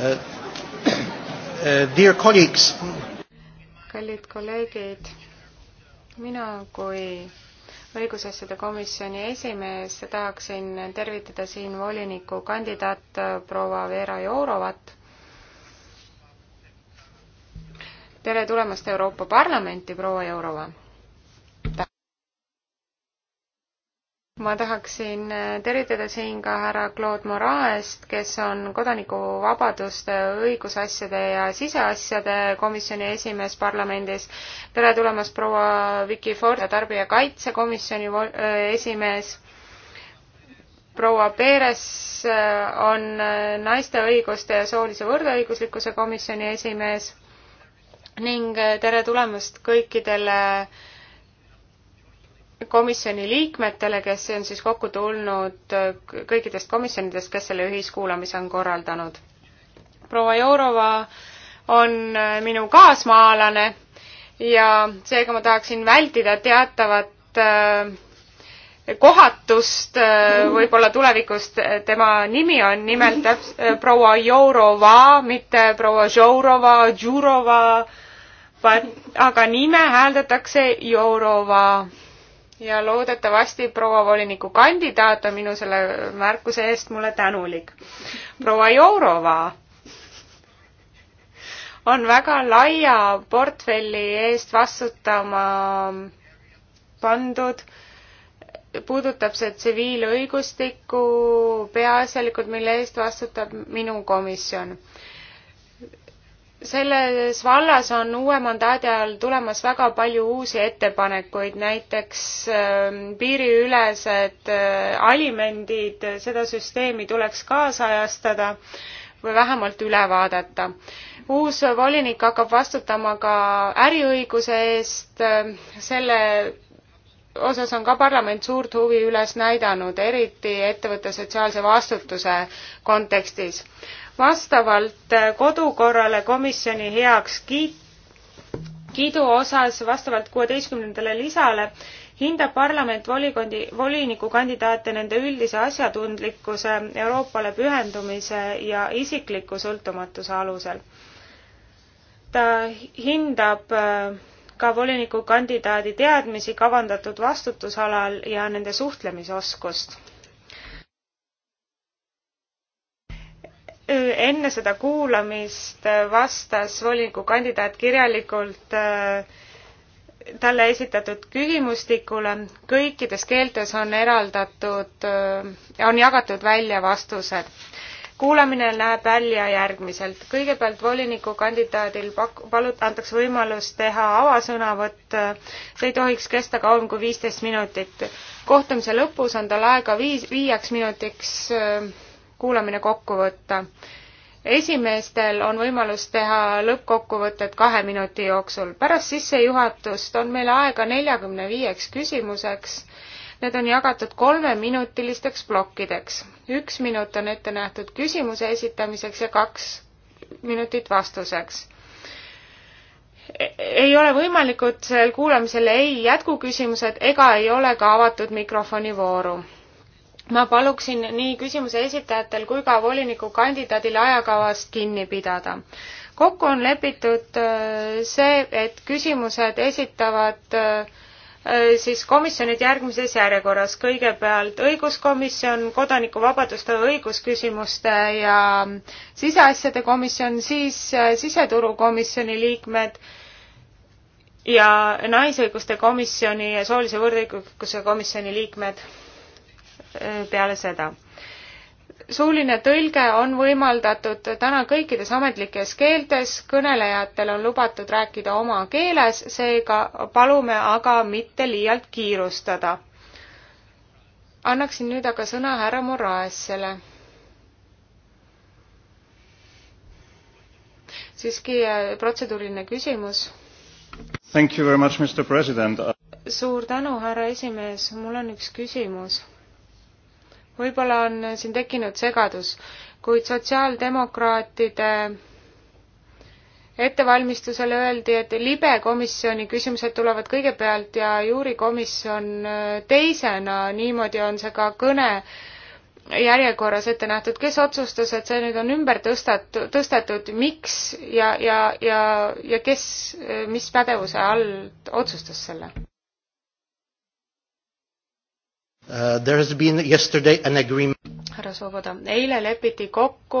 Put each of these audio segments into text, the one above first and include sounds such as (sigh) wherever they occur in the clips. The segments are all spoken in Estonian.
Uh, (coughs) uh, dear colleagues. kallid kolleegid, mina kui õigusasjade komisjoni esimees tahaksin tervitada siin volinikukandidaat proua Vera Jourovat. tere tulemast Euroopa Parlamenti, proua Jourova ma tahaksin äh, tervitada siin ka härra Claude Moraest, kes on kodanikuvabaduste, õigusasjade ja siseasjade komisjoni esimees parlamendis. tere tulemast, proua Vicky Ford, tarbijakaitsekomisjoni äh, esimees. proua Peeres äh, on naiste õiguste ja soolise võrdõiguslikkuse komisjoni esimees ning tere tulemast kõikidele äh, komisjoni liikmetele, kes on siis kokku tulnud äh, kõikidest komisjonidest, kes selle ühiskuulamise on korraldanud. proua Jourova on äh, minu kaasmaalane ja seega ma tahaksin vältida teatavat äh, kohatust võib-olla tulevikus, tema nimi on nimelt täpselt äh, proua Jourova, mitte proua Žourova, Džurova, aga nime hääldatakse Jourova ja loodetavasti proua volinikukandidaat on minu selle märkuse eest mulle tänulik. proua Jourova on väga laia portfelli eest vastutama pandud, puudutab see tsiviilõigustikku peaasjalikult, mille eest vastutab minu komisjon selles vallas on uue mandaadi ajal tulemas väga palju uusi ettepanekuid, näiteks ähm, piiriülesed äh, alimendid, seda süsteemi tuleks kaasajastada või vähemalt üle vaadata. uus volinik hakkab vastutama ka äriõiguse eest, ähm, selle osas on ka parlament suurt huvi üles näidanud, eriti ettevõtte sotsiaalse vastutuse kontekstis vastavalt äh, kodukorrale komisjoni heaks kiit-, kiidu osas vastavalt kuueteistkümnendale lisale hindab parlament volikondi, volinikukandidaate nende üldise asjatundlikkuse, Euroopale pühendumise ja isikliku sõltumatuse alusel. ta hindab äh, ka volinikukandidaadi teadmisi kavandatud vastutusalal ja nende suhtlemisoskust enne seda kuulamist vastas voliniku kandidaat kirjalikult äh, talle esitatud küsimustikule. kõikides keeltes on eraldatud, äh, on jagatud välja vastused. kuulamine näeb välja järgmiselt. kõigepealt voliniku kandidaadil pak-, palut-, antakse võimalus teha avasõnavõtt. see ei tohiks kesta kauem kui viisteist minutit. kohtumise lõpus on tal aega viis, viieks minutiks äh, kuulamine kokku võtta. esimeestel on võimalus teha lõppkokkuvõtted kahe minuti jooksul. pärast sissejuhatust on meil aega neljakümne viieks küsimuseks. Need on jagatud kolmeminutilisteks plokkideks. üks minut on ette nähtud küsimuse esitamiseks ja kaks minutit vastuseks e-, ei ole võimalikud sellel kuulamisel ei jätkuküsimused ega ei ole ka avatud mikrofoni vooru ma paluksin nii küsimuse esitajatel kui ka volinikukandidaadil ajakavast kinni pidada. kokku on lepitud äh, see, et küsimused esitavad äh, siis komisjonid järgmises järjekorras. kõigepealt õiguskomisjon, kodanikuvabaduste õigusküsimuste ja siseasjade komisjon, siis äh, siseturukomisjoni liikmed ja naisõiguste komisjoni ja soolise võrdõiguslikkuse komisjoni liikmed Äh, peale seda. suuline tõlge on võimaldatud täna kõikides ametlikes keeltes, kõnelejatel on lubatud rääkida oma keeles, seega palume aga mitte liialt kiirustada. annaksin nüüd aga sõna härra Moraesele siiski äh, protseduuriline küsimus. suur tänu, härra esimees, mul on üks küsimus võib-olla on siin tekkinud segadus, kuid sotsiaaldemokraatide ettevalmistusele öeldi, et libe komisjoni küsimused tulevad kõigepealt ja juurikomisjon äh, teisena, niimoodi on see ka kõne järjekorras ette nähtud, kes otsustas, et see nüüd on ümber tõstat-, tõstetud, miks ja, ja, ja, ja kes, äh, mis pädevuse all otsustas selle? Uh, there has been yesterday an agreement härra Svoboda, eile lepiti kokku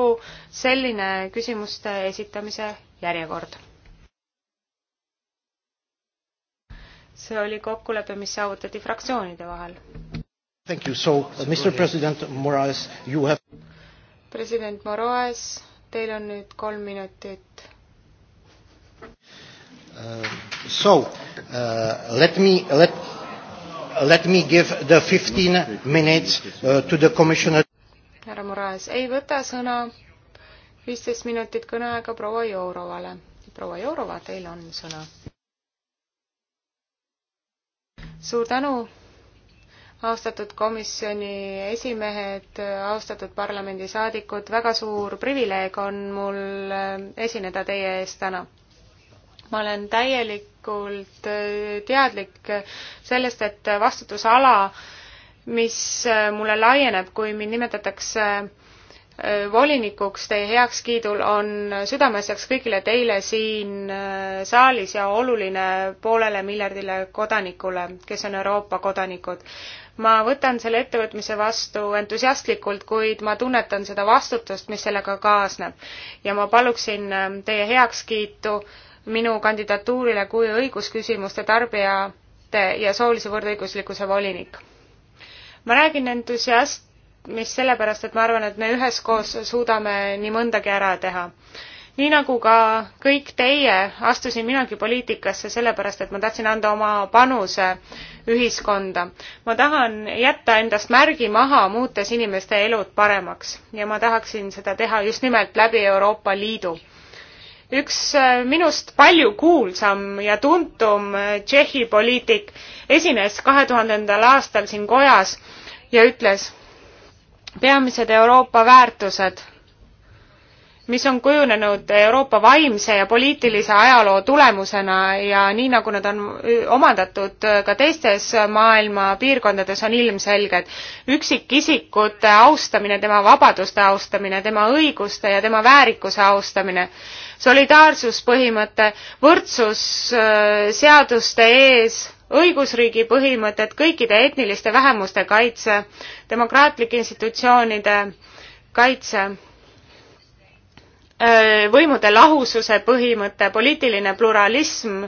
selline küsimuste esitamise järjekord. see oli kokkulepe, mis saavutati fraktsioonide vahel. Thank you, so uh, Mr President Moraes, you have president Moraes, teil on nüüd kolm minutit uh,. So uh, let me, let let me give the fifteen minutes uh, to the commissioner. härra Moraes ei võta sõna, viisteist minutit kõneaega proua Jourovale. proua Jourova, teil on sõna. suur tänu, austatud komisjoni esimehed, austatud parlamendisaadikud, väga suur privileeg on mul äh, esineda teie ees täna ma olen täielikult äh, teadlik äh, sellest, et vastutusala, mis äh, mulle laieneb, kui mind nimetatakse volinikuks teie heakskiidul, on südameasjaks kõigile teile siin saalis ja oluline poolele miljardile kodanikule, kes on Euroopa kodanikud. ma võtan selle ettevõtmise vastu entusiastlikult, kuid ma tunnetan seda vastutust, mis sellega kaasneb. ja ma paluksin teie heakskiitu äh, minu kandidatuurile kui õigusküsimuste tarbijate ja soolise võrdõiguslikkuse volinik. ma räägin entusiasmist sellepärast, et ma arvan, et me üheskoos suudame nii mõndagi ära teha. nii nagu ka kõik teie, astusin minagi poliitikasse sellepärast, et ma tahtsin anda oma panuse ühiskonda. ma tahan jätta endast märgi maha, muutes inimeste elud paremaks ja ma tahaksin seda teha just nimelt läbi Euroopa Liidu üks äh, minust palju kuulsam ja tuntum äh, Tšehhi poliitik esines kahe tuhandendal aastal siin kojas ja ütles, peamised Euroopa väärtused, mis on kujunenud Euroopa vaimse ja poliitilise ajaloo tulemusena ja nii, nagu nad on äh, omandatud ka teistes maailma piirkondades, on ilmselged. üksikisikute austamine, tema vabaduste austamine, tema õiguste ja tema väärikuse austamine solidaarsuspõhimõte, võrdsus äh, seaduste ees, õigusriigi põhimõtted, kõikide etniliste vähemuste kaitse, demokraatlike institutsioonide kaitse äh, võimude lahususe põhimõte, poliitiline pluralism,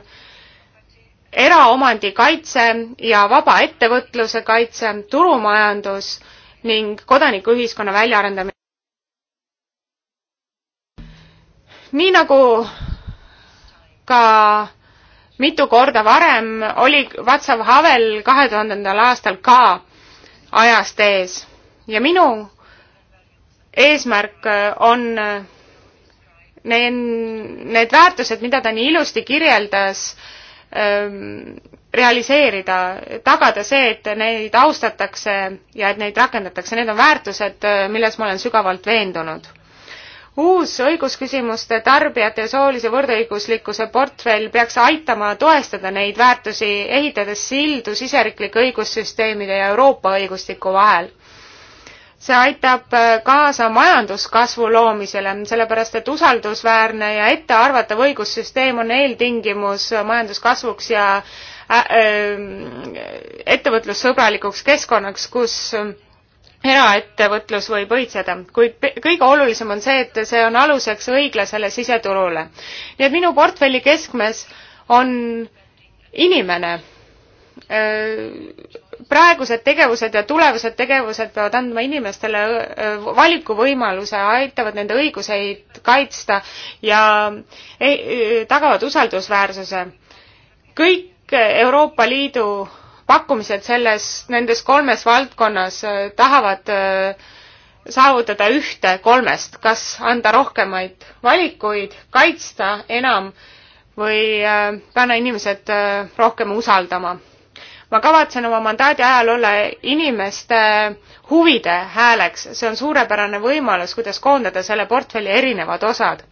eraomandi kaitse ja vaba ettevõtluse kaitse, turumajandus ning kodanikuühiskonna väljaarendamine. nii nagu ka mitu korda varem oli Václav Havel kahe tuhandendal aastal ka ajast ees ja minu eesmärk on need, need väärtused, mida ta nii ilusti kirjeldas, ähm, realiseerida, tagada see, et neid austatakse ja et neid rakendatakse, need on väärtused, milles ma olen sügavalt veendunud uus õigusküsimuste tarbijate ja soolise võrdõiguslikkuse portfell peaks aitama toestada neid väärtusi, ehitades sildu siseriiklike õigussüsteemide ja Euroopa õigustiku vahel. see aitab äh, kaasa majanduskasvu loomisele, sellepärast et usaldusväärne ja ettearvatav õigussüsteem on eeltingimus majanduskasvuks ja äh, äh, ettevõtlussõbralikuks keskkonnaks, kus eraettevõtlus võib õitseda, kuid kõige olulisem on see, et see on aluseks õiglasele siseturule. nii et minu portfelli keskmes on inimene. Äh, praegused tegevused ja tulevased tegevused peavad andma inimestele äh, valikuvõimaluse, aitavad nende õiguseid kaitsta ja äh, tagavad usaldusväärsuse. kõik Euroopa Liidu pakkumised selles, nendes kolmes valdkonnas äh, tahavad äh, saavutada ühte kolmest, kas anda rohkemaid valikuid, kaitsta enam või äh, panna inimesed rohkem usaldama. ma kavatsen oma mandaadi ajal olla inimeste huvide hääleks, see on suurepärane võimalus, kuidas koondada selle portfelli erinevad osad.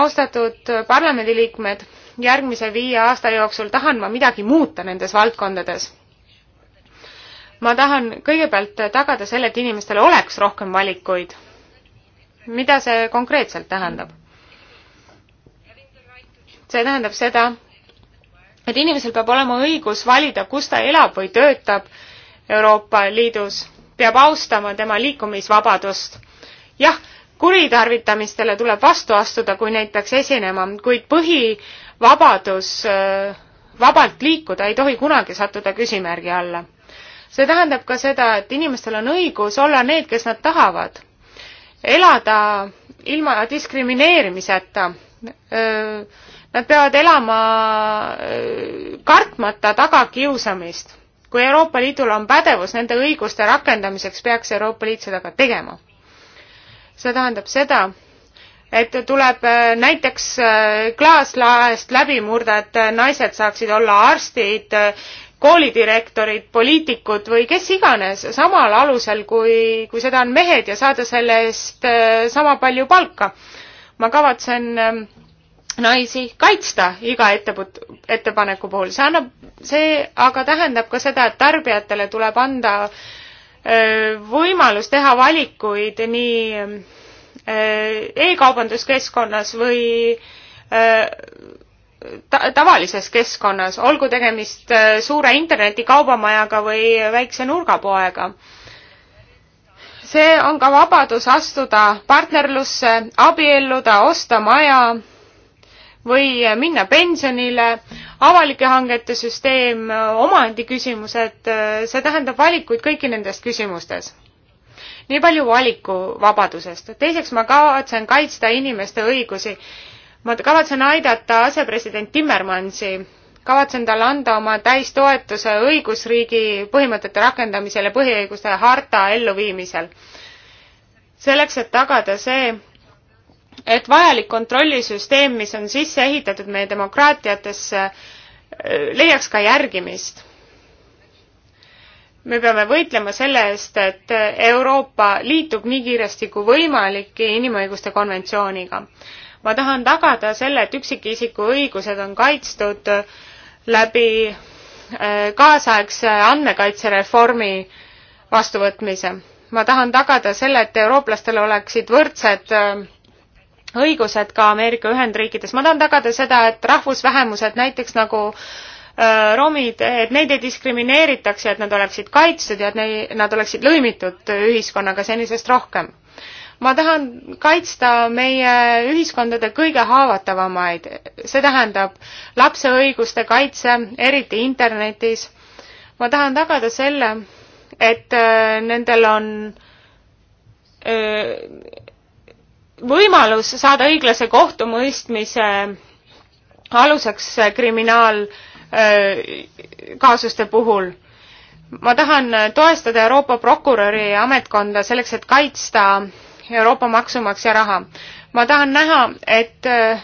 austatud parlamendiliikmed järgmise viie aasta jooksul tahan ma midagi muuta nendes valdkondades. ma tahan kõigepealt tagada selle, et inimestel oleks rohkem valikuid. mida see konkreetselt tähendab? see tähendab seda, et inimesel peab olema õigus valida, kus ta elab või töötab Euroopa Liidus, peab austama tema liikumisvabadust. jah, kuritarvitamistele tuleb vastu astuda, kui neid peaks esinema, kuid põhi vabadus vabalt liikuda ei tohi kunagi sattuda küsimärgi alla. see tähendab ka seda, et inimestel on õigus olla need, kes nad tahavad, elada ilma diskrimineerimiseta. Nad peavad elama kartmata tagakiusamist. kui Euroopa Liidul on pädevus nende õiguste rakendamiseks, peaks Euroopa Liit seda ka tegema. see tähendab seda, et tuleb äh, näiteks äh, klaaslaest läbi murda, et äh, naised saaksid olla arstid, koolidirektorid, poliitikud või kes iganes samal alusel, kui, kui seda on mehed ja saada selle eest sama palju palka. ma kavatsen naisi kaitsta iga etteput-, ettepaneku puhul, see annab, see aga tähendab ka seda, et tarbijatele tuleb anda võimalus teha valikuid nii Äh, e-kaubanduskeskkonnas või äh, ta tavalises keskkonnas, olgu tegemist äh, suure internetikaubamajaga või väikse nurgapoega. see on ka vabadus astuda partnerlusse, abielluda, osta maja või minna pensionile, avalike hangete süsteem, omandiküsimused, see tähendab valikuid kõiki nendes küsimustes nii palju valikuvabadusest. teiseks ma kavatsen kaitsta inimeste õigusi. ma kavatsen aidata asepresident Timmermansi, kavatsen talle anda oma täistoetuse õigusriigi põhimõtete rakendamisel ja põhiõiguste harta elluviimisel. selleks, et tagada see, et vajalik kontrollisüsteem, mis on sisse ehitatud meie demokraatiatesse, leiaks ka järgimist me peame võitlema selle eest, et Euroopa liitub nii kiiresti kui võimalik inimõiguste konventsiooniga. ma tahan tagada selle, et üksikisiku õigused on kaitstud läbi äh, kaasaegse andmekaitsereformi vastuvõtmise. ma tahan tagada selle, et eurooplastel oleksid võrdsed äh, õigused ka Ameerika Ühendriikides. ma tahan tagada seda, et rahvusvähemused näiteks nagu äh, Äh, romid, et neid ei diskrimineeritaks ja et nad oleksid kaitstud ja et nei, nad oleksid lõimitud ühiskonnaga senisest rohkem. ma tahan kaitsta meie ühiskondade kõige haavatavamaid, see tähendab lapse õiguste kaitse, eriti internetis. ma tahan tagada selle, et äh, nendel on äh, võimalus saada õiglase kohtumõistmise aluseks kriminaal- Äh, kaasuste puhul. ma tahan toestada Euroopa prokuröri ametkonda selleks, et kaitsta Euroopa maksumaksja raha. ma tahan näha, et äh,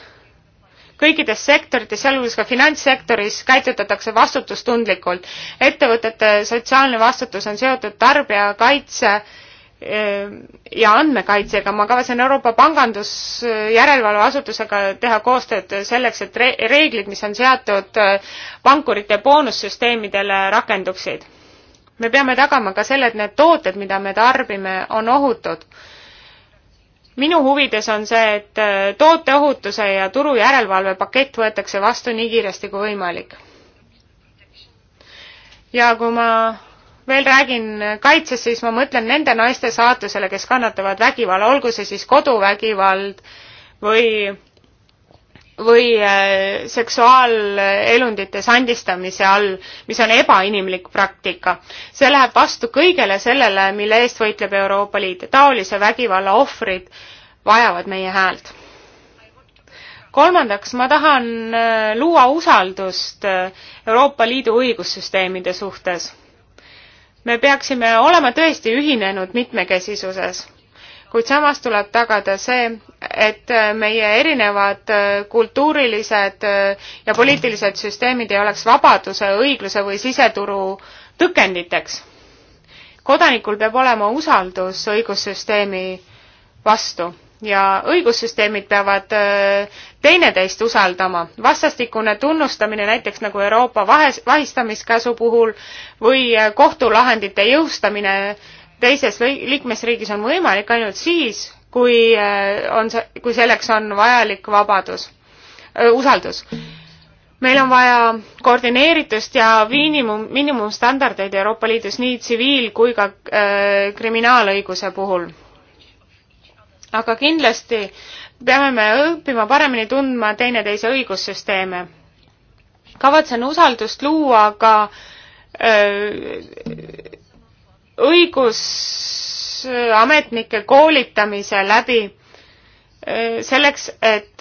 kõikides sektorites, sealhulgas ka finantssektoris, käitutatakse vastutustundlikult. ettevõtete sotsiaalne vastutus on seotud tarbijakaitse ja andmekaitsega, ma kavatsen Euroopa Pangandusjärelevalveasutusega teha koostööd selleks, et re-, reeglid, mis on seatud äh, pankurite boonussüsteemidele, rakenduksid. me peame tagama ka selle, et need tooted, mida me tarbime, on ohutud. minu huvides on see, et äh, tooteohutuse ja turu järelevalve pakett võetakse vastu nii kiiresti kui võimalik. ja kui ma veel räägin kaitsest, siis ma mõtlen nende naiste saatusele, kes kannatavad vägivalla, olgu see siis koduvägivald või, või äh, seksuaalelundite sandistamise all, mis on ebainimlik praktika. see läheb vastu kõigele sellele, mille eest võitleb Euroopa Liit. taolise vägivalla ohvrid vajavad meie häält. kolmandaks, ma tahan äh, luua usaldust äh, Euroopa Liidu õigussüsteemide suhtes me peaksime olema tõesti ühinenud mitmekesisuses kuid samas tuleb tagada see, et meie erinevad äh, kultuurilised äh, ja poliitilised süsteemid ei oleks vabaduse, õigluse või siseturu tõkenditeks. kodanikul peab olema usaldus õigussüsteemi vastu ja õigussüsteemid peavad äh, teineteist usaldama. vastastikune tunnustamine näiteks nagu Euroopa vahes, vahistamiskäsu puhul või äh, kohtulahendite jõustamine teises liikmesriigis on võimalik ainult siis, kui äh, on see, kui selleks on vajalik vabadus, usaldus. meil on vaja koordineeritust ja miinimum, miinimumstandardeid Euroopa Liidus nii tsiviil kui ka öö, kriminaalõiguse puhul aga kindlasti peame me õppima paremini tundma teineteise õigussüsteeme. kavatsen usaldust luua ka öö, õigusametnike koolitamise läbi selleks, et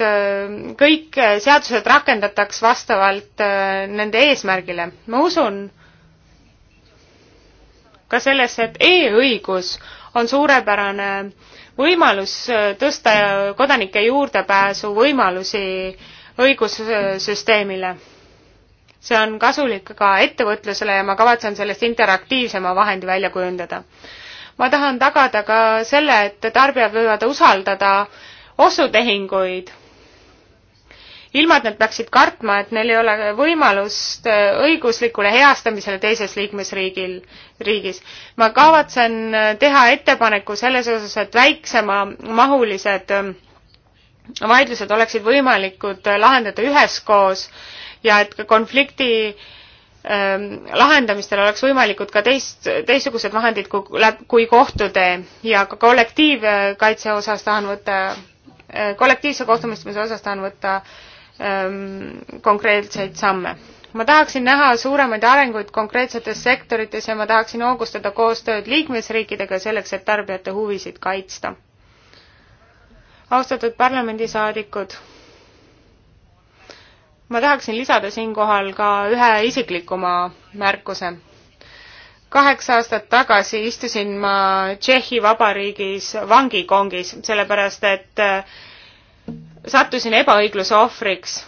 kõik seadused rakendataks vastavalt nende eesmärgile. ma usun ka sellesse, et e-õigus on suurepärane võimalus äh, tõsta kodanike juurdepääsu võimalusi õigussüsteemile. see on kasulik ka ettevõtlusele ja ma kavatsen sellest interaktiivsema vahendi välja kujundada. ma tahan tagada ka selle, et tarbijad võivad usaldada ostutehinguid ilma et nad peaksid kartma, et neil ei ole võimalust äh, õiguslikule heastamisele teises liikmesriigil, riigis. ma kavatsen äh, teha ettepaneku selles osas, et väiksemamahulised ähm, vaidlused oleksid võimalikud äh, lahendada üheskoos ja et ka konflikti ähm, lahendamistel oleks võimalikud ka teist, teistsugused vahendid kui, kui kohtutee ja ka kollektiivkaitse osas tahan võtta kollektiivse kohtumistamise osas tahan võtta Ähm, konkreetseid samme. ma tahaksin näha suuremaid arenguid konkreetsetes sektorites ja ma tahaksin hoogustada koostööd liikmesriikidega selleks, et tarbijate huvisid kaitsta. austatud parlamendisaadikud, ma tahaksin lisada siinkohal ka ühe isiklikuma märkuse. kaheksa aastat tagasi istusin ma Tšehhi Vabariigis vangikongis, sellepärast et äh, sattusin ebaõigluse ohvriks.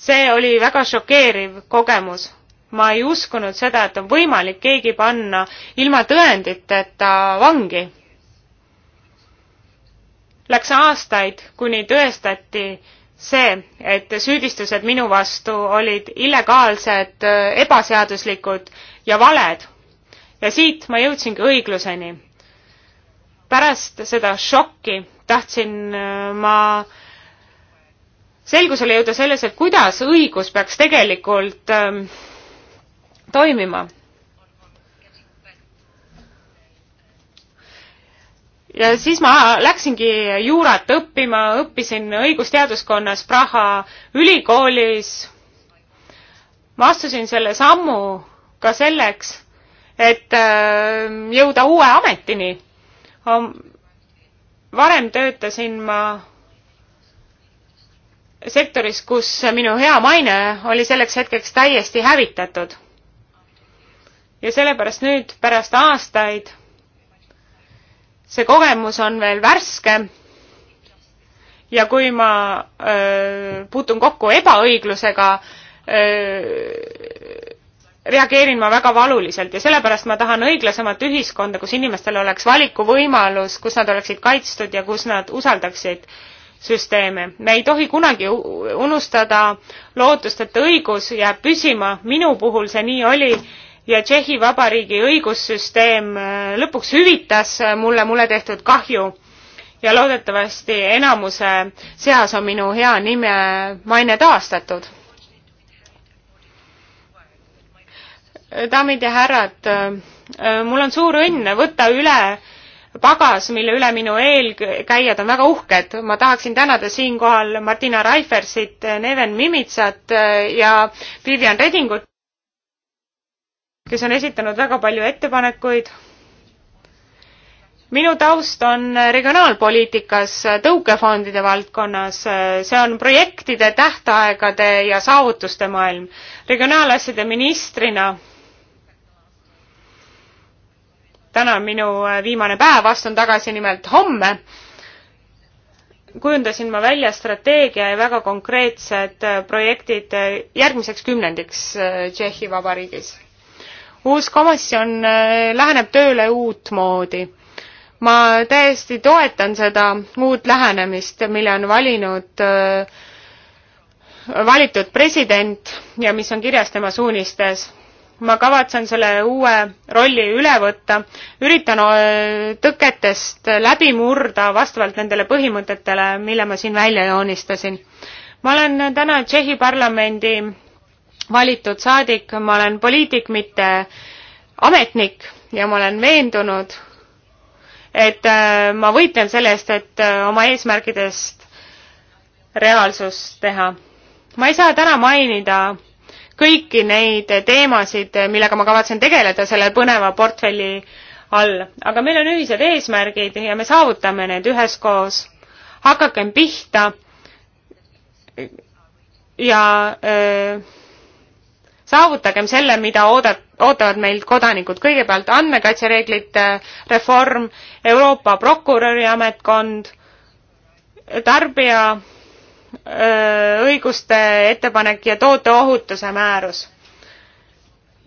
see oli väga šokeeriv kogemus. ma ei uskunud seda, et on võimalik keegi panna ilma tõenditeta vangi. Läks aastaid, kuni tõestati see, et süüdistused minu vastu olid illegaalsed, ebaseaduslikud ja valed. ja siit ma jõudsingi õigluseni. pärast seda šokki tahtsin äh, ma selgusele jõuda selles, et kuidas õigus peaks tegelikult ähm, toimima. ja siis ma läksingi juurat õppima, õppisin õigusteaduskonnas Praha ülikoolis. ma astusin selle sammu ka selleks, et äh, jõuda uue ametini varem töötasin ma sektoris, kus minu hea maine oli selleks hetkeks täiesti hävitatud. ja sellepärast nüüd pärast aastaid see kogemus on veel värske ja kui ma öö, äh, puutun kokku ebaõiglusega öö, äh, reageerin ma väga valuliselt ja sellepärast ma tahan õiglasemat ühiskonda, kus inimestel oleks valikuvõimalus, kus nad oleksid kaitstud ja kus nad usaldaksid süsteeme. me ei tohi kunagi unustada lootust, et õigus jääb püsima, minu puhul see nii oli ja Tšehhi Vabariigi õigussüsteem äh, lõpuks hüvitas äh, mulle mulle tehtud kahju. ja loodetavasti enamuse seas on minu hea nime maine taastatud daamid ja härrad, äh, mul on suur õnn võtta üle pagas, mille üle minu eelkäijad on väga uhked. ma tahaksin tänada siinkohal Martina Raifersit, Neven Mimitsat äh, ja Vivian Redingut, kes on esitanud väga palju ettepanekuid. minu taust on regionaalpoliitikas, äh, tõukefondide valdkonnas, see on projektide, tähtaegade ja saavutuste maailm. regionaalasjade ministrina täna on minu äh, viimane päev, astun tagasi nimelt homme. kujundasin ma välja strateegia ja väga konkreetsed äh, projektid äh, järgmiseks kümnendiks Tšehhi Vabariigis. uus komisjon läheneb tööle uutmoodi. ma täiesti toetan seda uut lähenemist, mille on valinud valitud president ja mis on kirjas tema suunistes ma kavatsen selle uue rolli üle võtta, üritan tõketest läbi murda vastavalt nendele põhimõtetele, mille ma siin välja joonistasin. ma olen täna Tšehhi parlamendi valitud saadik, ma olen poliitik, mitte ametnik ja ma olen veendunud, et ma võitlen selle eest, et oma eesmärkidest reaalsus teha. ma ei saa täna mainida kõiki neid teemasid, millega ma kavatsen tegeleda selle põneva portfelli all, aga meil on ühised eesmärgid ja me saavutame need üheskoos. hakakem pihta ja öö, äh, saavutagem selle, mida oodat-, ootavad meilt kodanikud, kõigepealt andmekaitsereeglite äh, reform, Euroopa prokuröri ametkond, tarbija Äh, õiguste ettepanek ja tooteohutuse määrus.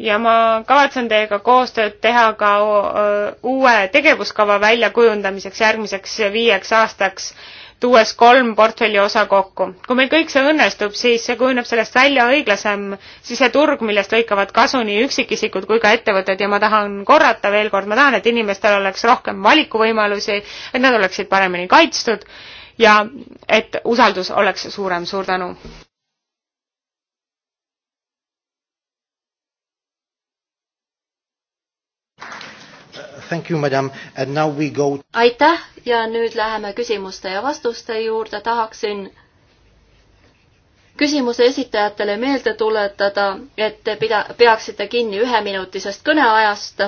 ja ma kavatsen teiega koostööd teha ka äh, uue tegevuskava väljakujundamiseks järgmiseks viieks aastaks, tuues kolm portfelli osa kokku. kui meil kõik see õnnestub, siis kujuneb sellest välja õiglasem siseturg, millest lõikavad kasu nii üksikisikud kui ka ettevõtted ja ma tahan korrata veel kord, ma tahan, et inimestel oleks rohkem valikuvõimalusi, et nad oleksid paremini kaitstud ja et usaldus oleks suurem. suur tänu! Thank you, madam. And now we go... aitäh ja nüüd läheme küsimuste ja vastuste juurde. tahaksin küsimuse esitajatele meelde tuletada, et te pida-, peaksite kinni üheminutisest kõneajast.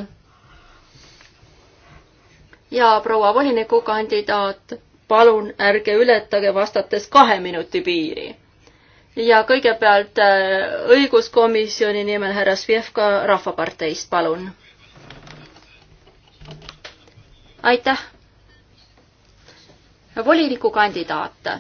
ja proua volinikukandidaat, palun ärge ületage vastates kahe minuti piiri. ja kõigepealt äh, õiguskomisjoni nimel härra Svjevka Rahvaparteist, palun. aitäh. volinikukandidaat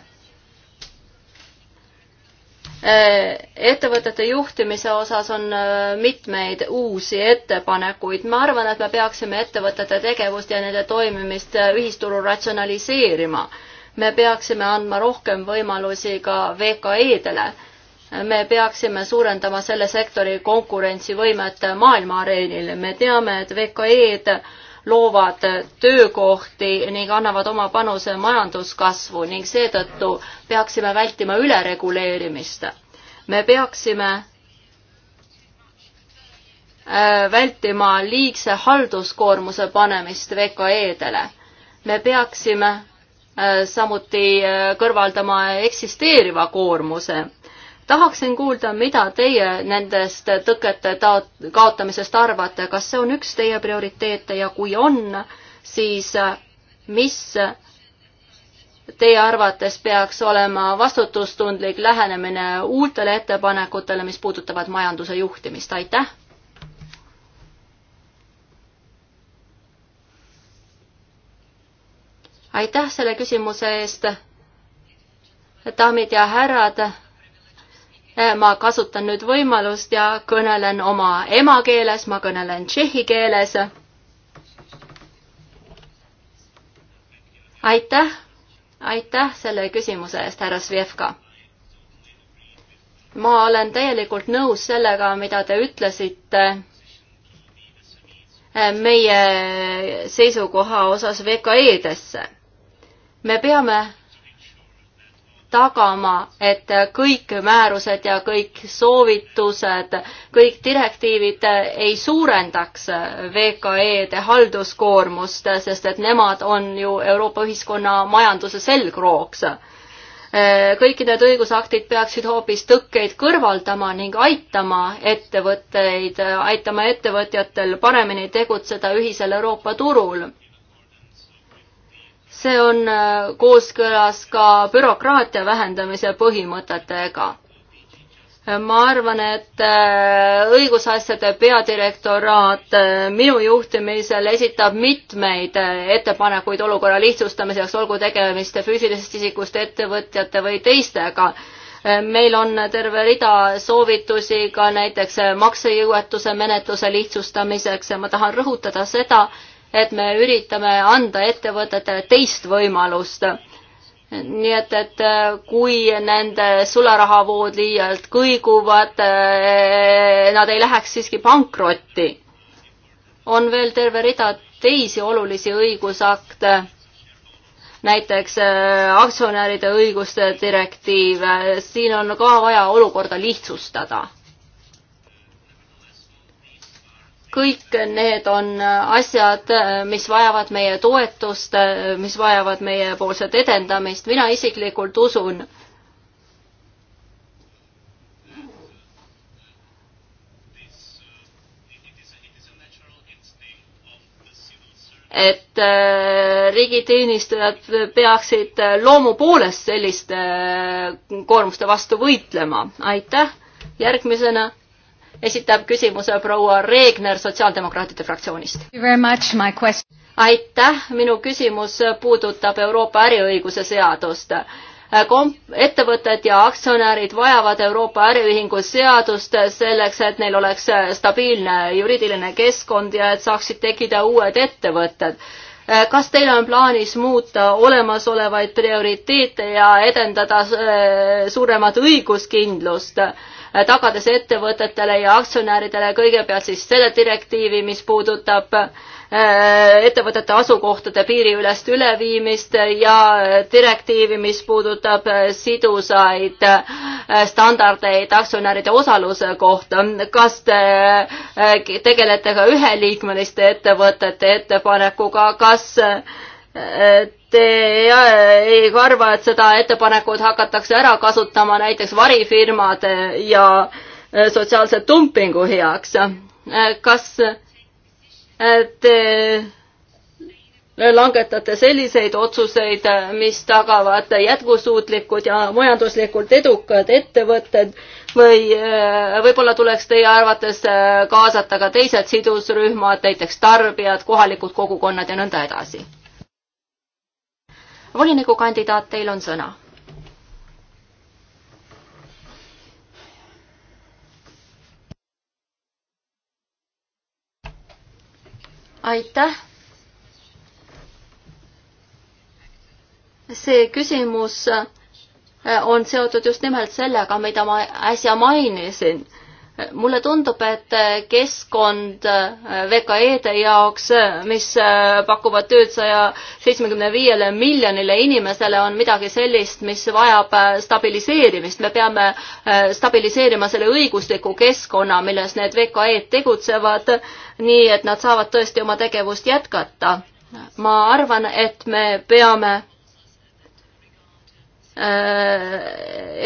ettevõtete juhtimise osas on äh, mitmeid uusi ettepanekuid. ma arvan, et me peaksime ettevõtete tegevust ja nende toimimist äh, ühisturu ratsionaliseerima. me peaksime andma rohkem võimalusi ka VKE-dele. me peaksime suurendama selle sektori konkurentsivõimet maailma areenil. me teame, et VKE-d loovad töökohti ning annavad oma panuse majanduskasvu ning seetõttu peaksime vältima ülereguleerimist. me peaksime äh, vältima liigse halduskoormuse panemist VKE-dele. me peaksime äh, samuti äh, kõrvaldama eksisteeriva koormuse tahaksin kuulda, mida teie nendest tõkete taot-, kaotamisest arvate, kas see on üks teie prioriteete ja kui on, siis äh, mis teie arvates peaks olema vastutustundlik lähenemine uutele ettepanekutele, mis puudutavad majanduse juhtimist, aitäh! aitäh selle küsimuse eest, daamid ja härrad Äh, ma kasutan nüüd võimalust ja kõnelen oma emakeeles, ma kõnelen tšehhi keeles. aitäh, aitäh selle küsimuse eest, härra Svjevka. ma olen täielikult nõus sellega, mida te ütlesite äh, meie seisukoha osas VKE-desse. me peame tagama, et kõik määrused ja kõik soovitused, kõik direktiivid ei suurendaks VKE-de halduskoormust, sest et nemad on ju Euroopa ühiskonna majanduse selgrooks. kõik need õigusaktid peaksid hoopis tõkkeid kõrvaldama ning aitama ettevõtteid, aitama ettevõtjatel paremini tegutseda ühisel Euroopa turul see on äh, kooskõlas ka bürokraatia vähendamise põhimõtetega. ma arvan, et äh, õigusasjade peadirektoraat äh, minu juhtimisel esitab mitmeid ettepanekuid olukorra lihtsustamiseks, olgu tegemist füüsilisest isikust ettevõtjate või teistega meil on terve rida soovitusi ka näiteks maksejõuetuse menetluse lihtsustamiseks ja ma tahan rõhutada seda, et me üritame anda ettevõtetele teist võimalust nii et, et äh, kui nende sularahavood liialt kõiguvad, äh, nad ei läheks siiski pankrotti. on veel terve rida teisi olulisi õigusakte, näiteks äh, aktsionäride õiguste direktiiv, siin on ka vaja olukorda lihtsustada kõik need on asjad, mis vajavad meie toetust, mis vajavad meiepoolset edendamist, mina isiklikult usun. et äh, riigiteenistujad peaksid loomu poolest selliste äh, koormuste vastu võitlema. aitäh, järgmisena esitab küsimuse proua Reegner Sotsiaaldemokraatide fraktsioonist. aitäh, minu küsimus puudutab Euroopa äriõiguse seadust kom-, ettevõtted ja aktsionärid vajavad Euroopa äriühingu seadust selleks, et neil oleks stabiilne juriidiline keskkond ja et saaksid tekkida uued ettevõtted. kas teil on plaanis muuta olemasolevaid prioriteete ja edendada eh, suuremat õiguskindlust? tagades ettevõtetele ja aktsionäridele kõigepealt siis selle direktiivi, mis puudutab äh, ettevõtete asukohtade piiriülest üleviimist ja direktiivi, mis puudutab äh, sidusaid äh, standardeid aktsionäride osaluse kohta. kas te tegelete ka üheliikmeliste ettevõtete ettepanekuga, kas Te ei arva, et seda ettepanekut hakatakse ära kasutama näiteks varifirmade ja sotsiaalse dumpingu heaks. kas te langetate selliseid otsuseid, mis tagavad jätkusuutlikud ja majanduslikult edukad ettevõtted või eh, võib-olla tuleks teie arvates eh, kaasata ka teised sidusrühmad, näiteks tarbijad, kohalikud kogukonnad ja nõnda edasi? volinikukandidaat, teil on sõna. aitäh. see küsimus äh, on seotud just nimelt sellega, mida ma äsja mainisin mulle tundub, et keskkond VKE-de jaoks, mis pakuvad tööd saja seitsmekümne viiele miljonile inimesele, on midagi sellist, mis vajab stabiliseerimist. me peame stabiliseerima selle õigusliku keskkonna, milles need VKE-d tegutsevad, nii et nad saavad tõesti oma tegevust jätkata. ma arvan, et me peame Äh,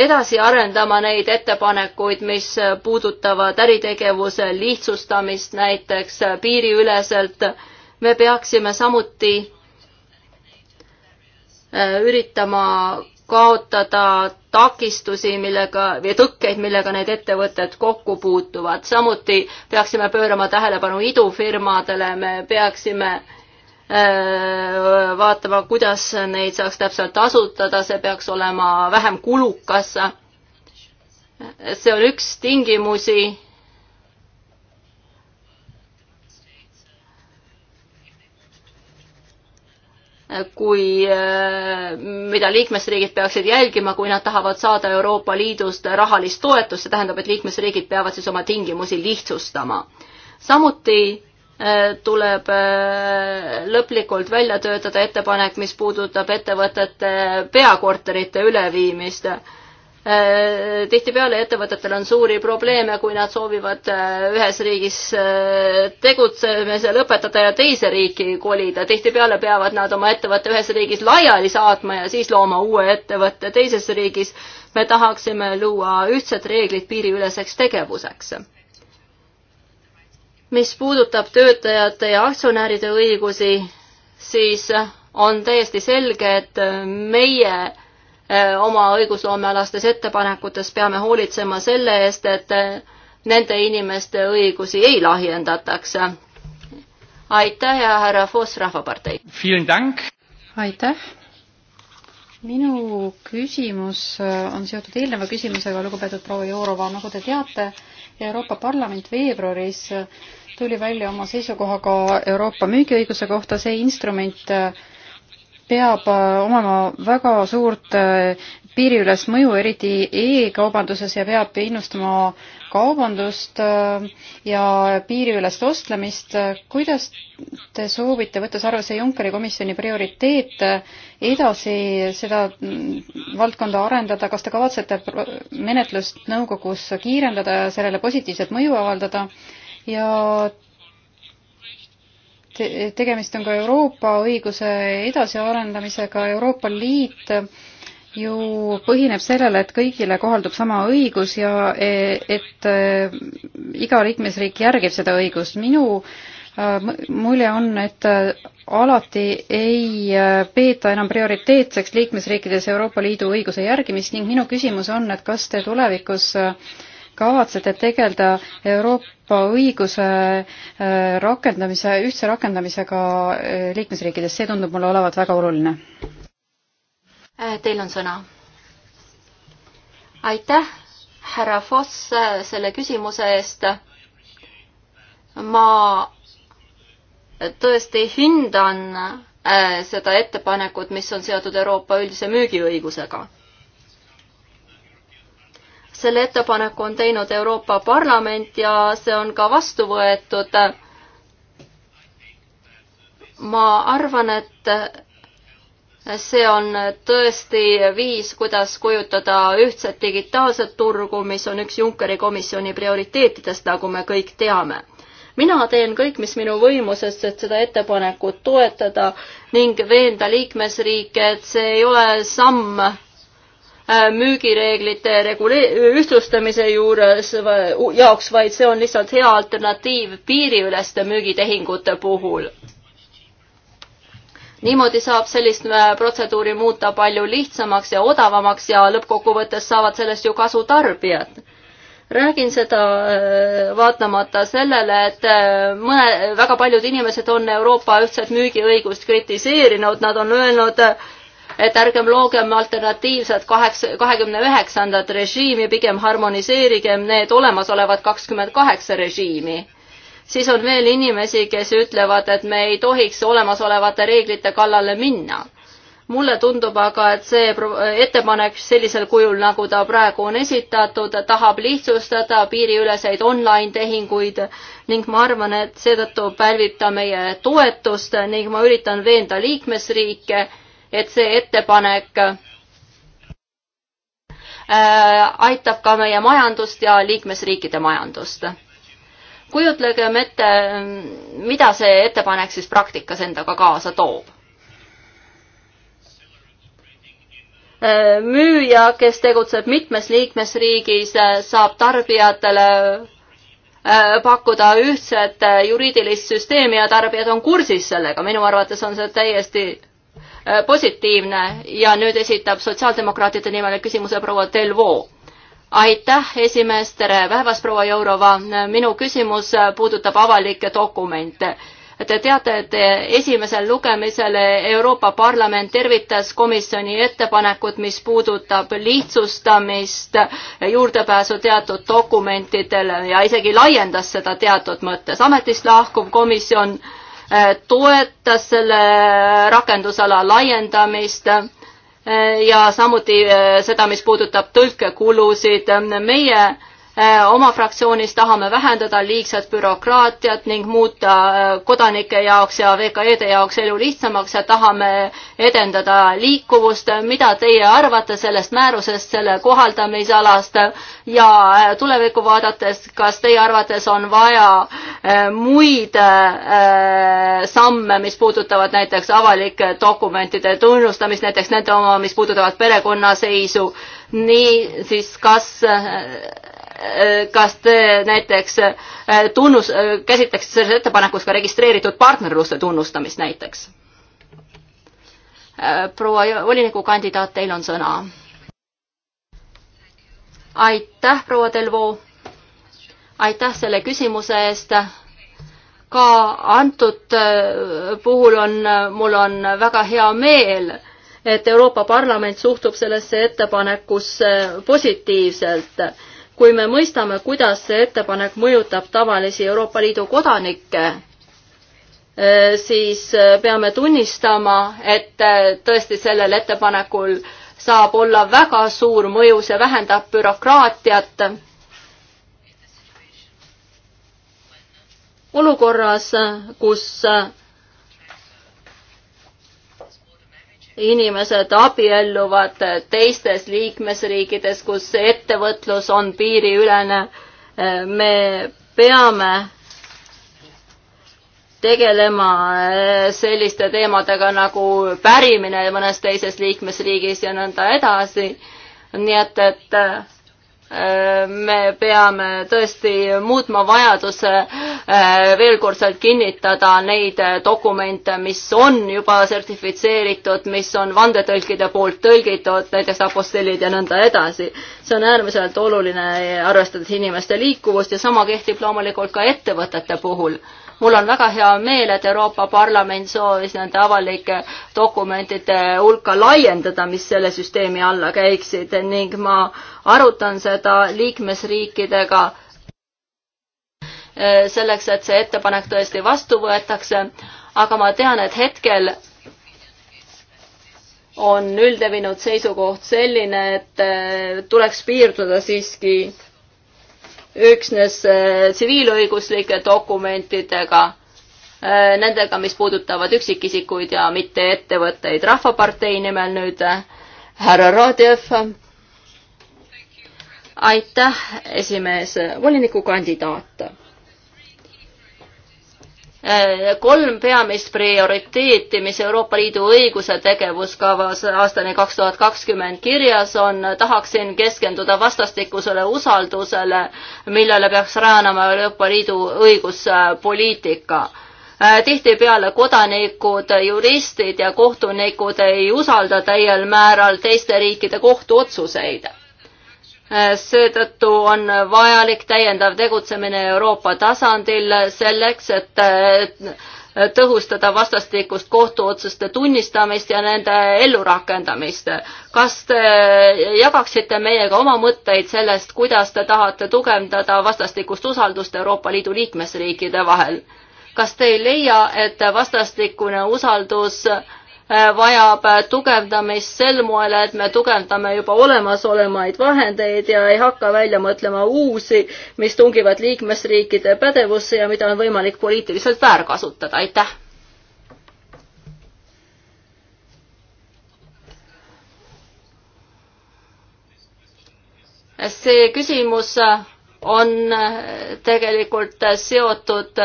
edasi arendama neid ettepanekuid, mis puudutavad äritegevuse lihtsustamist näiteks piiriüleselt. me peaksime samuti äh, üritama kaotada takistusi, millega või tõkkeid, millega need ettevõtted kokku puutuvad. samuti peaksime pöörama tähelepanu idufirmadele, me peaksime äh, Äh, vaatama, kuidas neid saaks täpselt asutada, see peaks olema vähem kulukas. see on üks tingimusi. kui, äh, mida liikmesriigid peaksid jälgima, kui nad tahavad saada Euroopa Liidust rahalist toetust, see tähendab, et liikmesriigid peavad siis oma tingimusi lihtsustama. samuti Äh, tuleb äh, lõplikult välja töötada ettepanek, mis puudutab ettevõtete peakorterite üleviimist. Äh, tihtipeale ettevõtetel on suuri probleeme, kui nad soovivad ühes riigis tegutsemise lõpetada ja teise riiki kolida. tihtipeale peavad nad oma ettevõtte ühes riigis laiali saatma ja siis looma uue ettevõtte teises riigis. me tahaksime luua ühtsed reeglid piiriüleseks tegevuseks mis puudutab töötajate ja aktsionäride õigusi, siis on täiesti selge, et meie eh, oma õigusloomealastes ettepanekutes peame hoolitsema selle eest, et eh, nende inimeste õigusi ei lahjendataks. aitäh ja härra Foss Rahvapartei! aitäh! minu küsimus eh, on seotud eelneva küsimusega, lugupeetud proua Jourova, nagu te teate, Euroopa Parlament veebruaris tuli välja oma seisukohaga Euroopa müügiõiguse kohta, see instrument äh, peab äh, omama väga suurt äh, piiriüles mõju, eriti e-kaubanduses ja peab innustama kaubandust ja piiriülest ostlemist. kuidas te soovite, võttes arvesse Junckeri komisjoni prioriteete, edasi seda mm, valdkonda arendada, kas te kavatsete menetlust nõukogus kiirendada ja sellele positiivset mõju avaldada? ja te tegemist on ka Euroopa õiguse edasiarendamisega, Euroopa Liit ju põhineb sellele, et kõigile kohaldub sama õigus ja e-, et e, iga liikmesriik järgib seda õigust. minu äh, mulje on, et äh, alati ei äh, peeta enam prioriteetseks liikmesriikides Euroopa Liidu õiguse järgimist ning minu küsimus on, et kas te tulevikus äh, kavatsete tegeleda Euroopa õiguse äh, rakendamise, ühtse rakendamisega äh, liikmesriikides, see tundub mulle olevat väga oluline. Äh, teil on sõna. aitäh, härra Foss, selle küsimuse eest. ma tõesti hindan seda ettepanekut, mis on seotud Euroopa üldise müügiõigusega selle ettepaneku on teinud Euroopa Parlament ja see on ka vastu võetud. ma arvan, et see on tõesti viis, kuidas kujutada ühtset digitaalset turgu, mis on üks Junckeri komisjoni prioriteetidest, nagu me kõik teame mina teen kõik, mis minu võimuses, et seda ettepanekut toetada ning veenda liikmesriike, et see ei ole samm Äh, müügireeglite regulee-, ühtlustamise juures jaoks, vaid see on lihtsalt hea alternatiiv piiriüleste müügitehingute puhul. niimoodi saab sellist äh, protseduuri muuta palju lihtsamaks ja odavamaks ja lõppkokkuvõttes saavad sellest ju kasu tarbijad räägin seda äh, vaatamata sellele, et mõne, väga paljud inimesed on Euroopa ühtset müügiõigust kritiseerinud, nad on öelnud, et ärgem loogem alternatiivset kaheksa, kahekümne üheksandat režiimi, pigem harmoniseerigem need olemasolevad kakskümmend kaheksa režiimi siis on veel inimesi, kes ütlevad, et me ei tohiks olemasolevate reeglite kallale minna. mulle tundub aga, et see ettepanek sellisel kujul, nagu ta praegu on esitatud, tahab lihtsustada piiriüleseid online tehinguid ning ma arvan, et seetõttu pälvib ta meie toetust ning ma üritan veenda liikmesriike et see ettepanek äh, aitab ka meie majandust ja liikmesriikide majandust. kujutlegem ette, mida see ettepanek siis praktikas endaga kaasa toob äh, müüja, kes tegutseb mitmes liikmesriigis, äh, saab tarbijatele pakkuda ühtset juriidilist süsteemi ja tarbijad on kursis sellega, minu arvates on see täiesti Äh, positiivne ja nüüd esitab sotsiaaldemokraatide nimel küsimuse proua Delvaux. aitäh, esimees, tere päevast, proua Jourova. Äh, minu küsimus äh, puudutab avalikke dokumente Te teate, et esimesel lugemisel Euroopa Parlament tervitas komisjoni ettepanekut, mis puudutab lihtsustamist juurdepääsu teatud dokumentidele ja isegi laiendas seda teatud mõttes. ametist lahkuv komisjon Äh, toetas selle rakendusala laiendamist äh, ja samuti äh, seda, mis puudutab tõlkekulusid. meie Äh, oma fraktsioonis tahame vähendada liigset bürokraatiat ning muuta äh, kodanike jaoks ja VKE-de jaoks elu lihtsamaks ja tahame edendada liikuvust. mida teie arvate sellest määrusest, selle kohaldamisalast ja äh, tulevikku vaadates, kas teie arvates on vaja muid samme, mis puudutavad näiteks avalike dokumentide tunnustamist, näiteks nende oma, mis puudutavad perekonnaseisu, nii siis kas Äh, kas te näiteks äh, tunnus, äh, käsitleks selles ettepanekus ka registreeritud partnerluste tunnustamist näiteks? proua volinikukandidaat, teil on sõna. aitäh, proua Delvo. aitäh selle küsimuse eest ka antud puhul on, mul on väga hea meel, et Euroopa Parlament suhtub sellesse ettepanekusse positiivselt kui me mõistame, kuidas see ettepanek mõjutab tavalisi Euroopa Liidu kodanikke, eh, siis eh, peame tunnistama, et eh, tõesti sellel ettepanekul saab olla väga suur mõju, see vähendab bürokraatiat. olukorras, kus inimesed abielluvad teistes liikmesriikides, kus ettevõtlus on piiriülene. me peame tegelema eh, selliste teemadega nagu pärimine mõnes teises liikmesriigis ja nõnda edasi. nii et, et Äh, me peame tõesti muutma vajaduse äh, veelkordselt kinnitada neid äh, dokumente, mis on juba sertifitseeritud, mis on vandetõlkide poolt tõlgitud, näiteks apostillid ja nõnda edasi. see on äärmiselt oluline, arvestades inimeste liikuvust ja sama kehtib loomulikult ka ettevõtete puhul mul on väga hea meel, et Euroopa Parlament soovis nende avalike dokumentide hulka laiendada, mis selle süsteemi alla käiksid ning ma arutan seda liikmesriikidega eh, selleks, et see ettepanek tõesti vastu võetakse, aga ma tean, et hetkel on üldlevinud seisukoht selline, et eh, tuleks piirduda siiski üksnes äh, tsiviilõiguslike dokumentidega, äh, nendega, mis puudutavad üksikisikuid ja mitte ettevõtteid. rahvapartei nimel nüüd äh, härra Radjev. aitäh, esimees, volinikukandidaat Äh, kolm peamist prioriteeti, mis Euroopa Liidu õiguse tegevuskavas aastani kaks tuhat kakskümmend kirjas on, tahaksin keskenduda vastastikusele usaldusele, millele peaks rajanema Euroopa Liidu õiguspoliitika. Äh, tihtipeale kodanikud, juristid ja kohtunikud ei usalda täiel määral teiste riikide kohtuotsuseid Äh, seetõttu on vajalik täiendav tegutsemine Euroopa tasandil selleks, äh, et tõhustada vastastikust kohtuotsuste tunnistamist ja nende ellurakendamist. kas te jagaksite meiega oma mõtteid sellest, kuidas te tahate tugevdada vastastikust usaldust Euroopa Liidu liikmesriikide vahel? kas te ei leia, et vastastikune usaldus äh, Äh, vajab tugevdamist sel moel, et me tugevdame juba olemasolevaid vahendeid ja ei hakka välja mõtlema uusi, mis tungivad liikmesriikide pädevusse ja mida on võimalik poliitiliselt väärkasutada, aitäh. see küsimus on tegelikult seotud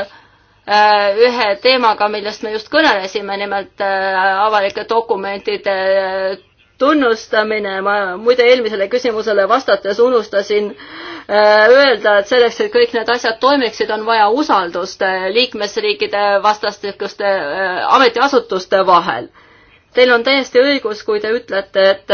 Äh, ühe teemaga, millest me just kõnelesime, nimelt äh, avalike dokumentide äh, tunnustamine, ma muide eelmisele küsimusele vastates unustasin öelda, et selleks, et kõik need asjad toimiksid, on vaja usaldust liikmesriikide vastastikuste ametiasutuste vahel. Teil on täiesti õigus, kui te ütlete, et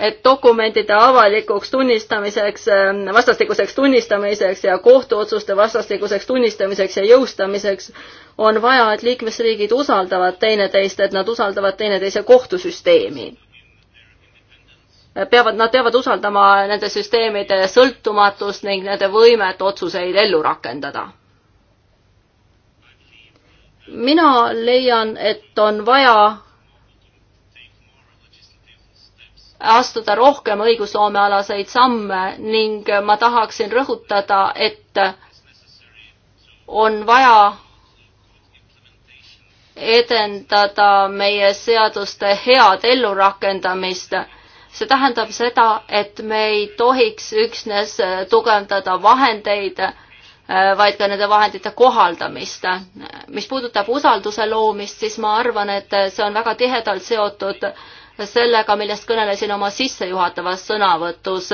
et dokumentide avalikuks tunnistamiseks, ähm, vastastikuseks tunnistamiseks ja kohtuotsuste vastastikuseks tunnistamiseks ja jõustamiseks on vaja, et liikmesriigid usaldavad teineteist, et nad usaldavad teineteise kohtusüsteemi. peavad, nad peavad usaldama nende süsteemide sõltumatust ning nende võimet otsuseid ellu rakendada mina leian, et on vaja astuda rohkem õigusloomealaseid samme ning ma tahaksin rõhutada, et on vaja edendada meie seaduste head ellurakendamist. see tähendab seda, et me ei tohiks üksnes tugevdada vahendeid, vaid ka nende vahendite kohaldamist. mis puudutab usalduse loomist, siis ma arvan, et see on väga tihedalt seotud sellega, millest kõnelesin oma sissejuhatavas sõnavõtus.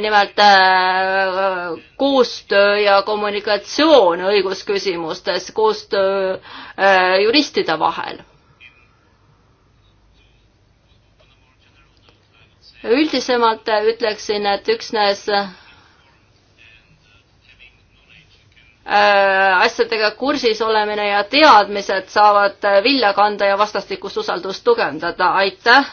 nimelt äh, koostöö ja kommunikatsioon õigusküsimustes, koostöö äh, juristide vahel üldisemalt ütleksin, et üksnes Äh, asjadega kursis olemine ja teadmised saavad äh, vilja kanda ja vastastikust usaldust tugevdada. aitäh!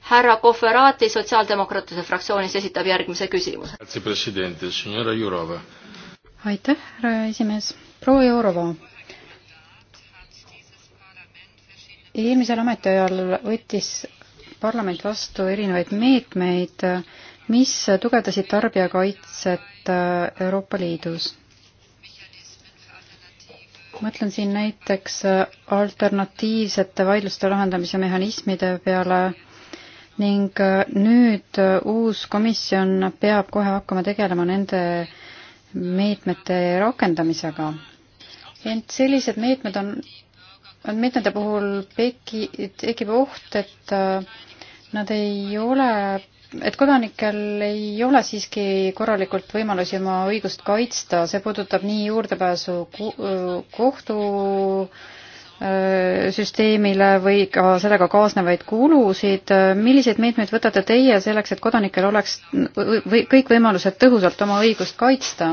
härra Koferaati Sotsiaaldemokraatide fraktsioonis esitab järgmise küsimuse. aitäh, härra esimees. proua Jourova. eelmisel ametiajal võttis parlament vastu erinevaid meetmeid meet mis tugevdasid tarbijakaitset äh, Euroopa Liidus. mõtlen siin näiteks äh, alternatiivsete vaidluste lahendamise mehhanismide peale ning äh, nüüd uus komisjon peab kohe hakkama tegelema nende meetmete rakendamisega. ent sellised meetmed on, on meetmete puhul teki-, tekib oht, et nad ei ole et kodanikel ei ole siiski korralikult võimalusi oma õigust kaitsta, see puudutab nii juurdepääsu kohtusüsteemile äh, või ka sellega kaasnevaid kulusid. milliseid meetmeid võtate teie selleks, et kodanikel oleks või kõik võimalused tõhusalt oma õigust kaitsta?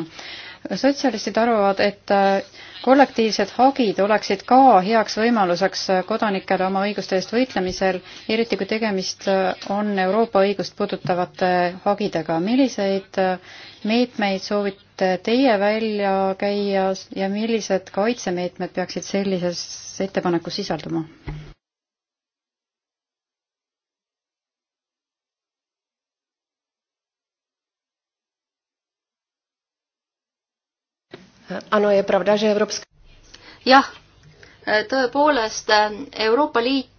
sotsialistid arvavad, et äh, kollektiivsed hagid oleksid ka heaks võimaluseks äh, kodanikele oma õiguste eest võitlemisel, eriti kui tegemist äh, on Euroopa õigust puudutavate hagidega. milliseid meetmeid soovite teie välja käia ja millised kaitsemeetmed peaksid sellises ettepanekus sisalduma? jah, tõepoolest Euroopa Liit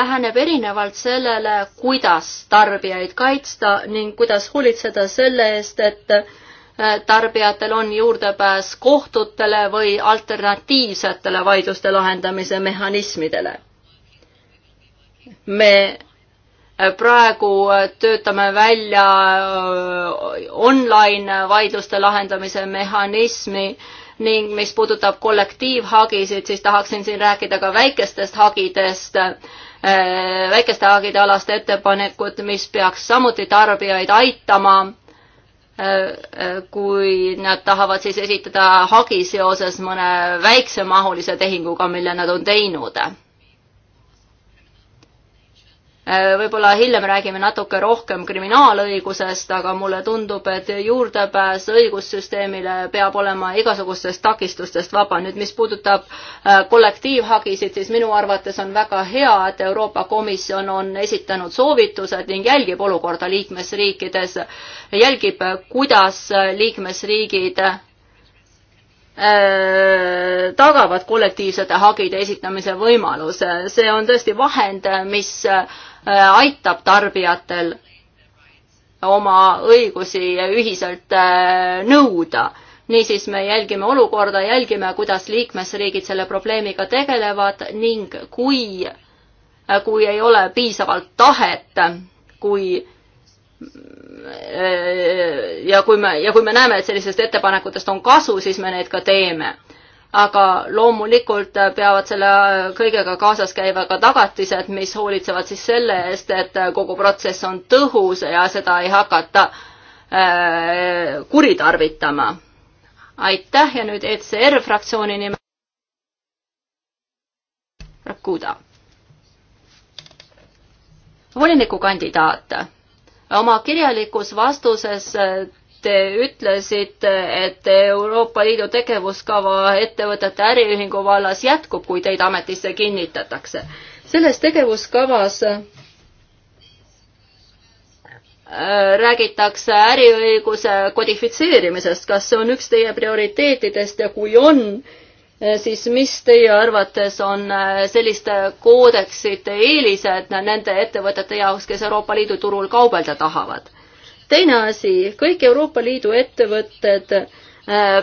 läheneb erinevalt sellele, kuidas tarbijaid kaitsta ning kuidas hoolitseda selle eest, et eh, tarbijatel on juurdepääs kohtutele või alternatiivsetele vaidluste lahendamise mehhanismidele. me praegu töötame välja äh, online vaidluste lahendamise mehhanismi ning mis puudutab kollektiivhagisid, siis tahaksin siin rääkida ka väikestest hagidest, äh, väikeste hagide alast ettepanekut, mis peaks samuti tarbijaid aitama, äh, kui nad tahavad siis esitada hagi seoses mõne väiksemahulise tehinguga, mille nad on teinud Äh, võib-olla hiljem räägime natuke rohkem kriminaalõigusest, aga mulle tundub, et juurdepääs õigussüsteemile peab olema igasugustest takistustest vaba. nüüd, mis puudutab äh, kollektiivhagisid, siis minu arvates on väga hea, et Euroopa Komisjon on esitanud soovitused ning jälgib olukorda liikmesriikides, jälgib, kuidas liikmesriigid äh, tagavad kollektiivsete hagide esitamise võimaluse. see on tõesti vahend, mis Äh, aitab tarbijatel oma õigusi ühiselt äh, nõuda. niisiis me jälgime olukorda, jälgime, kuidas liikmesriigid selle probleemiga tegelevad ning kui, äh, kui ei ole piisavalt tahet, kui ja kui me, ja kui me näeme, et sellisest ettepanekutest on kasu, siis me need ka teeme aga loomulikult peavad selle kõigega kaasas käiva ka tagatised, mis hoolitsevad siis selle eest, et kogu protsess on tõhus ja seda ei hakata äh, kuritarvitama. aitäh ja nüüd ECR fraktsiooni nimel. Rakuda. volinikukandidaat oma kirjalikus vastuses Te ütlesite, et Euroopa Liidu tegevuskava ettevõtete äriühingu vallas jätkub, kui teid ametisse kinnitatakse. selles tegevuskavas äh, räägitakse äriõiguse kodifitseerimisest, kas see on üks teie prioriteetidest ja kui on, äh, siis mis teie arvates on äh, selliste koodeksite eelised nende ettevõtete jaoks, kes Euroopa Liidu turul kaubelda tahavad? teine asi, kõik Euroopa Liidu ettevõtted äh,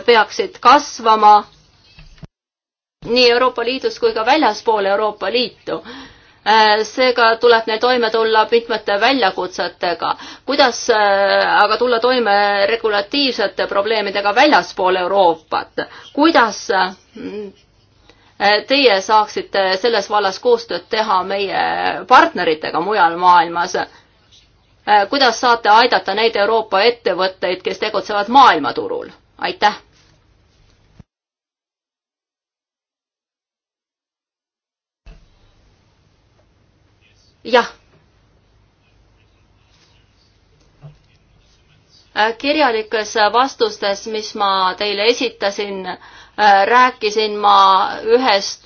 peaksid kasvama nii Euroopa Liidus kui ka väljaspool Euroopa Liitu äh, seega tuleb neil toime tulla mitmete väljakutsetega. kuidas äh, aga tulla toime regulatiivsete probleemidega väljaspool Euroopat? kuidas teie saaksite selles vallas koostööd teha meie partneritega mujal maailmas? Äh, kuidas saate aidata neid Euroopa ettevõtteid, kes tegutsevad maailmaturul? aitäh! jah. Äh, kirjalikes vastustes, mis ma teile esitasin, äh, rääkisin ma ühest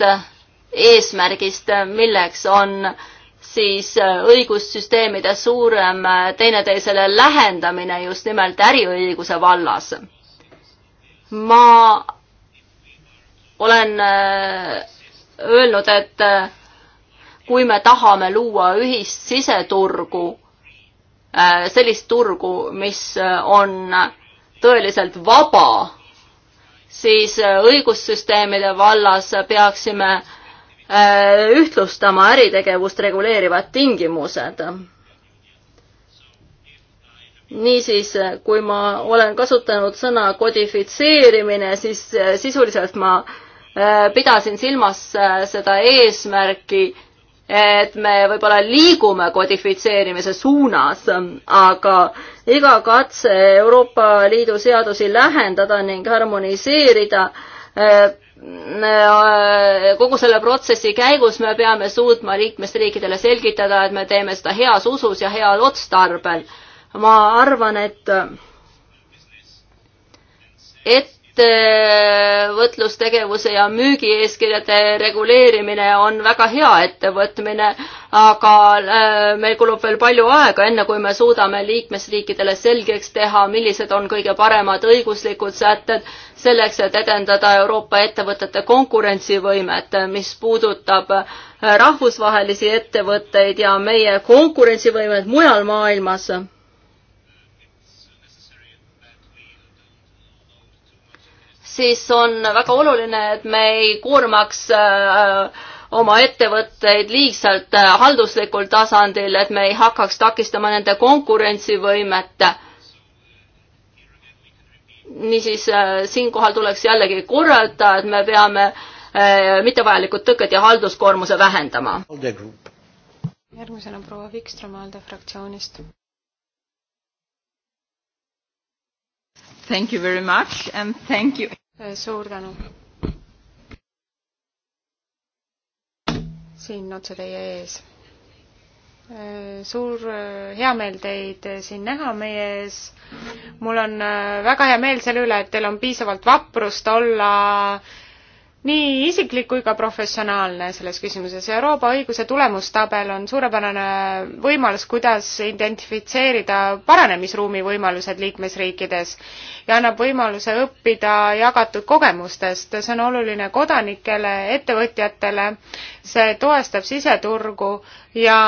eesmärgist, milleks on äh, siis äh, õigussüsteemide suurem äh, teineteisele lähendamine just nimelt äriõiguse vallas. ma olen äh, öelnud, et kui me tahame luua ühist siseturgu, sellist turgu, mis on tõeliselt vaba, siis õigussüsteemide vallas peaksime Äh, ühtlustama äritegevust reguleerivad tingimused. niisiis, kui ma olen kasutanud sõna kodifitseerimine, siis äh, sisuliselt ma äh, pidasin silmas seda eesmärki, et me võib-olla liigume kodifitseerimise suunas, aga iga katse Euroopa Liidu seadusi lähendada ning harmoniseerida Äh, kogu selle protsessi käigus me peame suutma liikmesriikidele selgitada, et me teeme seda heas usus ja heal otstarbel. ma arvan, et et ettevõtlustegevuse ja müügieeskirjade reguleerimine on väga hea ettevõtmine, aga äh, meil kulub veel palju aega, enne kui me suudame liikmesriikidele selgeks teha, millised on kõige paremad õiguslikud sätted selleks, et edendada Euroopa ettevõtete konkurentsivõimet, mis puudutab äh, rahvusvahelisi ettevõtteid ja meie konkurentsivõimet mujal maailmas siis on väga oluline, et me ei koormaks äh, oma ettevõtteid liigselt äh, halduslikul tasandil, et me ei hakkaks takistama nende konkurentsivõimet niisiis äh, siinkohal tuleks jällegi korrata, et me peame mittevajalikud tõkked ja halduskoormuse vähendama. järgmisena proua Vikström ALDE fraktsioonist. Thank you very much and thank you. Eh, suur tänu. siin otse teie ees. Eh, suur eh, heameel teid siin näha meie ees. mul on väga hea meel selle üle, et teil on piisavalt vaprust olla äh, nii isiklik kui ka professionaalne selles küsimuses. Euroopa õiguse tulemustabel on suurepärane võimalus, kuidas identifitseerida paranemisruumi võimalused liikmesriikides ja annab võimaluse õppida jagatud kogemustest. see on oluline kodanikele, ettevõtjatele, see toestab siseturgu ja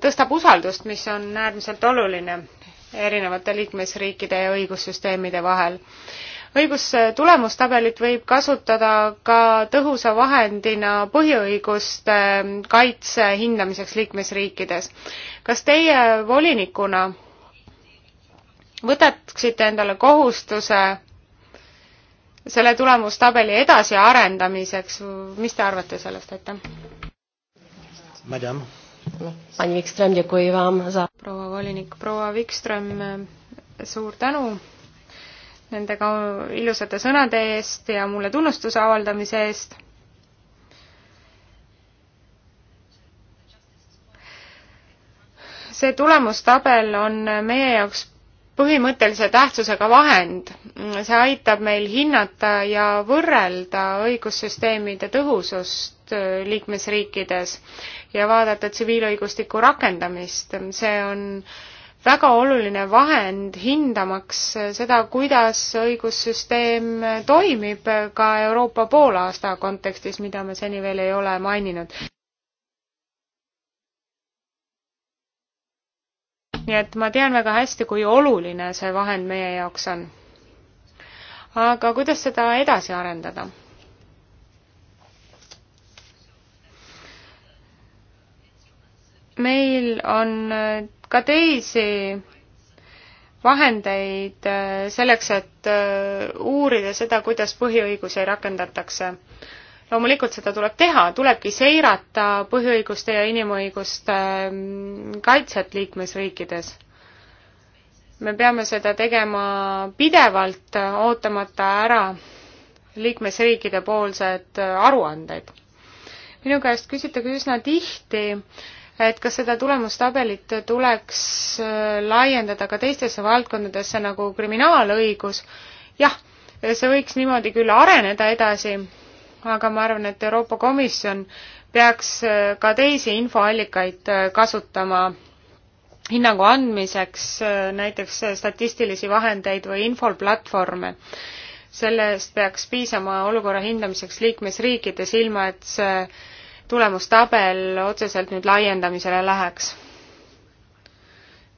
tõstab usaldust, mis on äärmiselt oluline erinevate liikmesriikide ja õigussüsteemide vahel õigustulemustabelit võib kasutada ka tõhusa vahendina põhiõiguste kaitse hindamiseks liikmesriikides. kas teie volinikuna võtaksite endale kohustuse selle tulemustabeli edasiarendamiseks, mis te arvate sellest, aitäh? Madame. proua volinik, proua Wikström, suur tänu nende ka ilusate sõnade eest ja mulle tunnustuse avaldamise eest. see tulemustabel on meie jaoks põhimõttelise tähtsusega vahend. see aitab meil hinnata ja võrrelda õigussüsteemide tõhusust liikmesriikides ja vaadata tsiviilõigustiku rakendamist. see on äh, väga oluline vahend hindamaks seda, kuidas õigussüsteem toimib ka Euroopa poolaasta kontekstis, mida me seni veel ei ole maininud. nii et ma tean väga hästi, kui oluline see vahend meie jaoks on. aga kuidas seda edasi arendada? meil on ka teisi vahendeid äh, selleks, et äh, uurida seda, kuidas põhiõigusi rakendatakse. loomulikult seda tuleb teha, tulebki seirata põhiõiguste ja inimõiguste ähm, kaitset liikmesriikides. me peame seda tegema pidevalt, äh, ootamata ära liikmesriikide poolsed aruanded. minu käest küsitakse üsna tihti, et kas seda tulemustabelit tuleks äh, laiendada ka teistesse valdkondadesse nagu kriminaalõigus. jah, see võiks niimoodi küll areneda edasi, aga ma arvan, et Euroopa Komisjon peaks äh, ka teisi infoallikaid äh, kasutama hinnangu andmiseks, näiteks statistilisi vahendeid või infoplatvorme. sellest peaks piisama olukorra hindamiseks liikmesriikides, ilma et see tulemustabel otseselt nüüd laiendamisele läheks,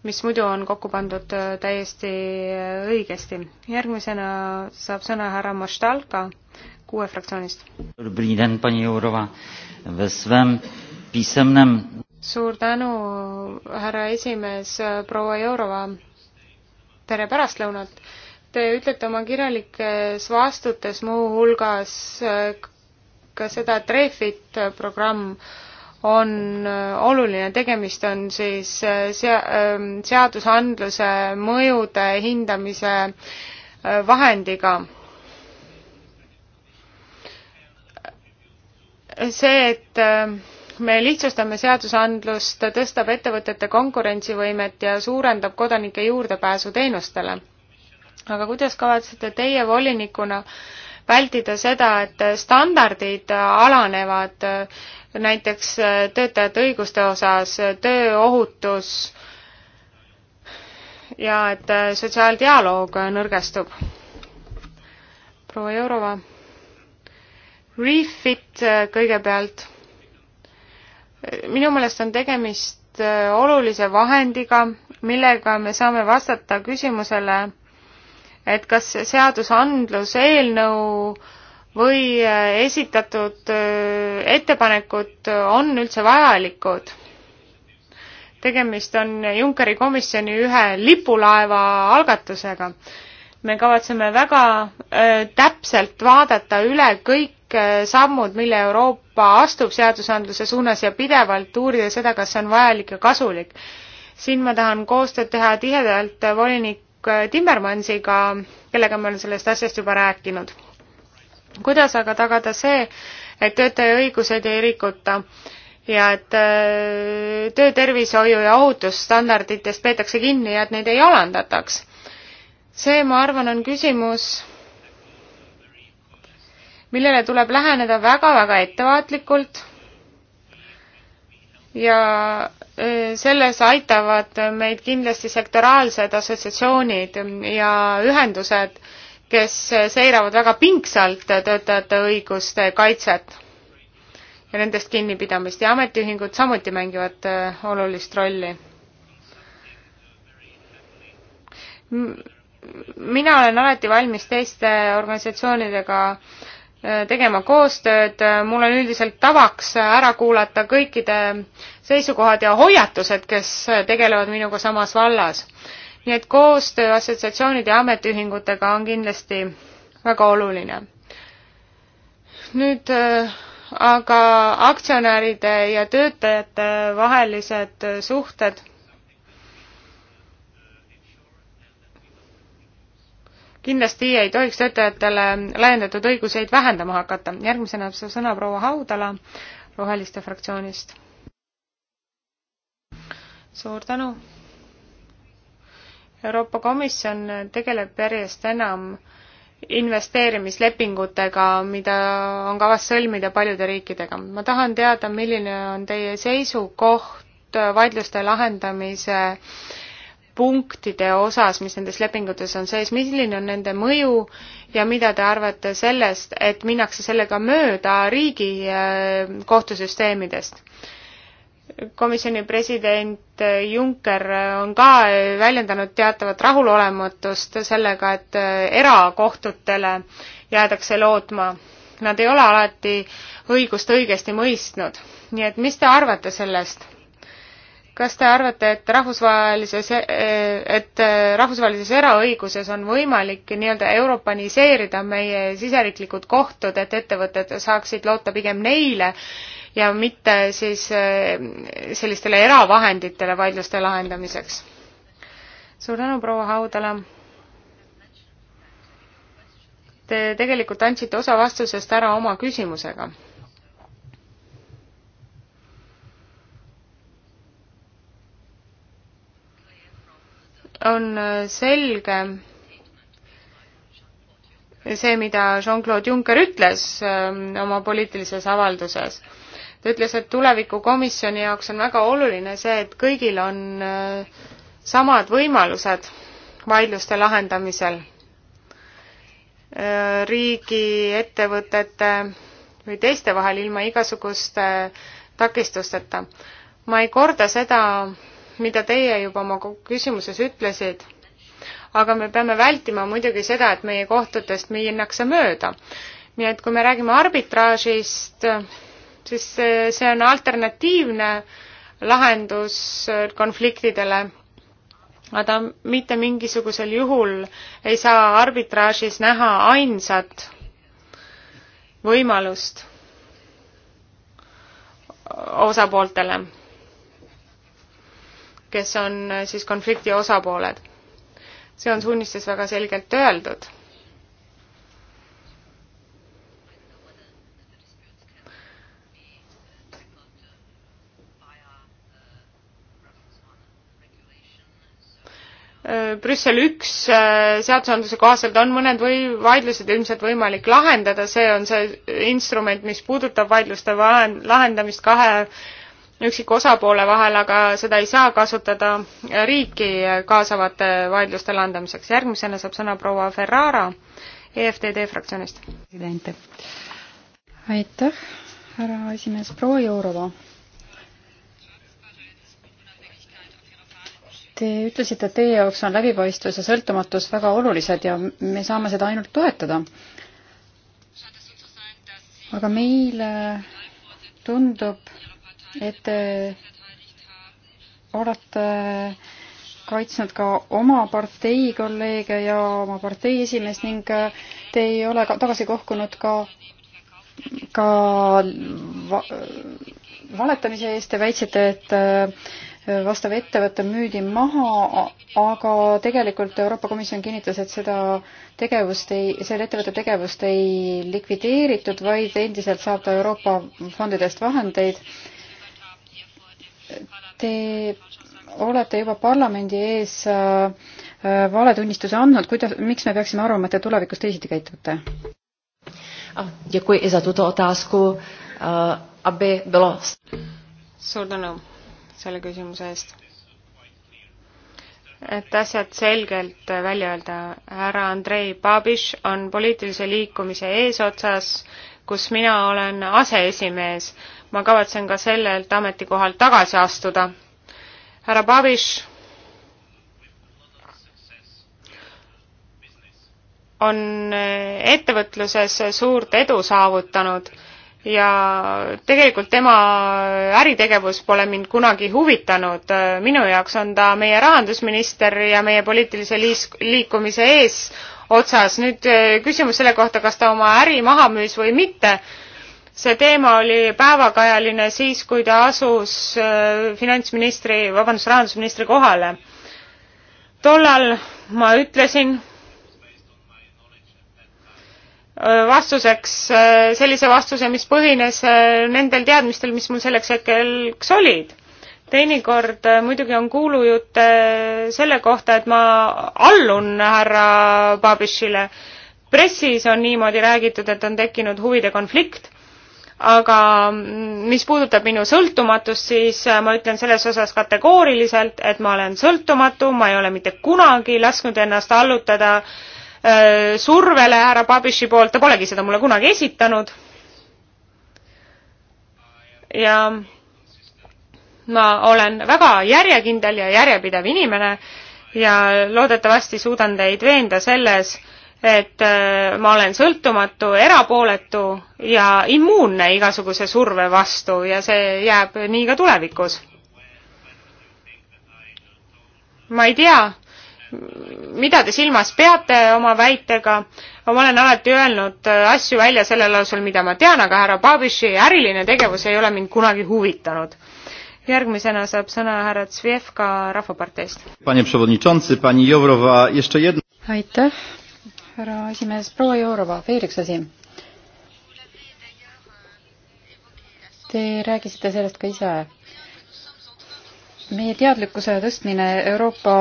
mis muidu on kokku pandud äh, täiesti äh, õigesti. järgmisena saab sõna härra Maštalka kuue fraktsioonist. suur tänu, härra esimees, proua Jourova. tere pärastlõunat te ütlete oma kirjalikes vastutes muuhulgas äh, ka seda, et Refit programm on äh, oluline, tegemist on siis äh, sea-, ähm, seadusandluse mõjude hindamise äh, vahendiga see, et me lihtsustame seadusandlust, tõstab ettevõtete konkurentsivõimet ja suurendab kodanike juurdepääsu teenustele. aga kuidas kavatsete teie volinikuna vältida seda, et standardid alanevad äh, näiteks äh, töötajate õiguste osas, äh, tööohutus ja et sotsiaaldialoog nõrgestub. proua Jourova. Refit kõigepealt. minu meelest on tegemist olulise vahendiga, millega me saame vastata küsimusele, et kas seadusandlus, eelnõu või esitatud äh, ettepanekud on üldse vajalikud. tegemist on Junckeri komisjoni ühe lipulaeva algatusega. me kavatseme väga äh, täpselt vaadata üle kõik äh, sammud, mille Euroopa astub seadusandluse suunas ja pidevalt uurida seda, kas see on vajalik ja kasulik siin ma tahan koostööd teha tihedalt volinik volinik Timmermansiga, kellega me oleme sellest asjast juba rääkinud. kuidas aga tagada see, et töötaja õigused ei rikuta ja et äh, töötervishoiu ja ohutusstandarditest peetakse kinni ja et neid ei alandataks? see, ma arvan, on küsimus, millele tuleb läheneda väga-väga ettevaatlikult ja selles aitavad meid kindlasti sektoraalsed assotsiatsioonid ja ühendused, kes seiravad väga pingsalt töötajate õiguste kaitset ja nendest kinnipidamist ja ametiühingud samuti mängivad äh, olulist rolli. mina olen alati valmis teiste organisatsioonidega äh, Äh, tegema koostööd, äh, mul on üldiselt tavaks ära kuulata kõikide seisukohad ja hoiatused, kes äh, tegelevad minuga samas vallas. nii et koostöö assotsiatsioonide ja ametiühingutega on kindlasti väga oluline. nüüd aga aktsionäride ja töötajate vahelised suhted kindlasti ei tohiks töötajatele laiendatud õiguseid vähendama hakata. järgmisena saab sõna proua Haudala Roheliste fraktsioonist. suur tänu. Euroopa Komisjon tegeleb järjest enam investeerimislepingutega, mida on kavas sõlmida paljude riikidega. ma tahan teada, milline on teie seisukoht vaidluste lahendamise äh, punktide osas, mis nendes lepingutes on sees, milline on nende mõju ja mida te arvate sellest, et minnakse sellega mööda riigi äh, kohtusüsteemidest? komisjoni president äh, Juncker äh, on ka väljendanud teatavat rahulolematust sellega, et erakohtutele jäädakse lootma. Nad ei ole alati õigust õigesti mõistnud. nii et mis te arvate sellest? kas te arvate, et rahvusvahelises, e-, e-, et e, rahvusvahelises eraõiguses on võimalik nii-öelda europaniseerida meie siseriiklikud kohtud, et ettevõtted saaksid loota pigem neile ja mitte siis sellistele eravahenditele vaidluste lahendamiseks? suur tänu, proua Haudala! Te tegelikult andsite osa vastusest ära oma küsimusega on selge see, mida Jean-Claude Juncker ütles ähm, oma poliitilises avalduses. ta ütles, et tulevikukomisjoni jaoks on väga oluline see, et kõigil on äh, samad võimalused vaidluste lahendamisel. Äh, riigi, ettevõtete või teiste vahel ilma igasuguste takistusteta. ma ei korda seda, mida teie juba oma küsimuses ütlesid, aga me peame vältima muidugi seda, et meie kohtutest minnakse mööda. nii et kui me räägime arbitraažist, siis see on alternatiivne lahendus konfliktidele, aga mitte mingisugusel juhul ei saa arbitraažis näha ainsat võimalust osapooltele kes on äh, siis konflikti osapooled. see on suunistes väga selgelt öeldud. Äh, Brüssel üks äh, seadusandluse kohaselt on mõned või vaidlused ilmselt võimalik lahendada, see on see instrument, mis puudutab vaidluste lahendamist kahe üksiku osapoole vahel, aga seda ei saa kasutada riiki kaasavate vaidluste lahendamiseks. järgmisena saab sõna proua Ferrara EFTD fraktsioonist. aitäh, härra esimees, proua Jourova. Te ütlesite, et teie jaoks on läbipaistvus ja sõltumatus väga olulised ja me saame seda ainult toetada. aga meile tundub, et te äh, olete kaitsnud ka oma partei kolleege ja oma partei esimeest ning äh, te ei ole ka tagasi kohkunud ka, ka va valetamise eest. Te väitsite, et äh, vastav ettevõte müüdi maha, aga tegelikult Euroopa Komisjon kinnitas, et seda tegevust ei, selle ettevõtte tegevust ei likvideeritud, vaid endiselt saab ta Euroopa fondidest vahendeid Te olete juba parlamendi ees äh, äh, valetunnistuse andnud, kuidas, miks me peaksime arvama, et te tulevikus teisiti käitute? Äh, suur tänu selle küsimuse eest et asjad selgelt välja öelda. härra Andrei Babiš on poliitilise liikumise eesotsas, kus mina olen aseesimees ma kavatsen ka sellelt ametikohalt tagasi astuda. härra Babiš on ettevõtluses suurt edu saavutanud ja tegelikult tema äritegevus pole mind kunagi huvitanud. minu jaoks on ta meie rahandusminister ja meie poliitilise liis-, liikumise eesotsas. nüüd eh, küsimus selle kohta, kas ta oma äri maha müüs või mitte see teema oli päevakajaline siis, kui ta asus äh, finantsministri, vabandust, rahandusministri kohale. tollal ma ütlesin äh, vastuseks äh, sellise vastuse, mis põhines nendel teadmistel, mis mul selleks hetkeks olid. teinekord muidugi on kuulujutte selle kohta, et ma allun härra Babišile. pressis on niimoodi räägitud, et on tekkinud huvide konflikt aga mis puudutab minu sõltumatust, siis äh, ma ütlen selles osas kategooriliselt, et ma olen sõltumatu, ma ei ole mitte kunagi lasknud ennast allutada öö, äh, survele härra Babiši poolt, ta polegi seda mulle kunagi esitanud. ja ma olen väga järjekindel ja järjepidev inimene ja loodetavasti suudan teid veenda selles, et äh, ma olen sõltumatu, erapooletu ja immuunne igasuguse surve vastu ja see jääb nii ka tulevikus. ma ei tea, mida te silmas peate oma väitega, ma olen alati öelnud äh, asju välja sellel alusel, mida ma tean, aga härra Babiši äriline tegevus ei ole mind kunagi huvitanud Järgmisena saab sõna härra Zvjevka Rahvaparteist. aitäh, härra esimees, proua Jourova, veel üks asi. Te rääkisite sellest ka ise meie teadlikkuse tõstmine Euroopa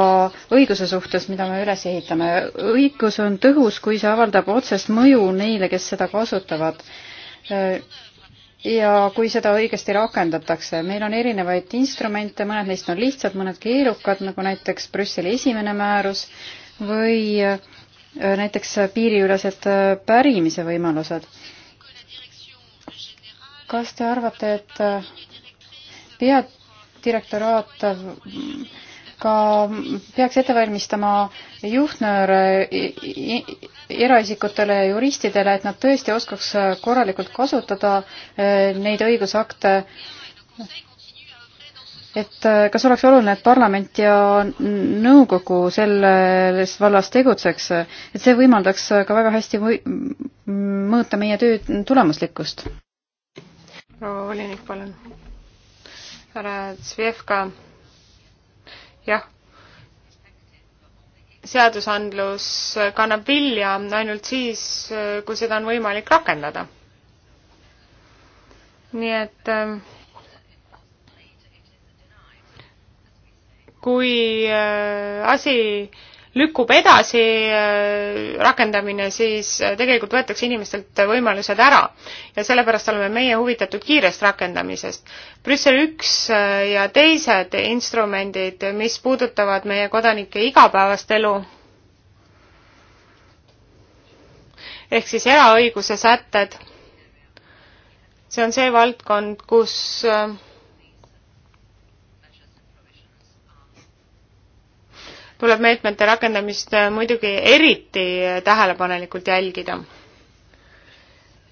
õiguse suhtes, mida me üles ehitame. õigus on tõhus, kui see avaldab otsest mõju neile, kes seda kasutavad. ja kui seda õigesti rakendatakse. meil on erinevaid instrumente, mõned neist on lihtsad, mõned keerukad, nagu näiteks Brüsseli esimene määrus või Äh, näiteks äh, piiriülesed äh, pärimise võimalused. kas te arvate, et peadirektoraat ka peaks ette valmistama juhtnööre eraisikutele ja juristidele, et nad tõesti oskaks korralikult kasutada neid õigusakte et äh, kas oleks oluline, et parlament ja nõukogu selles vallas tegutseks, et see võimaldaks ka väga hästi või mõõta meie töö tulemuslikkust? proua volinik, palun. härra Zvjevka. jah seadusandlus kannab vilja ainult siis, kui seda on võimalik rakendada. nii et äh, kui äh, asi lükkub edasi äh, rakendamine, siis äh, tegelikult võetakse inimestelt võimalused ära. ja sellepärast oleme meie huvitatud kiirest rakendamisest. Brüssel üks ja teised instrumendid, mis puudutavad meie kodanike igapäevast elu, ehk siis eraõiguse sätted, see on see valdkond, kus tuleb meetmete rakendamist äh, muidugi eriti äh, tähelepanelikult jälgida.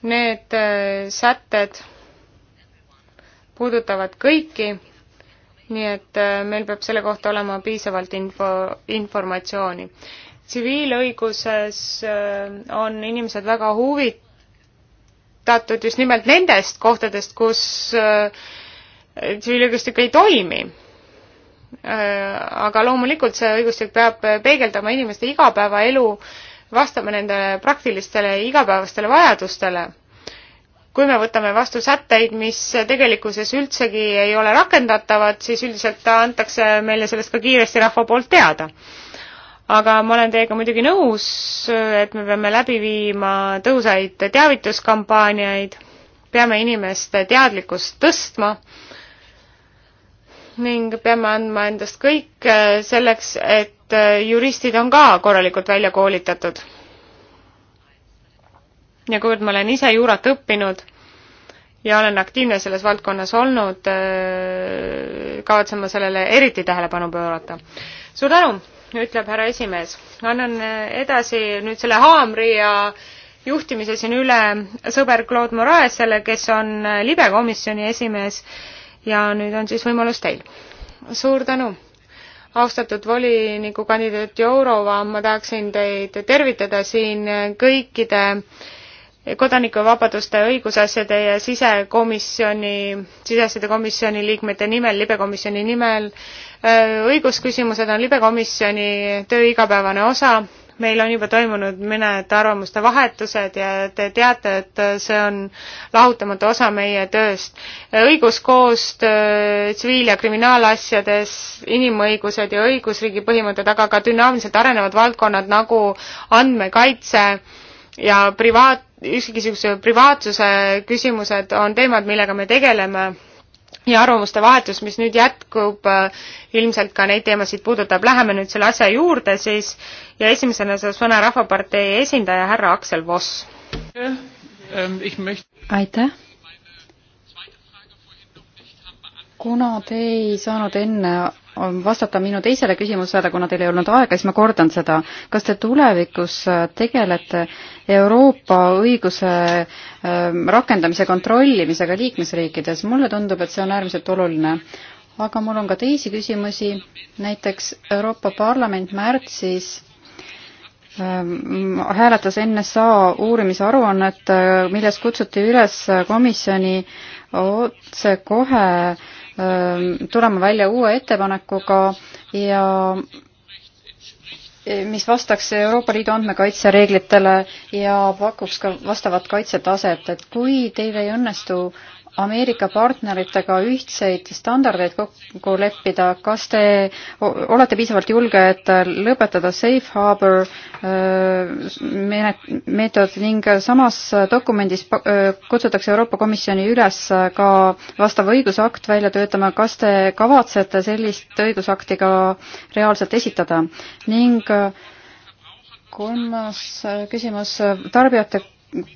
Need äh, sätted puudutavad kõiki, nii et meil peab selle kohta olema piisavalt info, informatsiooni. tsiviilõiguses on inimesed väga huvitatud just nimelt nendest kohtadest, kus tsiviilõigustik ei toimi aga loomulikult see õigustik peab peegeldama inimeste igapäevaelu, vastama nendele praktilistele igapäevastele vajadustele. kui me võtame vastu sätteid, mis tegelikkuses üldsegi ei ole rakendatavad, siis üldiselt antakse meile sellest ka kiiresti rahva poolt teada. aga ma olen teiega muidugi nõus, et me peame läbi viima tõhusaid teavituskampaaniaid, peame inimeste teadlikkust tõstma ning peame andma endast kõik äh, selleks, et äh, juristid on ka korralikult välja koolitatud. ja kuivõrd ma olen ise juurat õppinud ja olen aktiivne selles valdkonnas olnud, äh, kavatsen ma sellele eriti tähelepanu pöörata. suur tänu, ütleb härra esimees. annan edasi nüüd selle haamri ja juhtimise siin üle sõber Claude Moraesele, kes on libekomisjoni esimees ja nüüd on siis võimalus teil. suur tänu! austatud voliniku kandidaat Jourova, ma tahaksin teid tervitada siin kõikide kodanikuvabaduste õigusasjade ja sisekomisjoni, siseasjade komisjoni liikmete nimel, libekomisjoni nimel. õigusküsimused on libekomisjoni töö igapäevane osa meil on juba toimunud mõned arvamuste vahetused ja te teate, et see on lahutamatu osa meie tööst. õiguskoostöö äh, tsiviil- ja kriminaalasjades, inimõigused ja õigusriigi põhimõtted, aga ka dünaamiliselt arenevad valdkonnad nagu andmekaitse ja privaat, üksikisiksuse privaatsuse küsimused on teemad, millega me tegeleme ja arvamuste vahetus, mis nüüd jätkub, äh, ilmselt ka neid teemasid puudutab. Läheme nüüd selle asja juurde siis ja esimesena saab sõna Rahvapartei esindaja härra Aksel Voss. aitäh. kuna te ei saanud enne vastata minu teisele küsimusele, kuna teil ei olnud aega, siis ma kordan seda. kas te tulevikus äh, tegelete Euroopa õiguse ähm, rakendamise kontrollimisega liikmesriikides? mulle tundub, et see on äärmiselt oluline. aga mul on ka teisi küsimusi, näiteks Euroopa Parlament märtsis ähm, hääletas NSA uurimisaruannet, äh, milles kutsuti üles komisjoni otsekohe äh, tulema välja uue ettepanekuga ja e, mis vastaks Euroopa Liidu andmekaitsereeglitele ja pakuks ka vastavat kaitsetaset, et kui teil ei õnnestu äh, Ameerika partneritega ühtseid standardeid kokku leppida, kas te olete piisavalt julge, et lõpetada safe harbor äh, meetod ning samas dokumendis äh, kutsutakse Euroopa Komisjoni üles ka vastav õigusakt välja töötama, kas te kavatsete sellist õigusakti ka reaalselt esitada ning äh, kolmas küsimus, tarbijate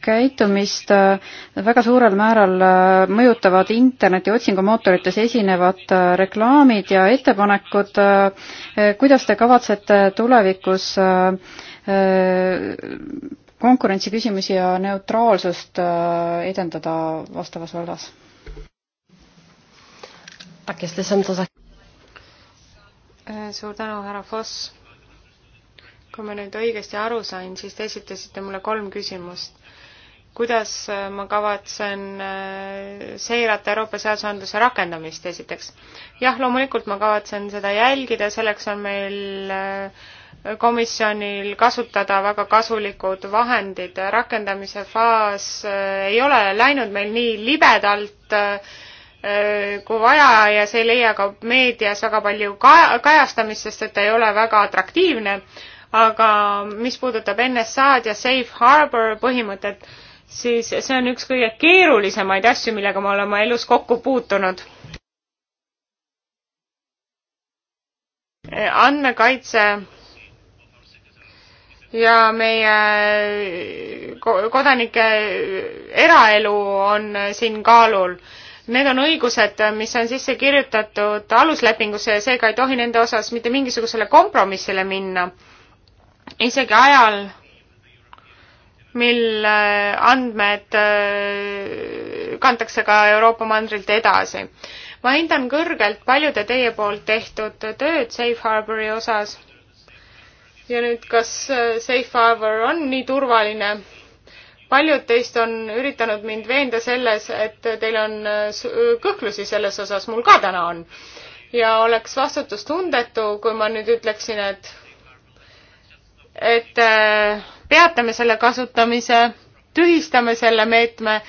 käitumist äh, väga suurel määral äh, mõjutavad interneti otsingumootorites esinevad äh, reklaamid ja ettepanekud. kuidas te kavatsete tulevikus konkurentsiküsimusi ja neutraalsust edendada vastavas vallas? suur tänu, härra Foss kui ma nüüd õigesti aru sain, siis te esitasite mulle kolm küsimust. kuidas äh, ma kavatsen äh, seirata Euroopa seadusandluse rakendamist esiteks? jah, loomulikult ma kavatsen seda jälgida, selleks on meil äh, komisjonil kasutada väga kasulikud vahendid, rakendamise faas ei ole läinud meil nii libedalt kui vaja ja see ei leia ka meedias väga palju ka-, kajastamist, sest et ta ei ole väga atraktiivne, aga mis puudutab NSA-d ja safe harbor põhimõtet, siis see on üks kõige keerulisemaid asju, millega ma olen oma elus kokku puutunud. andmekaitse ja meie kodanike eraelu on siin kaalul need on õigused, mis on sisse kirjutatud aluslepingusse ja seega ei tohi nende osas mitte mingisugusele kompromissile minna isegi ajal, mil äh, andmed äh, kantakse ka Euroopa mandrilt edasi. ma hindan kõrgelt paljude teie poolt tehtud tööd Safe Harbori osas. ja nüüd, kas äh, Safe Harbor on nii turvaline? paljud teist on üritanud mind veenda selles, et teil on kõhklusi selles osas, mul ka täna on. ja oleks vastutustundetu, kui ma nüüd ütleksin, et et äh, peatame selle kasutamise, tühistame selle meetme,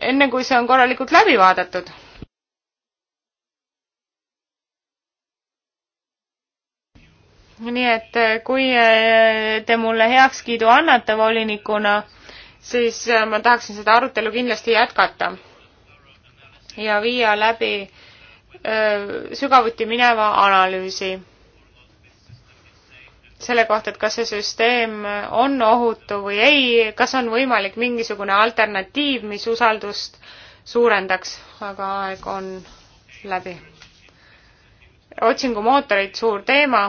enne kui see on korralikult läbi vaadatud. nii et äh, kui äh, te mulle heakskiidu annate volinikuna, siis ma tahaksin seda arutelu kindlasti jätkata ja viia läbi sügavuti mineva analüüsi selle kohta, et kas see süsteem on ohutu või ei, kas on võimalik mingisugune alternatiiv, mis usaldust suurendaks, aga aeg on läbi. otsingumootorid, suur teema.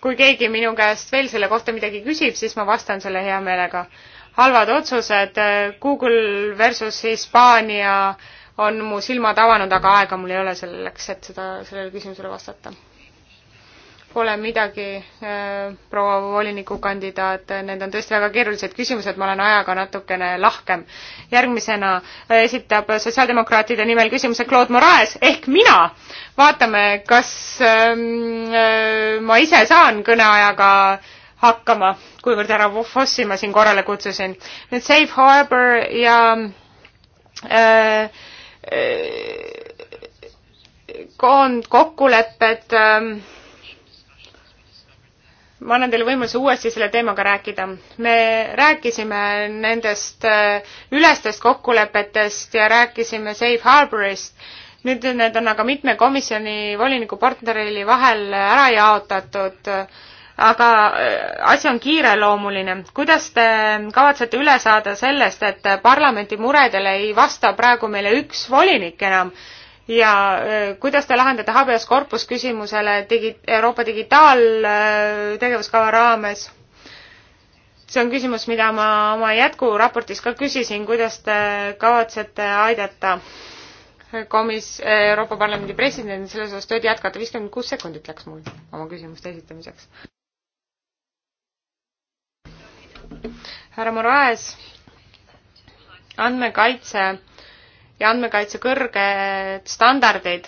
kui keegi minu käest veel selle kohta midagi küsib, siis ma vastan selle hea meelega. halvad otsused, Google versus Hispaania on mu silmad avanud, aga aega mul ei ole selleks, et seda, sellele küsimusele vastata pole midagi, äh, proua volinikukandidaat, need on tõesti väga keerulised küsimused, ma olen ajaga natukene lahkem. järgmisena äh, esitab sotsiaaldemokraatide nimel küsimuse Claude Moraes ehk mina. vaatame, kas ähm, äh, ma ise saan kõneajaga hakkama, kuivõrd härra Fossi ma siin korrale kutsusin. nüüd Safe Harbor ja äh, äh, koondkokkulepped äh, ma annan teile võimaluse uuesti selle teemaga rääkida. me rääkisime nendest äh, ülestest kokkulepetest ja rääkisime Safe Harborist. nüüd need on aga mitme komisjoni voliniku partneri vahel ära jaotatud. aga äh, asi on kiireloomuline. kuidas te kavatsete üle saada sellest, et parlamendi muredele ei vasta praegu meile üks volinik enam? ja äh, kuidas te lahendate habeas corpus küsimusele digi-, Euroopa digitaaltegevuskava äh, raames? see on küsimus, mida ma oma jätkuraportis ka küsisin, kuidas te kavatsete aidata komis-, Euroopa Parlamendi presidendil selles osas tööd jätkata, viiskümmend kuus sekundit läks mul oma küsimuste esitamiseks. härra Moraes, andmekaitse ja andmekaitse kõrged standardid,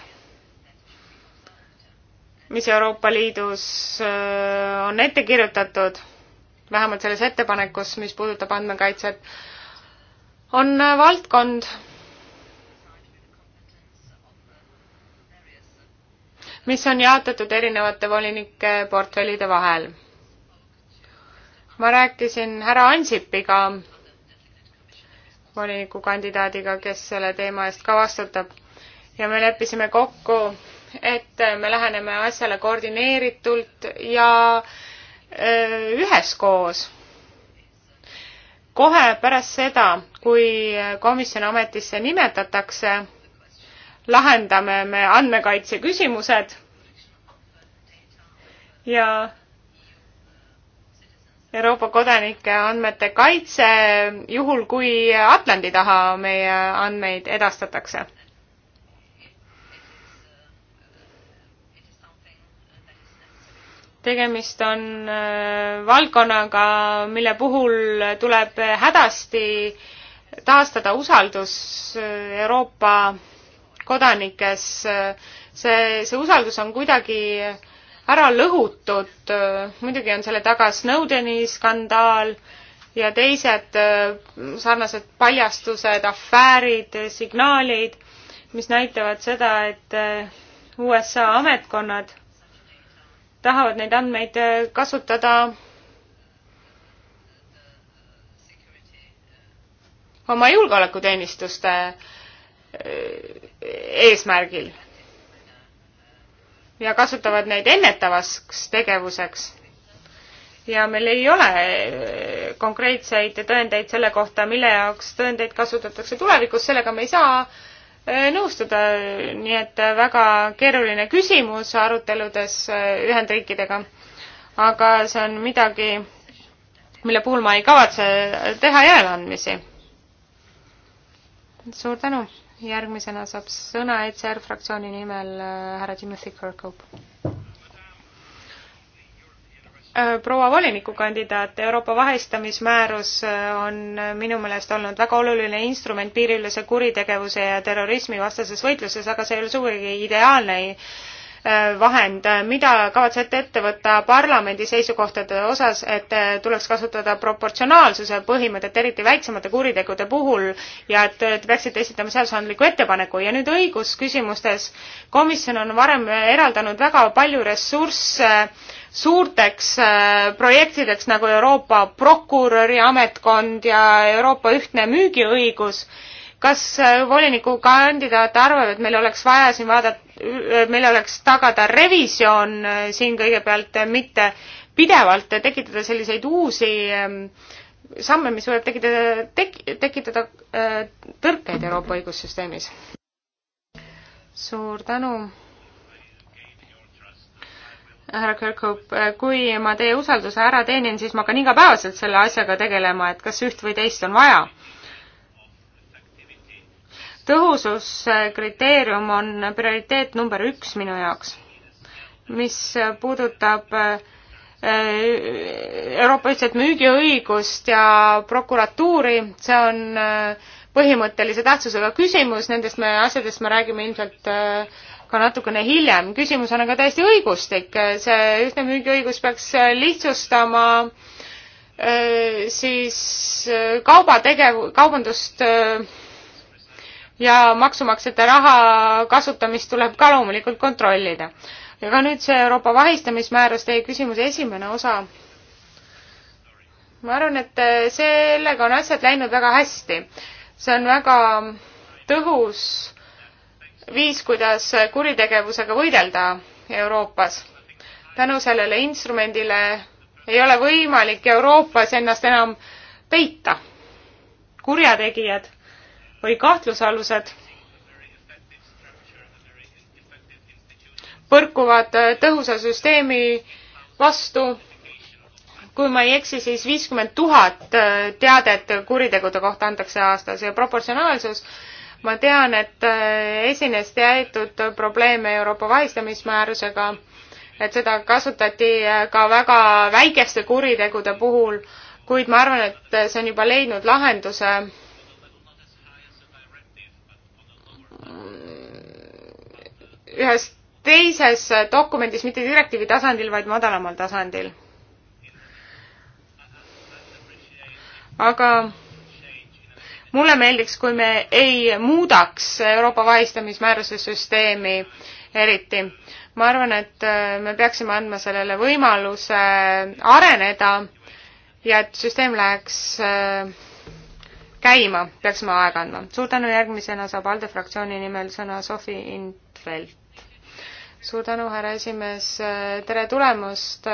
mis Euroopa Liidus äh, on ette kirjutatud, vähemalt selles ettepanekus, mis puudutab andmekaitset, on äh, valdkond, mis on jaotatud erinevate volinike portfellide vahel. ma rääkisin härra Ansipiga volinikukandidaadiga, kes selle teema eest ka vastutab. ja me leppisime kokku, et me läheneme asjale koordineeritult ja äh, üheskoos. kohe pärast seda, kui komisjon ametisse nimetatakse, lahendame me andmekaitse küsimused ja Euroopa kodanike andmete kaitse juhul, kui Atlandi taha meie andmeid edastatakse. tegemist on äh, valdkonnaga, mille puhul tuleb hädasti taastada usaldus äh, Euroopa kodanikes. Äh, see, see usaldus on kuidagi äh, ära lõhutud. muidugi on selle taga Snowdeni skandaal ja teised äh, sarnased paljastused, afäärid, signaalid, mis näitavad seda, et äh, USA ametkonnad tahavad neid andmeid äh, kasutada oma julgeolekuteenistuste eesmärgil ja kasutavad neid ennetavaks tegevuseks. ja meil ei ole eh, konkreetseid tõendeid selle kohta, mille jaoks tõendeid kasutatakse tulevikus, sellega me ei saa eh, nõustuda, nii et väga keeruline küsimus aruteludes eh, Ühendriikidega. aga see on midagi, mille puhul ma ei kavatse teha järeleandmisi. suur tänu! järgmisena saab sõna ECR fraktsiooni nimel äh, härra Timothy Kirkhope. Äh, proua volinikukandidaat, Euroopa vahistamismäärus äh, on minu meelest olnud väga oluline instrument piiriülese kuritegevuse ja terrorismi vastases võitluses, aga see ei ole sugugi ideaalne vahend, mida kavatsete ette võtta parlamendi seisukohtade osas, et tuleks kasutada proportsionaalsuse põhimõtet, eriti väiksemate kuritegude puhul ja et te peaksite esitama seadusandliku ettepaneku ja nüüd õigusküsimustes. komisjon on varem eraldanud väga palju ressursse suurteks äh, projektideks nagu Euroopa prokuröri ametkond ja Euroopa ühtne müügiõigus kas äh, volinikukandidaat arvab, et meil oleks vaja siin vaadata, äh, meil oleks tagada revisjon äh, siin kõigepealt, mitte pidevalt tekitada selliseid uusi ähm, samme, mis võivad tekitada tek,, tekitada tõrkeid Euroopa õigussüsteemis? suur tänu härra Kirkhope, kui ma teie usalduse ära teenin, siis ma hakkan igapäevaselt selle asjaga tegelema, et kas üht või teist on vaja tõhususkriteerium on prioriteet number üks minu jaoks, mis puudutab äh, Euroopa ühtset müügiõigust ja prokuratuuri, see on äh, põhimõttelise tähtsusega küsimus, nendest me, asjadest me räägime ilmselt äh, ka natukene hiljem. küsimus on aga täiesti õigustik, see ühtne müügiõigus peaks lihtsustama siis kaubategev-, kaubandust ja maksumaksjate raha kasutamist tuleb ka loomulikult kontrollida. aga nüüd see Euroopa vahistamismäärus, teie küsimuse esimene osa. ma arvan, et sellega on asjad läinud väga hästi. see on väga tõhus viis, kuidas kuritegevusega võidelda Euroopas. tänu sellele instrumendile ei ole võimalik Euroopas ennast enam peita. kurjategijad või kahtlusalused põrkuvad tõhusa süsteemi vastu. kui ma ei eksi, siis viiskümmend tuhat teadet kuritegude kohta antakse aastas ja proportsionaalsus ma tean, et esines teatud probleeme Euroopa vahistamismäärusega, et seda kasutati ka väga väikeste kuritegude puhul, kuid ma arvan, et see on juba leidnud lahenduse ühes teises dokumendis, mitte direktiivi tasandil, vaid madalamal tasandil. aga mulle meeldiks, kui me ei muudaks Euroopa vahistamismääruse süsteemi eriti. ma arvan, et äh, me peaksime andma sellele võimaluse areneda ja et süsteem läheks äh, käima, peaksime aega andma. suur tänu, järgmisena saab ALDE fraktsiooni nimel sõna Sofi Infeld. suur tänu, härra esimees, tere tulemast,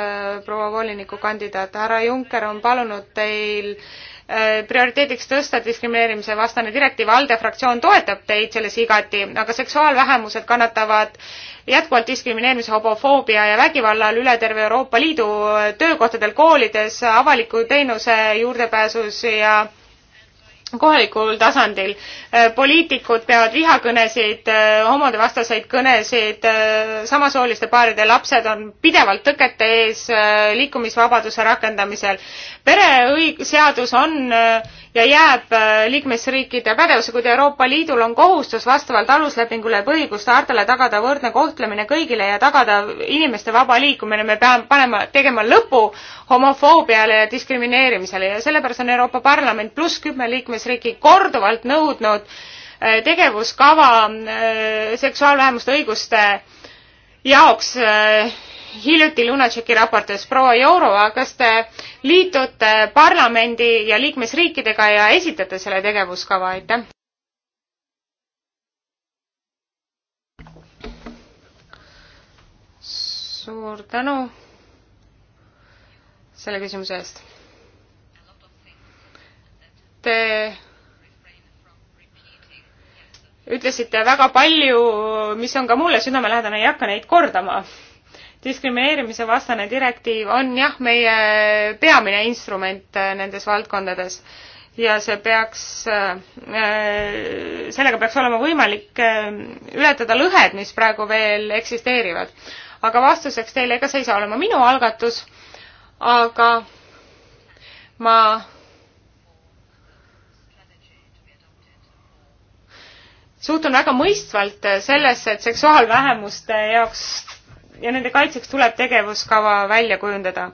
proua volinikukandidaat, härra Juncker on palunud teil eh, prioriteediks tõsta diskrimineerimise vastane direktiiv, ALDE fraktsioon toetab teid selles igati, aga seksuaalvähemused kannatavad jätkuvalt diskrimineerimise, homofoobia ja vägivalla all üle terve Euroopa Liidu töökohtadel, koolides, avaliku teenuse juurdepääsus ja kohalikul tasandil. Äh, poliitikud peavad vihakõnesid, äh, homodevastaseid kõnesid, äh, samasooliste paaride lapsed on pidevalt tõkete ees liikumisvabaduse rakendamisel. pereõigusseadus on ja jääb äh, liikmesriikide pädevuse, kuid Euroopa Liidul on kohustus vastavalt aluslepingule ja põhiõiguste hartale tagada võrdne kohtlemine kõigile ja tagada inimeste vaba liikumine. me peame panema, tegema lõpu homofoobiale ja diskrimineerimisele ja sellepärast on Euroopa Parlament pluss kümme liikmesriiki korduvalt nõudnud äh, tegevuskava äh, seksuaalvähemuste õiguste jaoks hiljuti Lunacheki raportis. proua Jourova, kas te liitute parlamendi ja liikmesriikidega ja esitate selle tegevuskava, aitäh? suur tänu selle küsimuse eest. Te ütlesite väga palju, mis on ka mulle südamelähedane, ei hakka neid kordama diskrimineerimise vastane direktiiv on jah, meie peamine instrument äh, nendes valdkondades ja see peaks, äh, äh, sellega peaks olema võimalik ületada lõhed, mis praegu veel eksisteerivad. aga vastuseks teile, ega see ei saa olema minu algatus, aga ma suhtun väga mõistvalt sellesse, et seksuaalvähemuste jaoks ja nende kaitseks tuleb tegevuskava välja kujundada.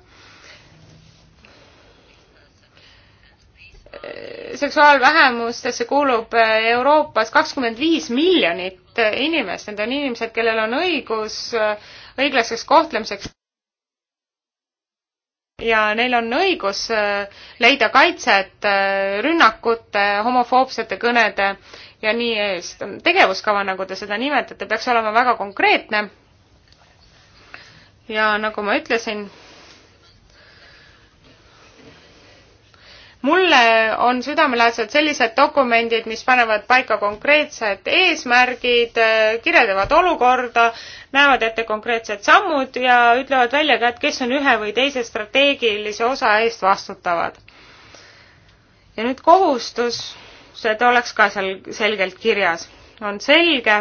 seksuaalvähemustesse kuulub Euroopas kakskümmend viis miljonit inimest, need on inimesed, kellel on õigus õiglaseks kohtlemiseks ja neil on õigus leida kaitset rünnakute, homofoobsete kõnede ja nii eest. tegevuskava, nagu te seda nimetate, peaks olema väga konkreetne ja nagu ma ütlesin, mulle on südamelähedased sellised dokumendid, mis panevad paika konkreetsed eesmärgid, kirjeldavad olukorda, näevad ette konkreetsed sammud ja ütlevad välja ka, et kes on ühe või teise strateegilise osa eest vastutavad. ja nüüd kohustused oleks ka seal selgelt kirjas. on selge,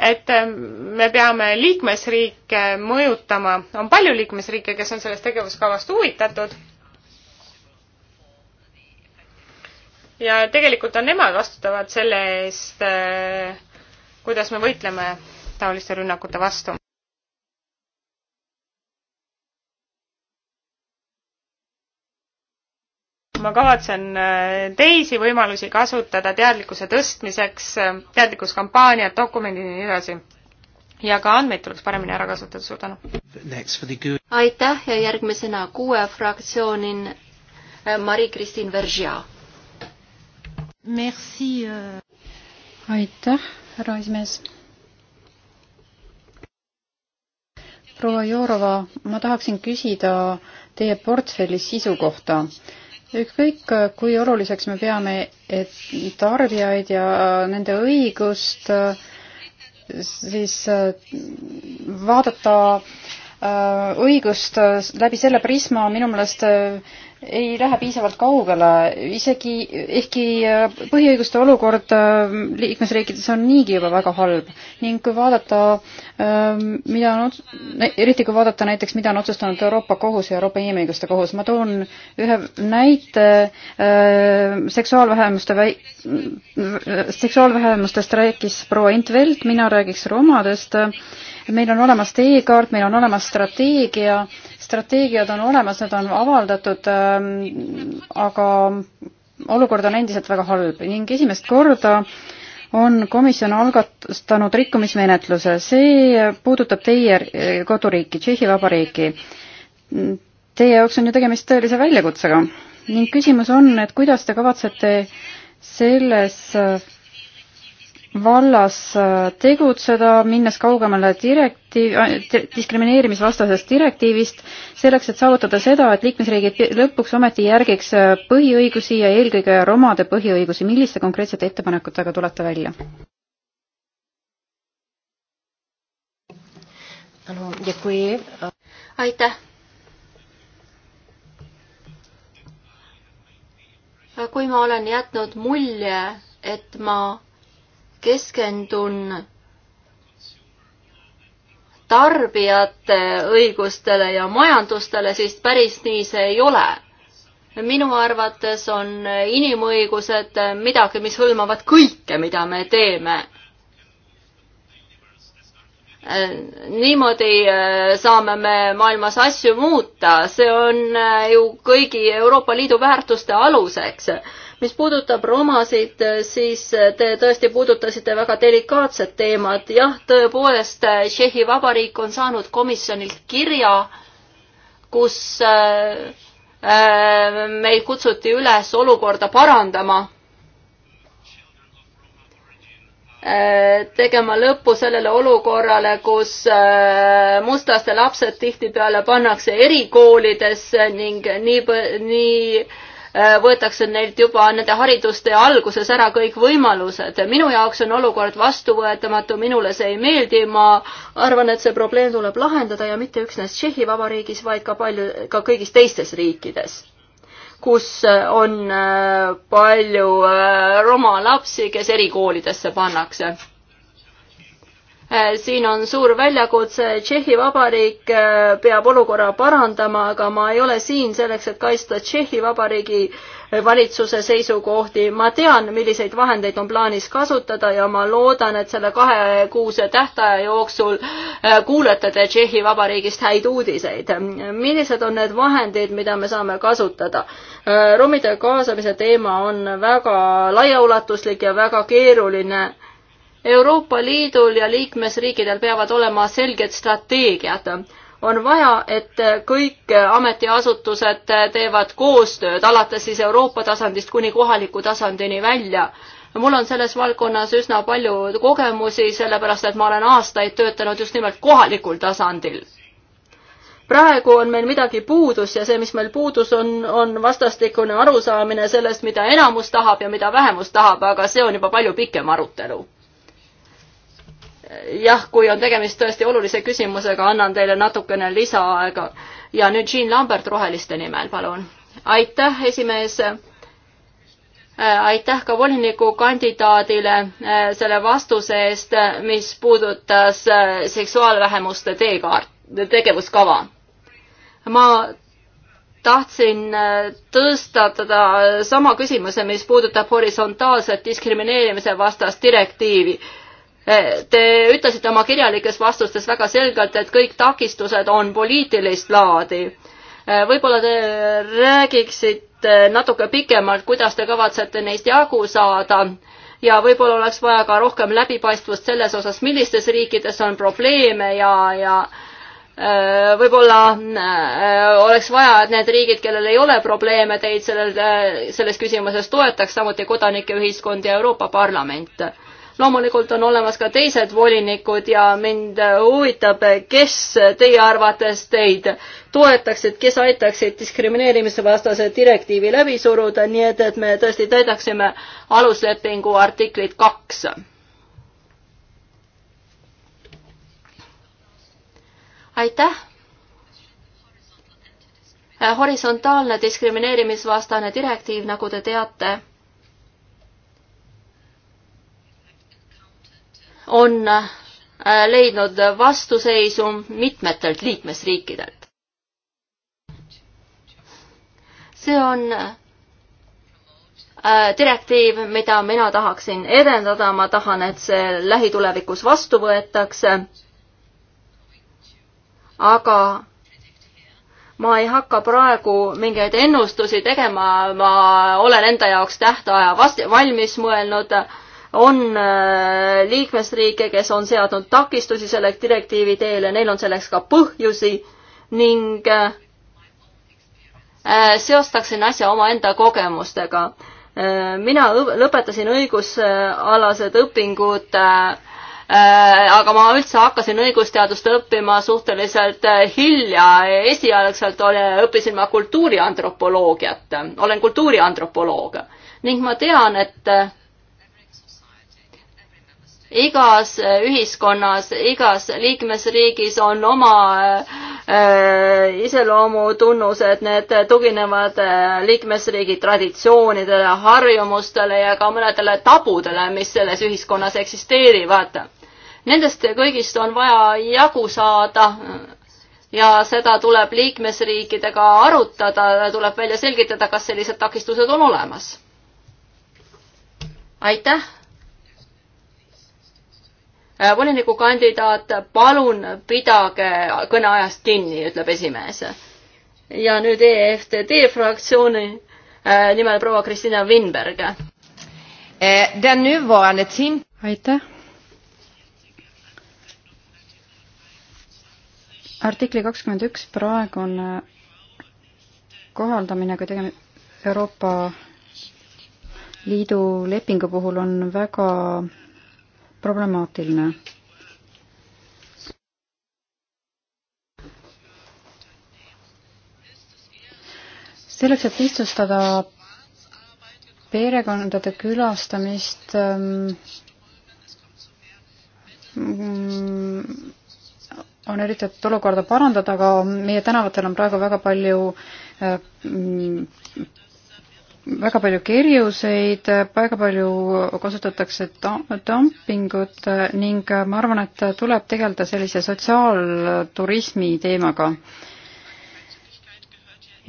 et eh, me peame liikmesriike mõjutama, on palju liikmesriike, kes on sellest tegevuskavast huvitatud. ja tegelikult on nemad vastutavad selle eest, eh, kuidas me võitleme taoliste rünnakute vastu. ma kavatsen äh, teisi võimalusi kasutada teadlikkuse tõstmiseks, äh, teadlikkuskampaaniad, dokumendid ja nii edasi. ja ka andmeid tuleks paremini ära kasutada, suur tänu. aitäh ja järgmisena kuue fraktsiooni äh, Marie-Christine Vergia. Merci. aitäh, härra esimees. proua Jourova, ma tahaksin küsida teie portfelli sisu kohta ükskõik, kui oluliseks me peame tarbijaid ja nende õigust siis vaadata õigust läbi selle prisma minu meelest ei lähe piisavalt kaugele, isegi ehkki äh, põhiõiguste olukord äh, liikmesriikides on niigi juba väga halb ning kui vaadata, ähm, mida on, eriti kui vaadata näiteks, mida on otsustanud Euroopa Kohus ja Euroopa Inimõiguste Kohus, ma toon ühe näite äh, seksuaalvähemuste väi-, seksuaalvähemustest rääkis proua Int Velt, mina räägiks romadest meil on olemas teekaart, meil on olemas strateegia, strateegiad on olemas, need on avaldatud, ähm, aga olukord on endiselt väga halb ning esimest korda on komisjon algatanud rikkumismenetluse, see puudutab teie koduriiki, Tšehhi Vabariiki. Teie jaoks on ju tegemist tõelise väljakutsega ning küsimus on, et kuidas te kavatsete selles vallas äh, tegutseda, minnes kaugemale direktiiv, äh, diskrimineerimisvastasest direktiivist, selleks et saavutada seda, et liikmesriigid lõpuks ometi järgiks äh, põhiõigusi ja eelkõige romade põhiõigusi. milliste konkreetsete ettepanekutega tulete välja? aitäh! kui ma olen jätnud mulje, et ma keskendun tarbijate õigustele ja majandustele, siis päris nii see ei ole. minu arvates on inimõigused midagi, mis hõlmavad kõike, mida me teeme. niimoodi äh, saame me maailmas asju muuta, see on äh, ju kõigi Euroopa Liidu väärtuste aluseks mis puudutab romasid, siis te tõesti puudutasite väga delikaatset teemat. jah, tõepoolest, Tšehhi Vabariik on saanud komisjonilt kirja, kus äh, äh, meid kutsuti üles olukorda parandama äh, tegema lõppu sellele olukorrale, kus mustlaste lapsed tihtipeale pannakse erikoolidesse ning nii, nii Äh, võetakse neilt juba nende hariduste alguses ära kõik võimalused. minu jaoks on olukord vastuvõetamatu, minule see ei meeldi, ma arvan, et see probleem tuleb lahendada ja mitte üksnes Tšehhi Vabariigis, vaid ka palju, ka kõigis teistes riikides kus on äh, palju äh, roma lapsi, kes erikoolidesse pannakse Äh, siin on suur väljakutse, Tšehhi Vabariik äh, peab olukorra parandama, aga ma ei ole siin selleks, et kaitsta Tšehhi Vabariigi äh, valitsuse seisukohti. ma tean, milliseid vahendeid on plaanis kasutada ja ma loodan, et selle kahekuuse tähtaja jooksul kuulete te Tšehhi Vabariigist häid uudiseid. millised on need vahendid, mida me saame kasutada? romide kaasamise teema on väga laiaulatuslik ja väga keeruline Euroopa Liidul ja liikmesriikidel peavad olema selged strateegiad. on vaja, et kõik ametiasutused teevad koostööd, alates siis Euroopa tasandist kuni kohaliku tasandini välja. mul on selles valdkonnas üsna palju kogemusi, sellepärast et ma olen aastaid töötanud just nimelt kohalikul tasandil praegu on meil midagi puudus ja see, mis meil puudus on, on vastastikune arusaamine sellest, mida enamus tahab ja mida vähemus tahab, aga see on juba palju pikem arutelu jah, kui on tegemist tõesti olulise küsimusega, annan teile natukene lisaaega. ja nüüd Jean Lambert Roheliste nimel, palun. aitäh, esimees äh, aitäh ka volinikukandidaadile äh, selle vastuse eest, mis puudutas äh, seksuaalvähemuste teekaart, tegevuskava. ma tahtsin tõstatada sama küsimuse, mis puudutab horisontaalset diskrimineerimise vastast direktiivi Te ütlesite oma kirjalikes vastustes väga selgelt, et kõik takistused on poliitilist laadi. Eh, võib-olla te räägiksite natuke pikemalt, kuidas te kavatsete neist jagu saada ja võib-olla oleks vaja ka rohkem läbipaistvust selles osas, millistes riikides on probleeme ja, ja eh, võib-olla eh, oleks vaja, et need riigid, kellel ei ole probleeme, teid sellel, selles küsimuses toetaks, samuti kodanike ühiskond ja Euroopa Parlament loomulikult on olemas ka teised volinikud ja mind huvitab, kes teie arvates teid toetaksid, kes aitaksid diskrimineerimise vastase direktiivi läbi suruda, nii et, et me tõesti täidaksime aluslepingu artiklit kaks. aitäh horisontaalne diskrimineerimisvastane direktiiv, nagu te teate, on äh, leidnud vastuseisu mitmetelt liikmesriikidelt. see on äh, direktiiv, mida mina tahaksin edendada, ma tahan, et see lähitulevikus vastu võetakse. aga ma ei hakka praegu mingeid ennustusi tegema, ma olen enda jaoks tähtaja vast-, valmis mõelnud on äh, liikmesriike, kes on seadnud takistusi selle direktiivi teele, neil on selleks ka põhjusi ning äh, äh, seostaksin asja omaenda kogemustega. mina lõpetasin õigusalased õpingud aga ma üldse hakkasin õigusteadust õppima suhteliselt hilja, esialgselt oli, õppisin ma kultuuriantropoloogiat, olen kultuuriantropoloog ning ma tean, et igas äh, ühiskonnas, igas liikmesriigis on oma äh, iseloomutunnused, need tuginevad äh, liikmesriigi traditsioonidele, harjumustele ja ka mõnedele tabudele, mis selles ühiskonnas eksisteerivad. Nendest kõigist on vaja jagu saada ja seda tuleb liikmesriikidega arutada, tuleb välja selgitada, kas sellised takistused on olemas. aitäh Äh, volinikukandidaat, palun pidage kõneajast kinni, ütleb esimees. ja nüüd EFTD fraktsiooni äh, nimel proua Kristina Winberg. Äh, aitäh. artikli kakskümmend üks praegune kohaldamine, kui tegema Euroopa Liidu lepingu puhul on väga problemaatiline. selleks, et lihtsustada perekondade külastamist ähm, mm, on üritatud olukorda parandada, aga meie tänavatel on praegu väga palju äh, mm, väga palju kerjuseid, väga palju kasutatakse dumpingut ning ma arvan, et tuleb tegeleda sellise sotsiaalturismi teemaga.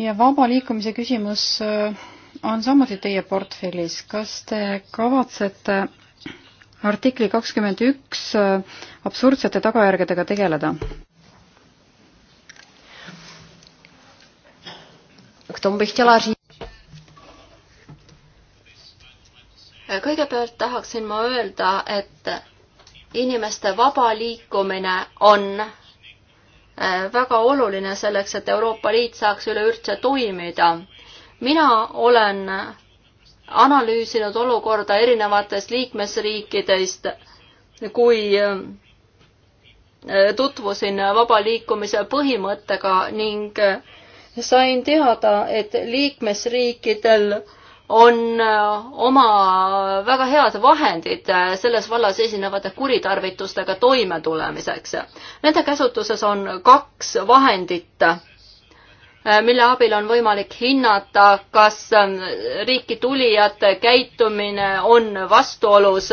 ja vaba liikumise küsimus äh, on samuti teie portfellis. kas te kavatsete artikli kakskümmend üks äh, absurdsete tagajärgedega tegeleda? k tomu bych chtěla říct kõigepealt tahaksin ma öelda, et inimeste vaba liikumine on äh, väga oluline selleks, et Euroopa Liit saaks üleüldse toimida. mina olen analüüsinud olukorda erinevates liikmesriikidest, kui äh, tutvusin vaba liikumise põhimõttega ning sain teada, et liikmesriikidel on äh, oma väga head vahendid äh, selles vallas esinevate kuritarvitustega toimetulemiseks. Nende käsutuses on kaks vahendit, äh, mille abil on võimalik hinnata, kas riiki tulijate käitumine on vastuolus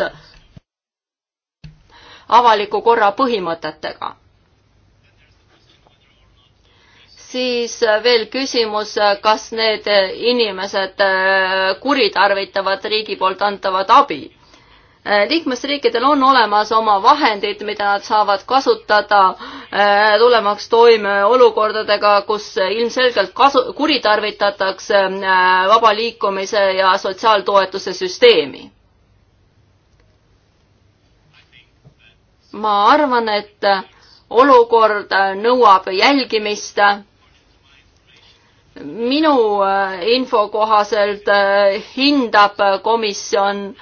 avaliku korra põhimõtetega siis äh, veel küsimus, äh, kas need äh, inimesed kuritarvitavad riigi poolt antavat abi. liikmesriikidel on olemas oma vahendid, mida nad saavad kasutada tulemaks toime olukordadega, kus ilmselgelt kasu, kuritarvitatakse vaba liikumise ja sotsiaaltoetuse süsteemi ma arvan, et olukord nõuab jälgimist minu äh, info kohaselt äh, hindab äh, komisjon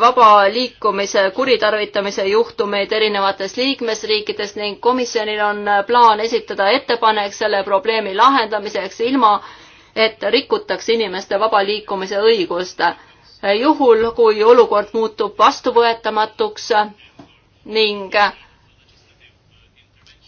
vaba liikumise kuritarvitamise juhtumeid erinevates liikmesriikides ning komisjonil on plaan esitada ettepanek selle probleemi lahendamiseks ilma, et rikutakse inimeste vaba liikumise õigust. juhul, kui olukord muutub vastuvõetamatuks ning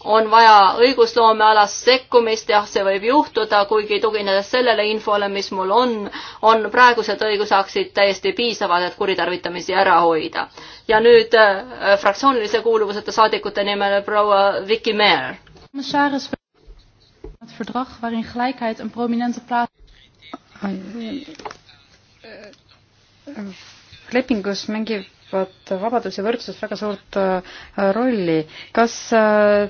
on vaja õigusloomealast sekkumist, jah, see võib juhtuda, kuigi tuginedes sellele infole, mis mul on, on praegused õigusaktid täiesti piisavad, et kuritarvitamisi ära hoida. ja nüüd äh, fraktsioonilise kuuluvuseta saadikute nimel proua Vicky Meer. Äh, lepingus mängib mängivad vabadus ja võrdsus väga suurt äh, rolli. kas äh,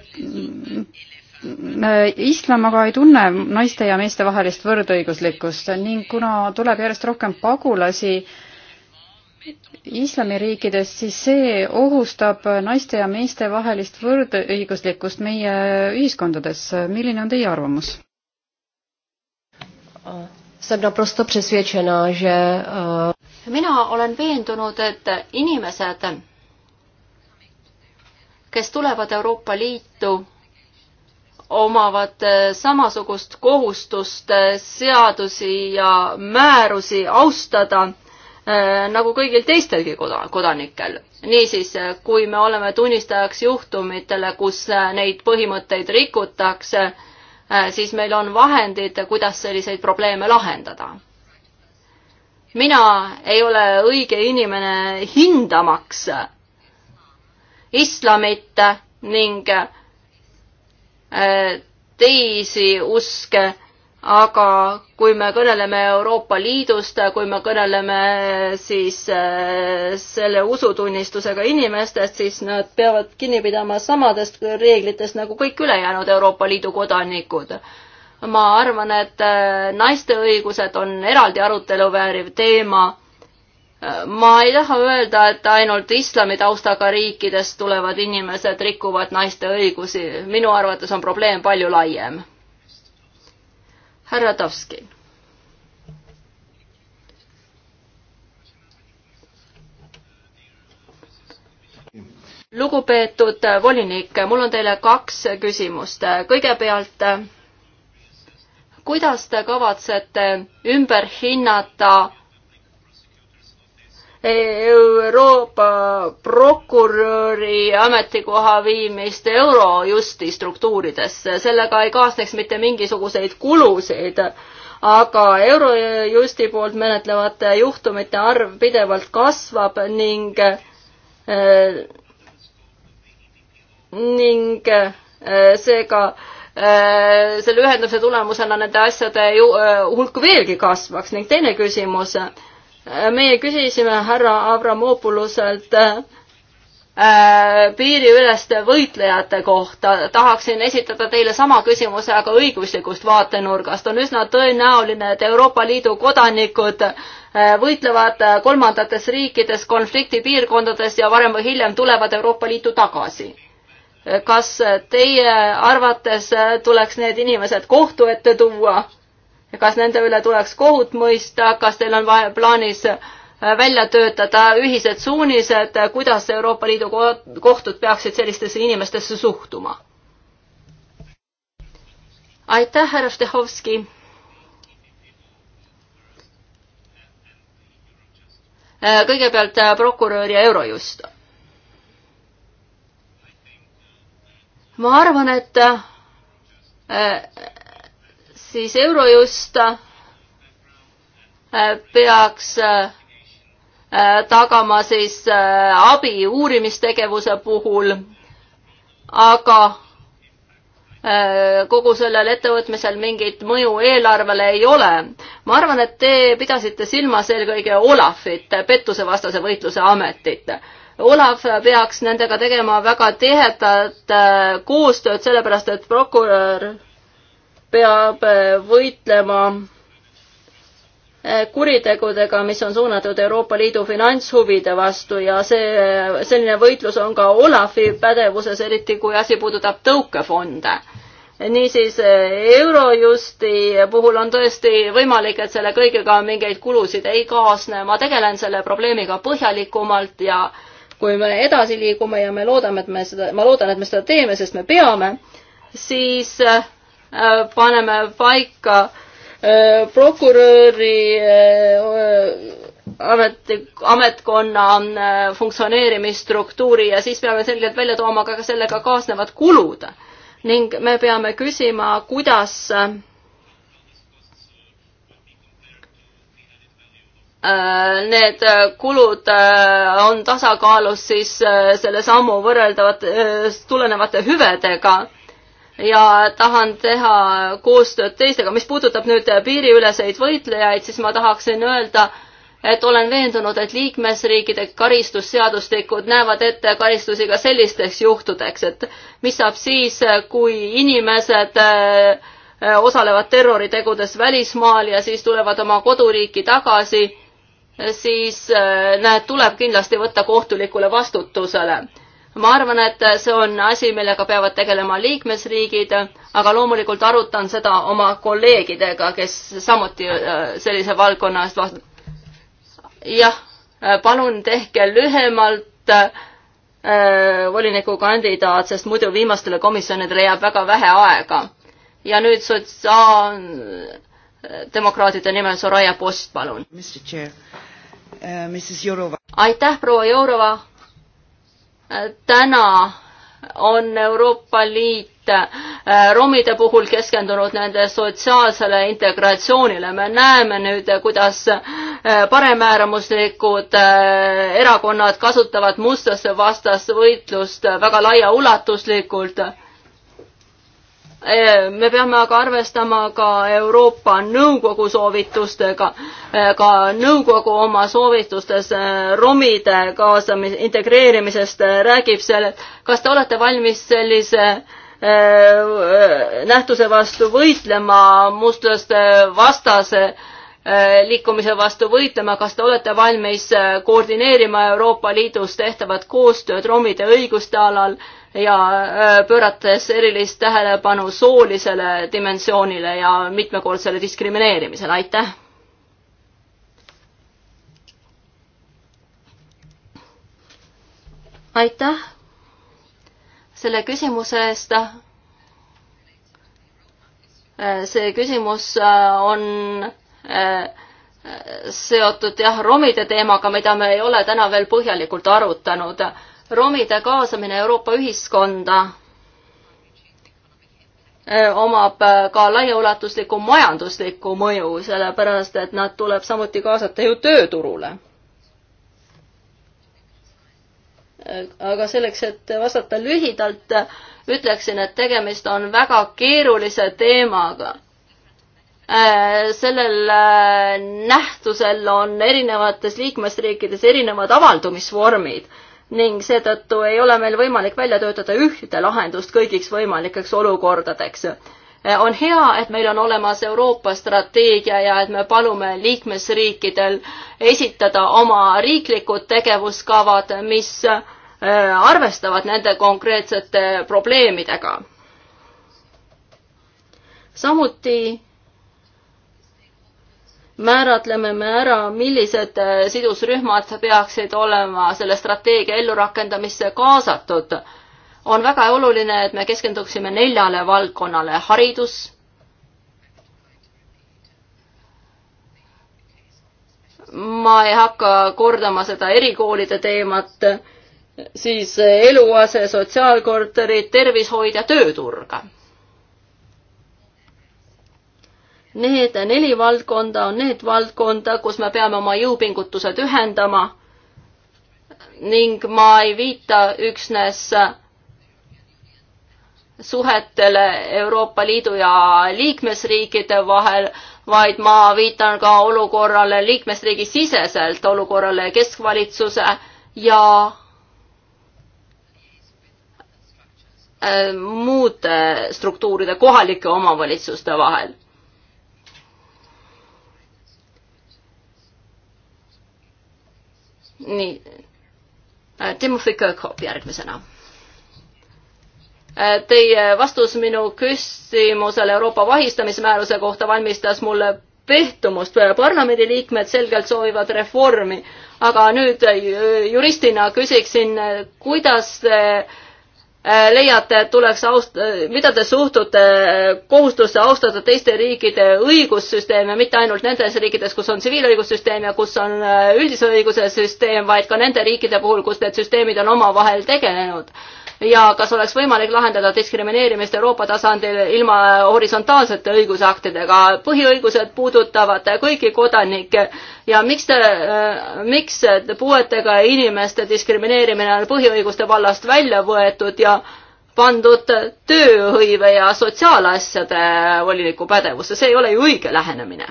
äh, islam aga ei tunne naiste ja meeste vahelist võrdõiguslikkust ning kuna tuleb järjest rohkem pagulasi islamiriikides, siis see ohustab naiste ja meeste vahelist võrdõiguslikkust meie ühiskondades. milline on teie arvamus? Jsem naprosto přesvědčena, že uh mina olen veendunud, et inimesed, kes tulevad Euroopa Liitu, omavad samasugust kohustust seadusi ja määrusi austada eh, nagu kõigil teistelgi kodanikel. niisiis, kui me oleme tunnistajaks juhtumitele, kus neid põhimõtteid rikutakse, eh, siis meil on vahendid, kuidas selliseid probleeme lahendada mina ei ole õige inimene hindamaks islamit ning äh, teisi uske, aga kui me kõneleme Euroopa Liidust, kui me kõneleme siis äh, selle usutunnistusega inimestest, siis nad peavad kinni pidama samadest reeglitest nagu kõik ülejäänud Euroopa Liidu kodanikud ma arvan, et äh, naiste õigused on eraldi arutelu vääriv teema. Äh, ma ei taha öelda, et ainult islami taustaga riikidest tulevad inimesed rikuvad naiste õigusi. minu arvates on probleem palju laiem. härra Tovski. lugupeetud volinik, mul on teile kaks küsimust. kõigepealt kuidas te kavatsete ümber hinnata e- Euroopa prokuröri ametikoha viimist Eurojusti struktuuridesse, sellega ei kaasneks mitte mingisuguseid kulusid, aga Eurojusti poolt menetlevate juhtumite arv pidevalt kasvab ning e- ning e- seega Äh, selle ühenduse tulemusena nende asjade ju, äh, hulk veelgi kasvaks ning teine küsimus. Äh, meie küsisime härra Avramopuluselt piiriüleste võitlejate kohta. tahaksin esitada teile sama küsimuse, aga õiguslikust vaatenurgast. on üsna tõenäoline, et Euroopa Liidu kodanikud võitlevad kolmandates riikides, konfliktipiirkondades ja varem või hiljem tulevad Euroopa Liitu tagasi kas teie arvates tuleks need inimesed kohtu ette tuua? kas nende üle tuleks kohut mõista, kas teil on vahe, plaanis välja töötada ühised suunised, kuidas Euroopa Liidu kohtud peaksid sellistesse inimestesse suhtuma? aitäh, härra Štehovski. kõigepealt prokurör ja Eurojust ma arvan, et äh, siis Eurojust äh, peaks äh, tagama siis abi uurimistegevuse puhul, aga kogu sellel ettevõtmisel mingit mõju eelarvele ei ole. ma arvan, et te pidasite silmas eelkõige Olafit, pettusevastase võitluse ametit Olav peaks nendega tegema väga tihedat äh, koostööd, sellepärast et prokurör peab äh, võitlema äh, kuritegudega, mis on suunatud Euroopa Liidu finantshuvide vastu ja see, selline võitlus on ka Olafi pädevuses, eriti kui asi puudutab tõukefonde niisiis Eurojusti puhul on tõesti võimalik, et selle kõigega mingeid kulusid ei kaasne. ma tegelen selle probleemiga põhjalikumalt ja äh, kui me edasi liigume ja me loodame, et me seda, ma loodan, et me seda teeme, sest me peame, siis äh, paneme paika äh, prokuröri äh, amet, ametkonna funktsioneerimisstruktuuri ja siis peame selgelt välja tooma ka sellega kaasnevad kulud. ning me peame küsima, kuidas äh, Äh, need äh, kulud äh, on tasakaalus siis selle sammu võrreldavate, tulenevate hüvedega ja tahan teha koostööd teistega. mis puudutab nüüd piiriüleseid võitlejaid, siis ma tahaksin öelda, et olen veendunud, et liikmesriikide karistusseadustikud näevad ette karistusi ka sellisteks juhtudeks, et mis saab siis, kui inimesed osalevad terroritegudes välismaal ja siis tulevad oma koduriiki tagasi siis äh, näed, tuleb kindlasti võtta kohtulikule vastutusele. ma arvan, et see on asi, millega peavad tegelema liikmesriigid, aga loomulikult arutan seda oma kolleegidega, kes samuti äh, sellise valdkonna eest vastutavad. jah, äh, palun tehke lühemalt äh, volinikukandidaat, sest muidu viimastele komisjonidele jääb väga vähe aega. ja nüüd sotsiaal- demokraatide nimel Soraya Post, palun. Äh, aitäh, proua Jourova. Äh, täna on Euroopa Liit äh, romide puhul keskendunud nende sotsiaalsele integratsioonile. me näeme nüüd, kuidas paremäärmuslikud erakonnad kasutavad mustlaste vastast võitlust väga laiaulatuslikult Eh, me peame aga arvestama ka Euroopa Nõukogu soovitustega, eh, ka nõukogu oma soovitustes eh, romide kaasamise, integreerimisest räägib seal, et kas te olete valmis sellise nähtuse vastu võitlema, mustlaste vastase liikumise vastu võitlema, kas te olete valmis koordineerima Euroopa Liidus tehtavat koostööd romide õiguste alal ja äh, pöörates erilist tähelepanu soolisele dimensioonile ja mitmekordsele diskrimineerimisele, aitäh! aitäh selle küsimuse eest. Äh, see küsimus äh, on seotud jah, romide teemaga, mida me ei ole täna veel põhjalikult arutanud romide kaasamine Euroopa ühiskonda eh, omab eh, ka laiaulatuslikku majanduslikku mõju, sellepärast et nad tuleb samuti kaasata ju tööturule. aga selleks, et vastata lühidalt, ütleksin, et tegemist on väga keerulise teemaga. Eh, sellel nähtusel on erinevates liikmesriikides erinevad avaldumisvormid ning seetõttu ei ole meil võimalik välja töötada ühte lahendust kõigiks võimalikeks olukordadeks. on hea, et meil on olemas Euroopa strateegia ja et me palume liikmesriikidel esitada oma riiklikud tegevuskavad, mis äh, arvestavad nende konkreetsete probleemidega. samuti määratleme me ära, millised äh, sidusrühmad peaksid olema selle strateegia ellurakendamisse kaasatud. on väga oluline, et me keskenduksime neljale valdkonnale, haridus, ma ei hakka kordama seda erikoolide teemat, siis eluase, sotsiaalkorterid, tervishoid ja tööturg Need neli valdkonda on need valdkonda, kus me peame oma jõupingutused ühendama ning ma ei viita üksnes suhetele Euroopa Liidu ja liikmesriikide vahel, vaid ma viitan ka olukorrale liikmesriigi siseselt, olukorrale keskvalitsuse ja äh, muude struktuuride kohalike omavalitsuste vahel. nii, äh, Timothy Kirkhope järgmisena. Äh, teie vastus minu küsimusele Euroopa vahistamismääruse kohta valmistas mulle pehtumust, parlamendiliikmed selgelt soovivad reformi, aga nüüd äh, juristina küsiksin, kuidas te Äh, leiate, et tuleks aust-, äh, mida te suhtute äh, kohustusse austada teiste riikide õigussüsteeme, mitte ainult nendes riikides, kus on tsiviilõigussüsteem ja kus on üldise õiguse süsteem, vaid ka nende riikide puhul, kus need süsteemid on omavahel tegelenud ja kas oleks võimalik lahendada diskrimineerimist Euroopa tasandil ilma horisontaalsete õigusaktidega. põhiõigused puudutavad kõiki kodanikke ja miks te, äh, miks puuetega inimeste diskrimineerimine on põhiõiguste vallast välja võetud ja pandud tööhõive ja sotsiaalasjade voliniku pädevusse, see ei ole ju õige lähenemine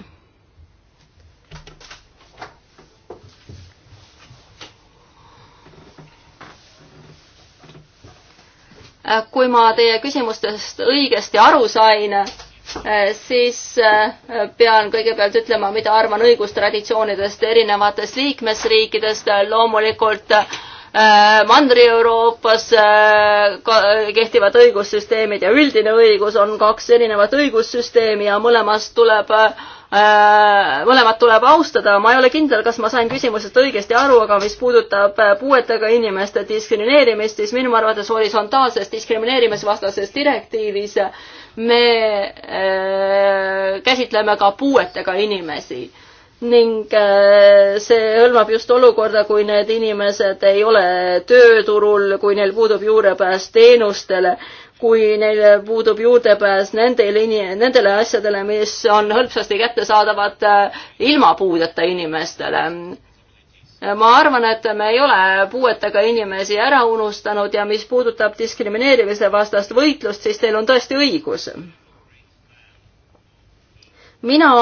kui ma teie küsimustest õigesti aru sain, eh, siis eh, pean kõigepealt ütlema, mida arvan õigustraditsioonidest erinevatest liikmesriikidest, loomulikult eh, Mandri-Euroopas kehtivad õigussüsteemid ja üldine õigus on kaks erinevat õigussüsteemi ja mõlemast tuleb Äh, mõlemat tuleb austada, ma ei ole kindel, kas ma sain küsimusest õigesti aru, aga mis puudutab äh, puuetega inimeste diskrimineerimist, siis minu arvates horisontaalses diskrimineerimisvastases direktiivis me äh, käsitleme ka puuetega inimesi ning see hõlmab just olukorda, kui need inimesed ei ole tööturul, kui neil puudub juurepääs teenustele kui neil puudub juurdepääs nendele, nendele asjadele, mis on hõlpsasti kättesaadavad äh, ilma puudeta inimestele. ma arvan, et me ei ole puuetega inimesi ära unustanud ja mis puudutab diskrimineerimise vastast võitlust, siis teil on tõesti õigus. mina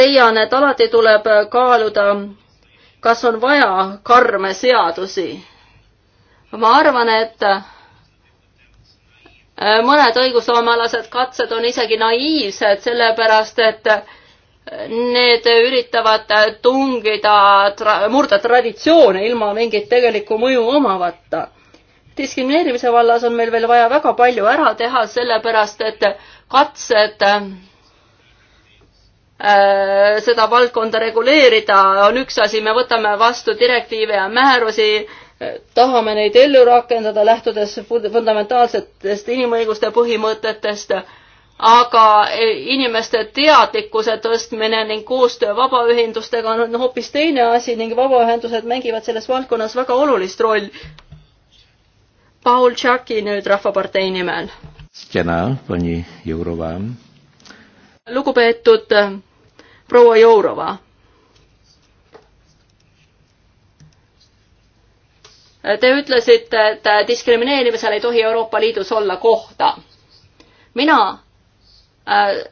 leian, et alati tuleb kaaluda kas on vaja karme seadusi? ma arvan, et äh, mõned õigusloomealased katsed on isegi naiivsed, sellepärast et äh, need üritavad tungida, murda traditsioone ilma mingit tegelikku mõju omavata. diskrimineerimise vallas on meil veel vaja väga palju ära teha, sellepärast et katsed äh, Äh, seda valdkonda reguleerida, on üks asi, me võtame vastu direktiive ja määrusi, äh, tahame neid ellu rakendada, lähtudes fundamentaalsetest inimõiguste põhimõtetest, aga äh, inimeste teadlikkuse tõstmine ning koostöö vabaühendustega on hoopis teine asi ning vabaühendused mängivad selles valdkonnas väga olulist rolli. Paul Tšaki nüüd Rahvapartei nimel. lugupeetud proua Jourova. Te ütlesite, et diskrimineerimisel ei tohi Euroopa Liidus olla kohta. mina äh,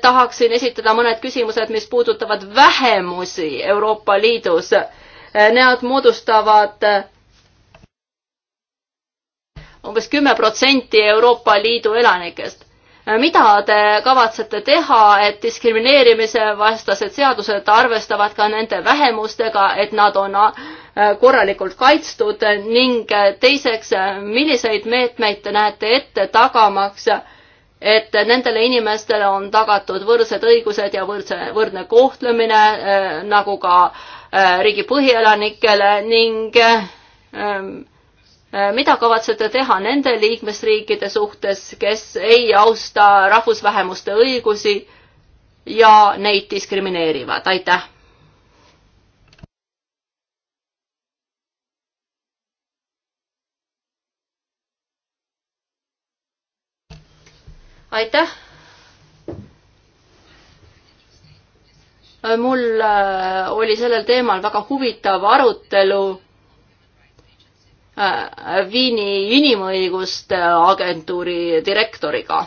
tahaksin esitada mõned küsimused, mis puudutavad vähemusi Euroopa Liidus. Äh, Nad moodustavad äh, umbes kümme protsenti Euroopa Liidu elanikest Äh, mida te kavatsete teha, et diskrimineerimise vastased seadused arvestavad ka nende vähemustega, et nad on äh, korralikult kaitstud ning äh, teiseks, milliseid meetmeid te näete ette tagamaks, et nendele inimestele on tagatud võrdsed õigused ja võrdse, võrdne kohtlemine äh, nagu ka äh, riigi põhielanikele ning äh, Äh, mida kavatsete teha nende liikmesriikide suhtes, kes ei austa rahvusvähemuste õigusi ja neid diskrimineerivad, aitäh! aitäh! Äh, mul äh, oli sellel teemal väga huvitav arutelu Äh, Viini inimõiguste agentuuri direktoriga.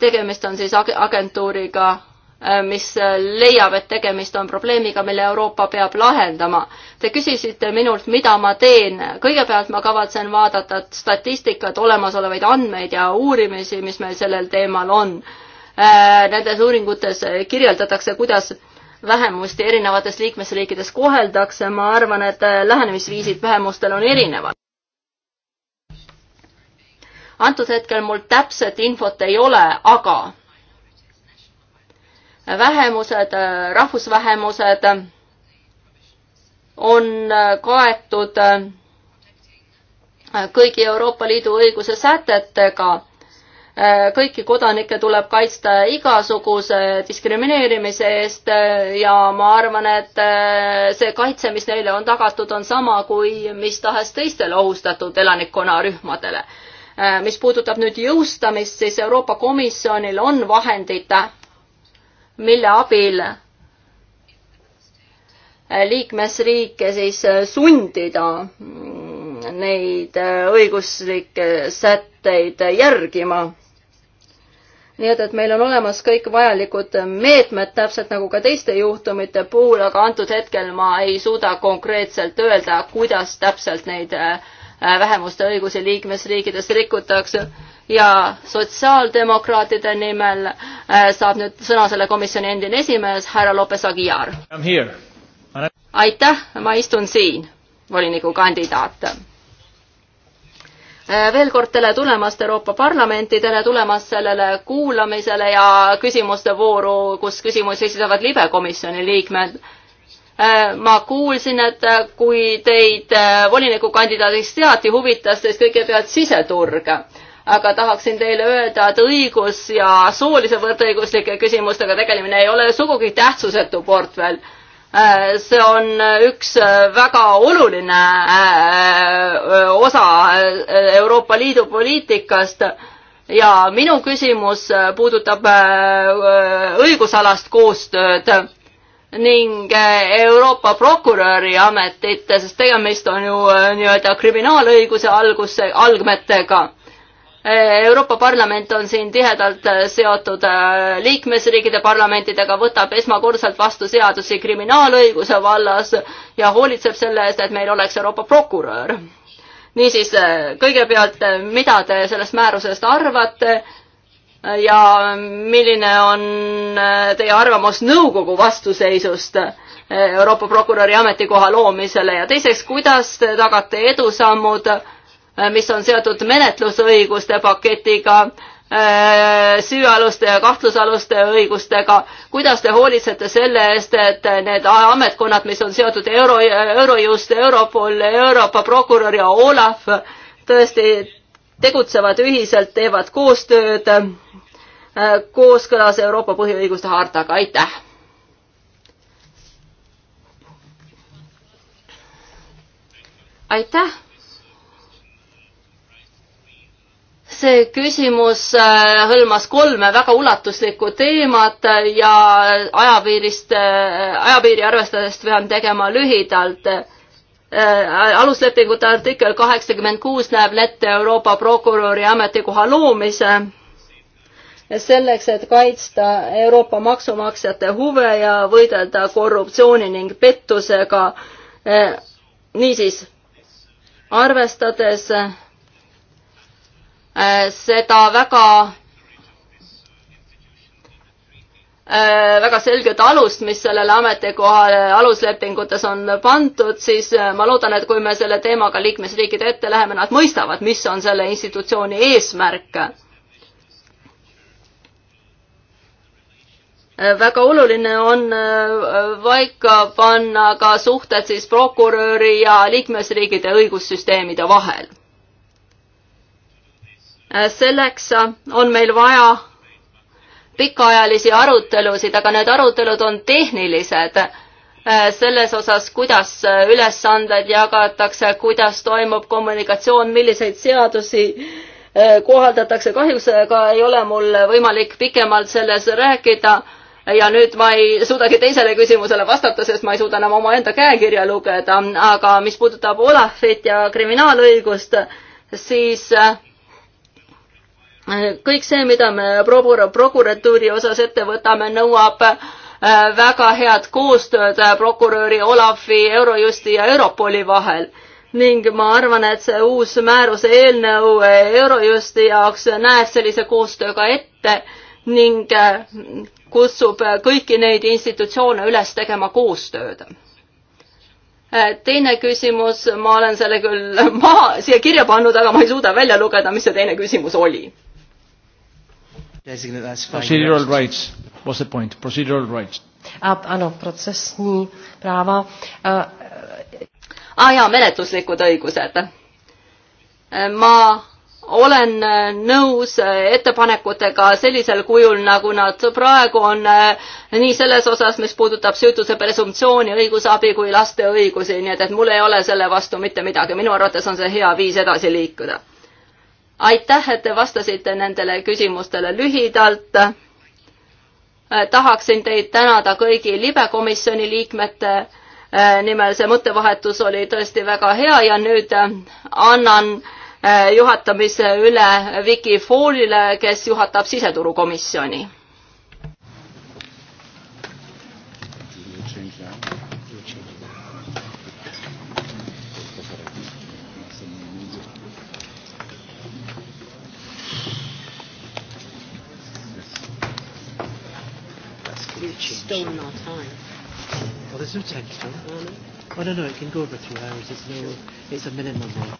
tegemist on siis agentuuriga, äh, mis leiab, et tegemist on probleemiga, mille Euroopa peab lahendama. Te küsisite minult, mida ma teen. kõigepealt ma kavatsen vaadata statistikat, olemasolevaid andmeid ja uurimisi, mis meil sellel teemal on. Äh, nendes uuringutes kirjeldatakse, kuidas vähemusti erinevates liikmesriikides koheldakse, ma arvan, et äh, lähenemisviisid vähemustel on erinevad. antud hetkel mul täpset infot ei ole, aga vähemused, äh, rahvusvähemused on äh, kaetud kõigi Euroopa Liidu õiguse sätetega Äh, kõiki kodanikke tuleb kaitsta igasuguse diskrimineerimise eest äh, ja ma arvan, et äh, see kaitse, mis neile on tagatud, on sama kui mis tahes teistele ohustatud elanikkonnarühmadele. mis puudutab nüüd jõustamist, siis Euroopa Komisjonil on vahendid, mille abil liikmesriike siis sundida neid äh, õiguslikke sätteid järgima. nii et, et meil on olemas kõik vajalikud meetmed, täpselt nagu ka teiste juhtumite puhul, aga antud hetkel ma ei suuda konkreetselt öelda, kuidas täpselt neid äh, vähemuste õigusi liikmesriikides rikutakse ja sotsiaaldemokraatide nimel äh, saab nüüd sõna selle komisjoni endine esimees härra Lopez Aguiar. aitäh, ma istun siin, voliniku kandidaat Eh, veel kord tere tulemast Euroopa Parlamenti, tere tulemast sellele kuulamisele ja küsimuste vooru, kus küsimusi esitavad libekomisjoni liikmed. Eh, ma kuulsin, et kui teid eh, volinikukandidaadiks seati, huvitas teist kõigepealt siseturg aga tahaksin teile öelda, et õigus ja soolise võrdõiguslike küsimustega tegelemine ei ole sugugi tähtsusetu portfell Äh, see on äh, üks äh, väga oluline osa Euroopa Liidu poliitikast ja minu küsimus puudutab õigusalast koostööd ning Euroopa prokuröri ametit, sest tegemist on ju nii-öelda kriminaalõiguse alguse, algmetega Euroopa Parlament on siin tihedalt äh, seotud äh, liikmesriikide parlamentidega, võtab esmakordselt vastu seadusi kriminaalõiguse vallas ja hoolitseb selle eest, et meil oleks Euroopa prokurör. niisiis, äh, kõigepealt, mida te sellest määrusest arvate ja milline on teie arvamus nõukogu vastuseisust Euroopa prokuröri ametikoha loomisele ja teiseks, kuidas te tagate edusammud Äh, mis on seotud menetlusõiguste paketiga, äh, süüaluste ja kahtlusaluste õigustega, kuidas te hoolitsete selle eest, et need ametkonnad, mis on seotud Euro, Eurojust, Europol, Euroopa prokurör ja Olav, tõesti tegutsevad ühiselt, teevad koostööd äh, kooskõlas Euroopa põhiõiguste hartaga, aitäh! aitäh! see küsimus äh, hõlmas kolme väga ulatuslikku teemat ja ajapiirist, äh, ajapiiri arvestades pean tegema lühidalt. Äh, aluslepingute artikkel kaheksakümmend kuus näeb ette Euroopa prokuröri ametikoha loomise selleks, et kaitsta Euroopa maksumaksjate huve ja võidelda korruptsiooni ning pettusega. niisiis, arvestades Äh, seda väga äh, väga selget alust, mis sellele ametikohale aluslepingutes on pandud, siis äh, ma loodan, et kui me selle teemaga liikmesriikide ette läheme, nad mõistavad, mis on selle institutsiooni eesmärk. väga oluline on paika panna ka suhted siis prokuröri ja liikmesriikide õigussüsteemide vahel Äh, selleks äh, on meil vaja pikaajalisi arutelusid, aga need arutelud on tehnilised äh, selles osas, kuidas ülesandeid jagatakse, kuidas toimub kommunikatsioon, milliseid seadusi kohaldatakse. kahjuks ka ei ole mul võimalik pikemalt selles rääkida ja nüüd ma ei suudagi teisele küsimusele vastata, sest ma ei suuda enam omaenda käekirja lugeda, aga mis puudutab Olafit ja kriminaalõigust, siis äh, kõik see, mida me prokuratuuri osas ette võtame, nõuab äh, väga head koostööd äh, prokuröri Olafi, Eurojusti ja Europoli vahel ning ma arvan, et see uus määruse eelnõu äh, Eurojusti jaoks näeb sellise koostööga ette ning kutsub kõiki neid institutsioone üles tegema koostööd. teine küsimus, ma olen selle küll (laughs) maha siia kirja pannud, aga ma ei suuda välja lugeda, mis see teine küsimus oli Procedural rights. What's the point? Procedural rights. A, ano, protsessní práva. Uh, ah jaa, menetluslikud õigused. ma olen nõus ettepanekutega sellisel kujul, nagu nad praegu on, nii selles osas, mis puudutab süütuse presumptsiooni, õigusabi kui laste õigusi, nii et, et mul ei ole selle vastu mitte midagi, minu arvates on see hea viis edasi liikuda aitäh, et te vastasite nendele küsimustele lühidalt. Äh, tahaksin teid tänada kõigi libekomisjoni liikmete äh, nimel, see mõttevahetus oli tõesti väga hea ja nüüd äh, annan juhatamise üle Viki Foolile, kes juhatab siseturukomisjoni changed. Stolen our time. Well, there's no time stone. Oh, no. oh, no, no, it can go over three hours. It's, no, it's a minimum. Now.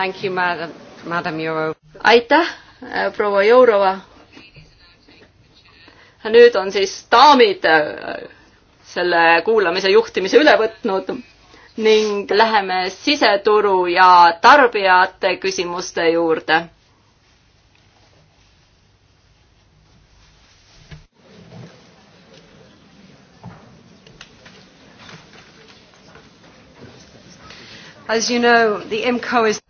Thank you, madam, madam Euro. aitäh, äh, proua Jourova. nüüd on siis daamid äh, selle kuulamise juhtimise üle võtnud ning läheme siseturu ja tarbijate küsimuste juurde. As you know, the IMCO is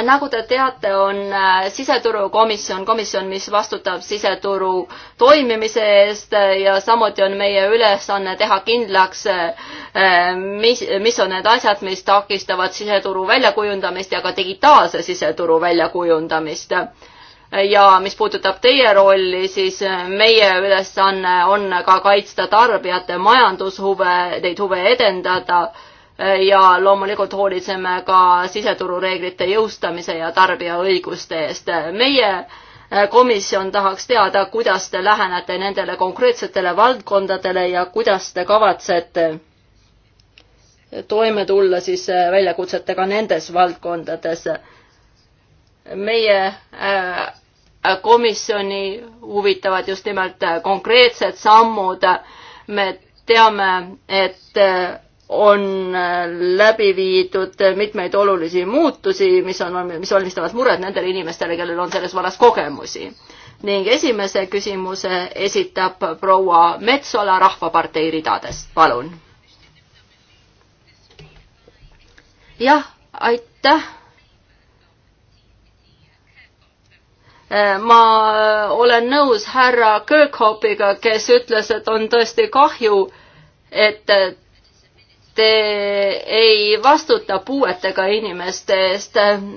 nagu te teate, on äh, siseturukomisjon, komisjon, mis vastutab siseturu toimimise eest äh, ja samuti on meie ülesanne teha kindlaks, äh, mis, mis on need asjad, mis takistavad siseturu väljakujundamist ja ka digitaalse siseturu väljakujundamist ja mis puudutab teie rolli, siis meie ülesanne on ka kaitsta tarbijate majandushuve, neid huve edendada äh, ja loomulikult hoolitseme ka siseturureeglite jõustamise ja tarbija õiguste eest. meie äh, komisjon tahaks teada, kuidas te lähenete nendele konkreetsetele valdkondadele ja kuidas te kavatsete toime tulla siis äh, väljakutsetega nendes valdkondades. meie äh, komisjoni huvitavad just nimelt konkreetsed sammud. me teame, et on läbi viidud mitmeid olulisi muutusi, mis on, mis valmistavad muret nendele inimestele, kellel on selles vallas kogemusi. ning esimese küsimuse esitab proua Metsola Rahvapartei ridadest, palun. jah, aitäh ma olen nõus härra Kirkhoppiga, kes ütles, et on tõesti kahju, et te ei vastuta puuetega inimeste eest,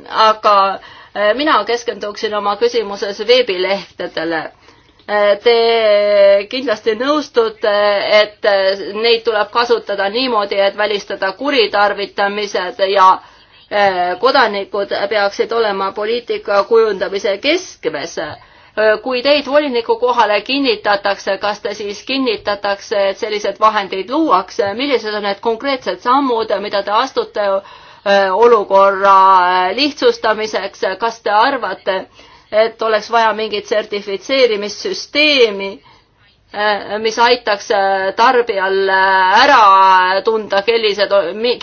aga eh, mina keskenduksin oma küsimuses veebilehtedele. Eh, te kindlasti nõustute, et eh, neid tuleb kasutada niimoodi, et välistada kuritarvitamised ja kodanikud peaksid olema poliitika kujundamise keskmes kui teid voliniku kohale kinnitatakse, kas te siis kinnitatakse, et sellised vahendeid luuakse, millised on need konkreetsed sammud, mida te astute äh, olukorra äh, lihtsustamiseks, kas te arvate, et oleks vaja mingit sertifitseerimissüsteemi, äh, mis aitaks tarbijal ära tunda, kellised,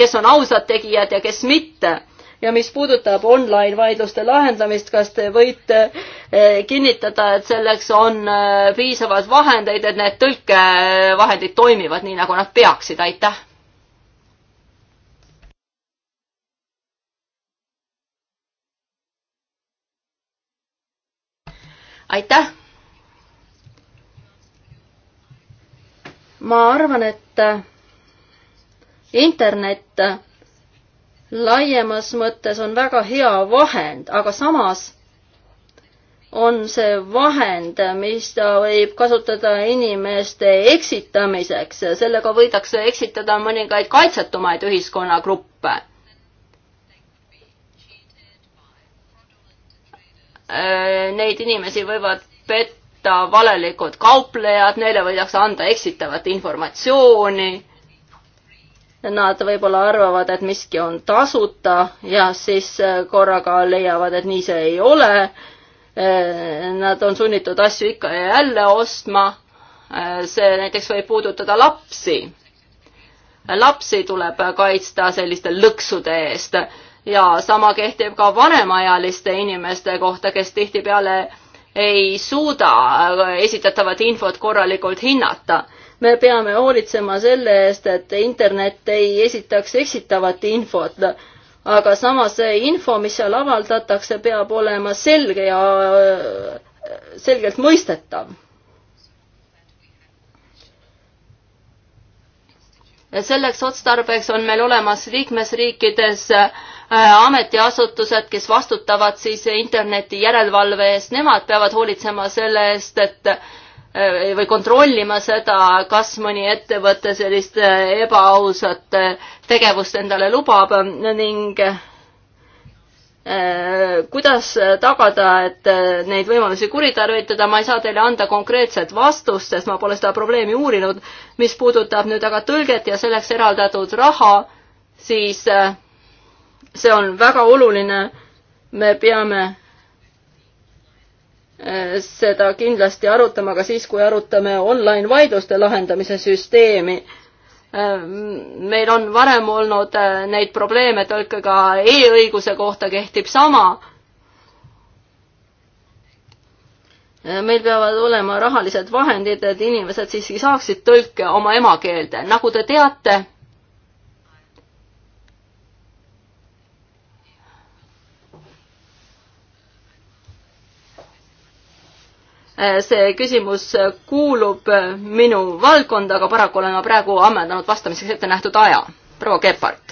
kes on ausad tegijad ja kes mitte ja mis puudutab online vaidluste lahendamist, kas te võite eh, kinnitada, et selleks on eh, piisavalt vahendeid, et need tõlkevahendid toimivad nii, nagu nad peaksid, aitäh! aitäh! ma arvan, et internet laiemas mõttes on väga hea vahend, aga samas on see vahend, mis ta võib kasutada inimeste eksitamiseks, sellega võidakse eksitada mõningaid kaitsetumaid ühiskonnagruppe. Neid inimesi võivad petta valelikud kauplejad, neile võidakse anda eksitavat informatsiooni nad võib-olla arvavad, et miski on tasuta ja siis äh, korraga leiavad, et nii see ei ole. Äh, nad on sunnitud asju ikka ja jälle ostma. Äh, see näiteks võib puudutada lapsi. lapsi tuleb kaitsta selliste lõksude eest ja sama kehtib ka vanemaealiste inimeste kohta, kes tihtipeale ei suuda esitatavat infot korralikult hinnata me peame hoolitsema selle eest, et internet ei esitaks eksitavat infot, aga samas see info, mis seal avaldatakse, peab olema selge ja äh, selgelt mõistetav. selleks otstarbeks on meil olemas liikmesriikides äh, ametiasutused, kes vastutavad siis interneti järelevalve eest, nemad peavad hoolitsema selle eest, et Äh, või kontrollima seda, kas mõni ettevõte sellist äh, ebaausat äh, tegevust endale lubab ning kuidas tagada, et neid võimalusi kuritarvitada, ma ei saa teile anda konkreetset vastust, sest ma pole seda probleemi uurinud. mis puudutab nüüd aga tõlget ja selleks eraldatud raha, siis see on väga oluline. me peame Äh, seda kindlasti arutama ka siis, kui arutame online vaidluste lahendamise süsteemi. Äh, meil on varem olnud äh, neid probleeme, tõlkega e-õiguse kohta kehtib sama. meil peavad olema rahalised vahendid, et inimesed siiski saaksid tõlke oma emakeelde, nagu te teate Eh, see küsimus kuulub minu valdkonda, aga paraku olen ma praegu ammendanud vastamiseks ette nähtud aja. proua Kepart.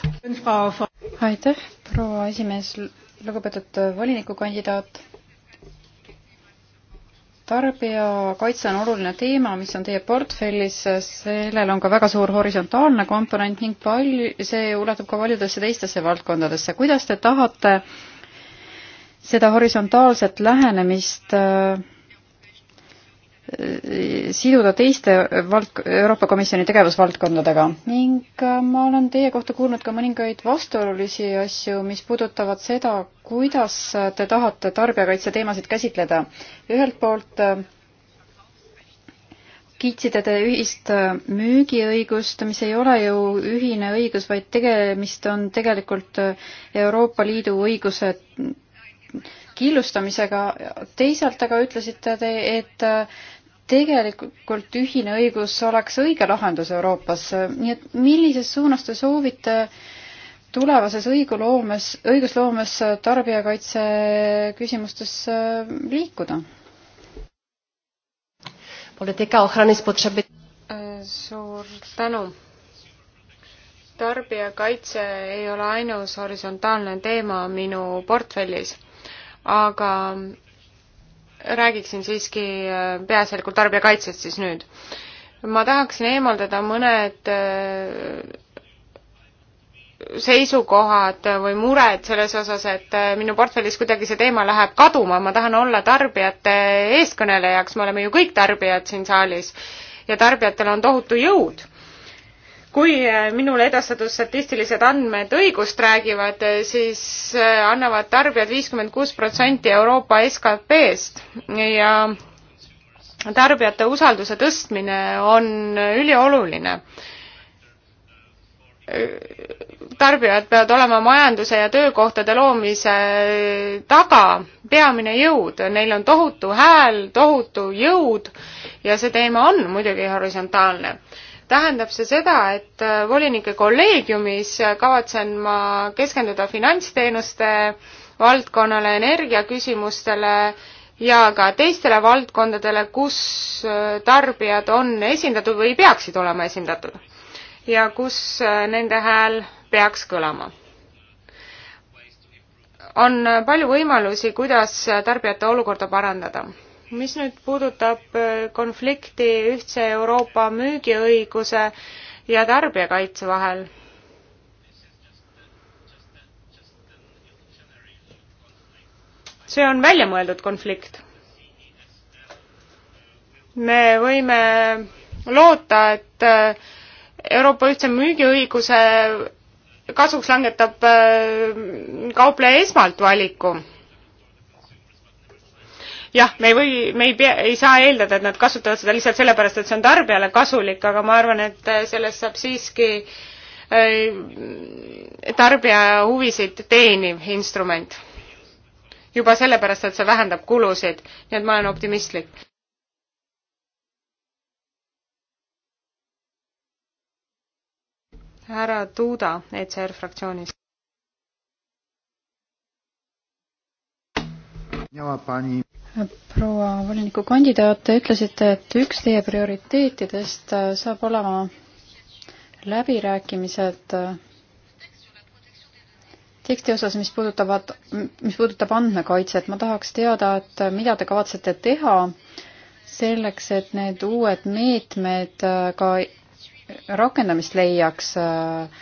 aitäh, proua esimees, lugupeetud volinikukandidaat. tarbijakaitse on oluline teema, mis on teie portfellis, sellel on ka väga suur horisontaalne komponent ning palju, see ulatub ka paljudesse teistesse valdkondadesse. kuidas te tahate seda horisontaalset lähenemist äh, siduda teiste vald-, Euroopa Komisjoni tegevusvaldkondadega ning äh, ma olen teie kohta kuulnud ka mõningaid vastuolulisi asju, mis puudutavad seda, kuidas te tahate tarbijakaitse teemasid käsitleda. ühelt poolt äh, kiitsite te ühist äh, müügiõigust, mis ei ole ju ühine õigus, vaid tegemist on tegelikult Euroopa Liidu õiguse killustamisega, teisalt aga ütlesite te, et tegelikult ühine õigus oleks õige lahendus Euroopas, nii et millises suunas te soovite tulevases õiguloomes, õigusloomes tarbijakaitse küsimustes äh, liikuda? poliitika ohrani spotšebi-. Äh, suur tänu. tarbijakaitse ei ole ainus horisontaalne teema minu portfellis, aga räägiksin siiski äh, peaasjalikult tarbijakaitsest siis nüüd. ma tahaksin eemaldada mõned äh, seisukohad või mured selles osas, et äh, minu portfellis kuidagi see teema läheb kaduma, ma tahan olla tarbijate eestkõnelejaks, me oleme ju kõik tarbijad siin saalis ja tarbijatel on tohutu jõud kui äh, minule edastatud statistilised andmed õigust räägivad, äh, siis äh, annavad tarbijad viiskümmend kuus protsenti Euroopa SKP-st ja tarbijate usalduse tõstmine on ülioluline. tarbijad peavad olema majanduse ja töökohtade loomise taga peamine jõud, neil on tohutu hääl, tohutu jõud ja see teema on muidugi horisontaalne tähendab see seda, et äh, volinike kolleegiumis äh, kavatsen ma keskenduda finantsteenuste valdkonnale, energiaküsimustele ja ka teistele valdkondadele, kus äh, tarbijad on esindatud või peaksid olema esindatud ja kus nende hääl peaks kõlama. on palju võimalusi, kuidas tarbijate olukorda parandada mis nüüd puudutab äh, konflikti ühtse Euroopa müügiõiguse ja tarbijakaitse vahel, see on väljamõeldud konflikt. me võime loota, et äh, Euroopa ühtse müügiõiguse kasuks langetab äh, kaupleja esmalt valiku jah, me ei või, me ei pea, ei saa eeldada, et nad kasutavad seda lihtsalt sellepärast, et see on tarbijale kasulik, aga ma arvan, et äh, sellest saab siiski äh, tarbija huvisid teeniv instrument. juba sellepärast, et see vähendab kulusid, nii et ma olen optimistlik. härra Tuuda ECR fraktsioonist. miała pani proua volinikukandidaat, te ütlesite, et üks teie prioriteetidest äh, saab olema läbirääkimised äh, teksti osas, mis puudutavad, mis puudutab andmekaitset, ma tahaks teada, et äh, mida te kavatsete teha selleks, et need uued meetmed ka rakendamist leiaks äh,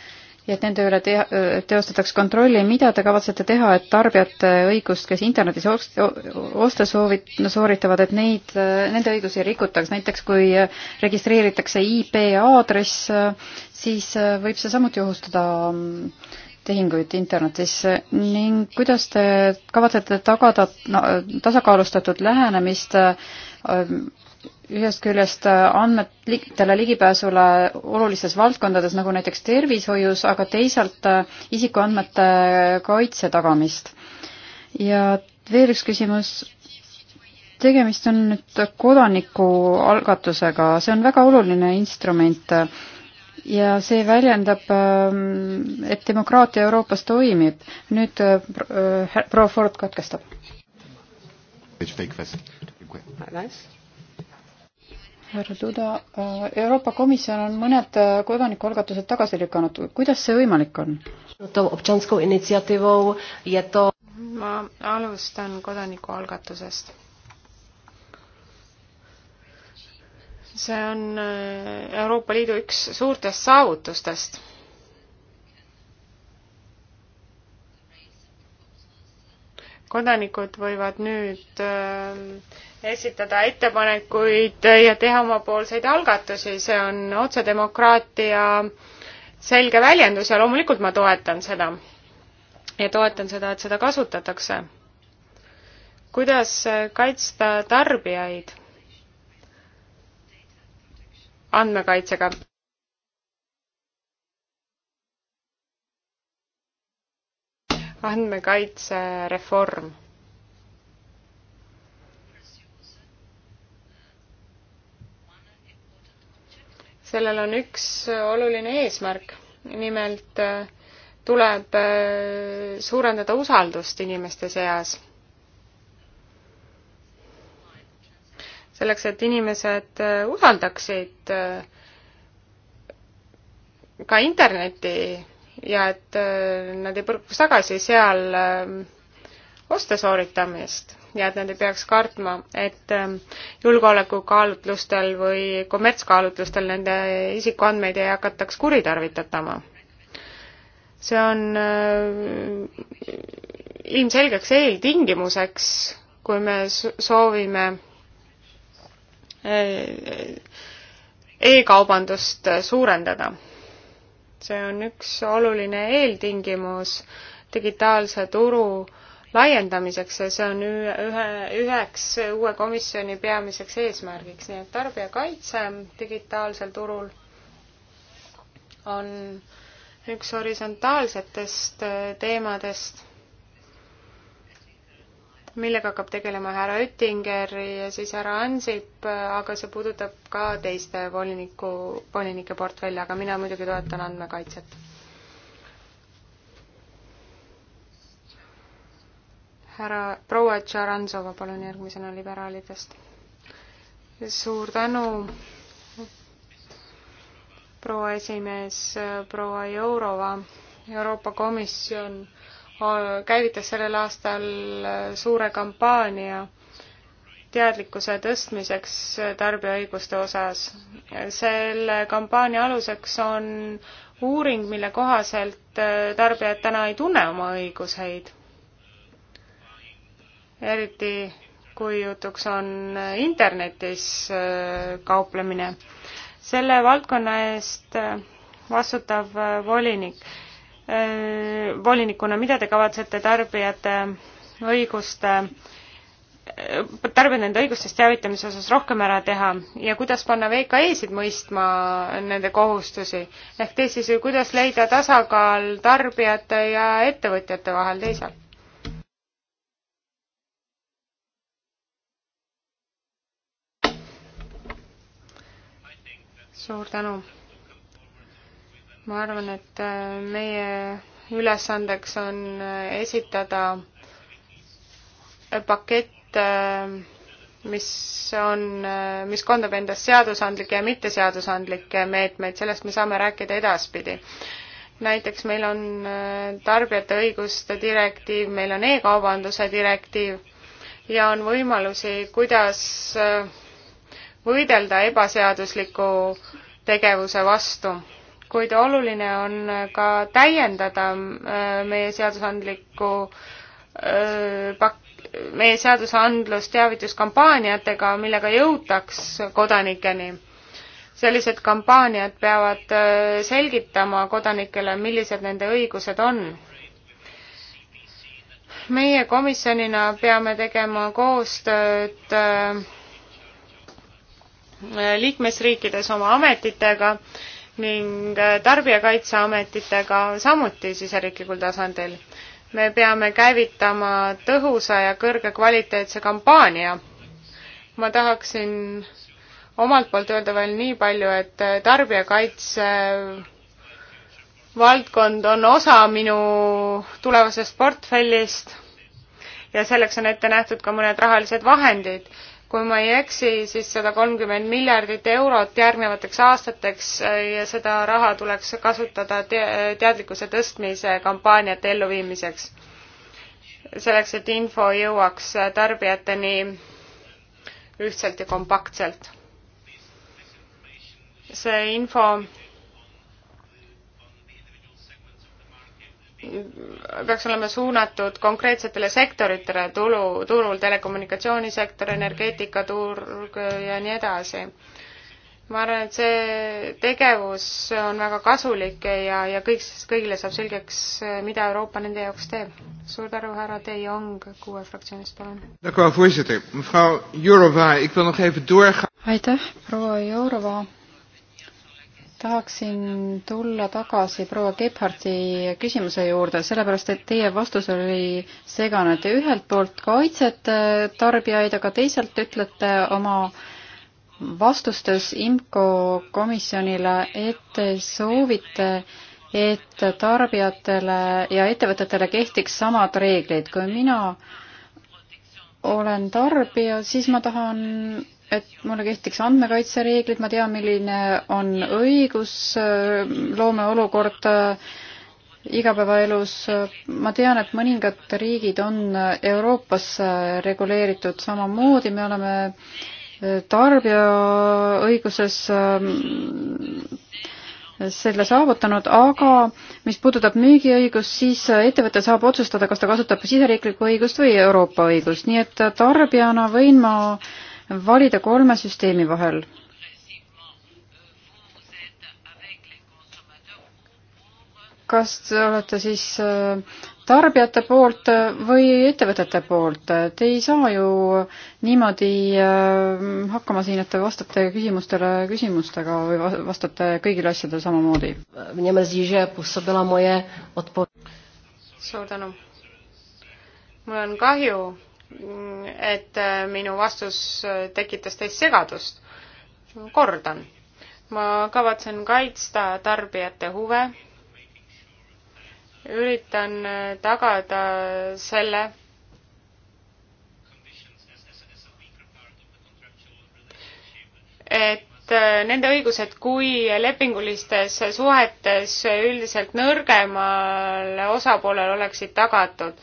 ja et nende üle te teostataks kontrolli, mida te kavatsete teha, et tarbijate õigust, kes internetis oste soovid, sooritavad, et neid, nende õigusi rikutaks, näiteks kui registreeritakse IP aadress, siis võib see samuti ohustada mm, tehinguid internetis ning kuidas te kavatsete tagada no, tasakaalustatud lähenemist mm, ühest küljest äh, andmetele ligipääsule olulistes valdkondades, nagu näiteks tervishoius, aga teisalt äh, isikuandmete kaitse tagamist. ja veel üks küsimus, tegemist on nüüd kodanikualgatusega, see on väga oluline instrument ja see väljendab, ähm, et demokraatia Euroopas toimib. nüüd äh, proua Ford katkestab. Nice härra Duda, äh, Euroopa Komisjon on mõned äh, kodanikualgatused tagasi lükanud, kuidas see võimalik on? ma alustan kodanikualgatusest. see on äh, Euroopa Liidu üks suurtest saavutustest kodanikud võivad nüüd äh, esitada ettepanekuid ja teha omapoolseid algatusi, see on otsedemokraatia selge väljendus ja loomulikult ma toetan seda. ja toetan seda, et seda kasutatakse. kuidas äh, kaitsta tarbijaid andmekaitsega? andmekaitsereform. sellel on üks oluline eesmärk, nimelt äh, tuleb äh, suurendada usaldust inimeste seas. selleks, et inimesed äh, usaldaksid ka interneti ja et äh, nad ei põrkuks tagasi seal äh, oste sooritamist ja et nad ei peaks kartma, et äh, julgeolekukaalutlustel või kommertskaalutlustel nende isikuandmeid ei hakataks kuritarvitatama. see on ilmselgeks eeltingimuseks, kui me soovime e-kaubandust suurendada see on üks oluline eeltingimus digitaalse turu laiendamiseks ja see on ühe, üheks uue komisjoni peamiseks eesmärgiks, nii et tarbijakaitse digitaalsel turul on üks horisontaalsetest teemadest millega hakkab tegelema härra Oettinger ja siis härra Ansip, aga see puudutab ka teiste voliniku, volinike portfelli, aga mina muidugi toetan andmekaitset. härra proua Tšaransova, palun järgmisena liberaalidest. suur tänu, proua esimees, proua Jourova, Euroopa Komisjon käivitas sellel aastal äh, suure kampaania teadlikkuse tõstmiseks äh, tarbijaõiguste osas. selle kampaania aluseks on uuring, mille kohaselt äh, tarbijad täna ei tunne oma õiguseid. eriti kui jutuks on internetis kauplemine. selle valdkonna eest vastutav volinik volinikuna, mida te kavatsete tarbijate õiguste tarbijate enda õigustest teavitamise osas rohkem ära teha ja kuidas panna VKE-sid mõistma nende kohustusi. ehk teisisõnu, kuidas leida tasakaal tarbijate ja ettevõtjate vahel teisalt? suur tänu ma arvan, et äh, meie ülesandeks on äh, esitada äh, pakett, mis on, mis kondab endas seadusandlikke ja mitteseadusandlikke meetmeid, sellest me saame rääkida edaspidi näiteks meil on tarbijate õiguste direktiiv, meil on e-kaubanduse direktiiv ja on võimalusi, kuidas võidelda ebaseadusliku tegevuse vastu kuid oluline on ka täiendada äh, meie seadusandlikku äh, pak-, meie seadusandlust teavituskampaaniatega, millega jõutaks kodanikeni. sellised kampaaniad peavad äh, selgitama kodanikele, millised nende õigused on meie komisjonina peame tegema koostööd liikmesriikides oma ametitega ning äh, Tarbijakaitseametitega samuti siseriiklikul tasandil. me peame käivitama tõhusa ja kõrge kvaliteetse kampaania. ma tahaksin omalt poolt öelda veel nii palju, et äh, tarbijakaitse valdkond on osa minu tulevasest portfellist ja selleks on ette nähtud ka mõned rahalised vahendid kui ma ei eksi, siis sada kolmkümmend miljardit eurot järgnevateks aastateks äh, ja seda raha tuleks kasutada te teadlikkuse tõstmise kampaaniate elluviimiseks. selleks, et info jõuaks äh, tarbijateni ühtselt ja kompaktselt. see info peaks olema suunatud konkreetsetele sektoritele, tulu, turul telekommunikatsioonisektor, energeetikaturg ja nii edasi. ma arvan, et see tegevus on väga kasulik ja, ja kõik, kõigile saab selgeks, mida Euroopa nende jaoks teeb. suur tänu, härra De Jong, kuue fraktsioonist, palun. aitäh, proua Jourova tahaksin tulla tagasi proua Gebhardi küsimuse juurde, sellepärast et teie vastus oli segane. Te ühelt poolt kaitsete tarbijaid, aga teisalt ütlete oma vastustes IMCO komisjonile, et te soovite, et tarbijatele ja ettevõtetele kehtiks samad reeglid. kui mina olen tarbija, siis ma tahan et mulle kehtiks andmekaitsereeglid, ma tean, milline on õigusloome olukord igapäevaelus. ma tean, et mõningad riigid on Euroopas reguleeritud samamoodi, me oleme tarbijaõiguses ähm, selle saavutanud, aga mis puudutab müügiõigust, siis ettevõte saab otsustada, kas ta kasutab siseriiklikku õigust või Euroopa õigust, nii et tarbijana võin ma äh, valida kolme süsteemi vahel. kas te olete siis äh, tarbijate poolt äh, või ettevõtete poolt? Te ei saa ju niimoodi äh, hakkama siin, et te vastate küsimustele küsimustega või vastate kõigile asjadele samamoodi. suur tänu. mul on kahju et äh, minu vastus äh, tekitas teis segadust. kordan, ma kavatsen kaitsta tarbijate huve, üritan äh, tagada selle, et nende õigused kui lepingulistes suhetes üldiselt nõrgemale osapoolele oleksid tagatud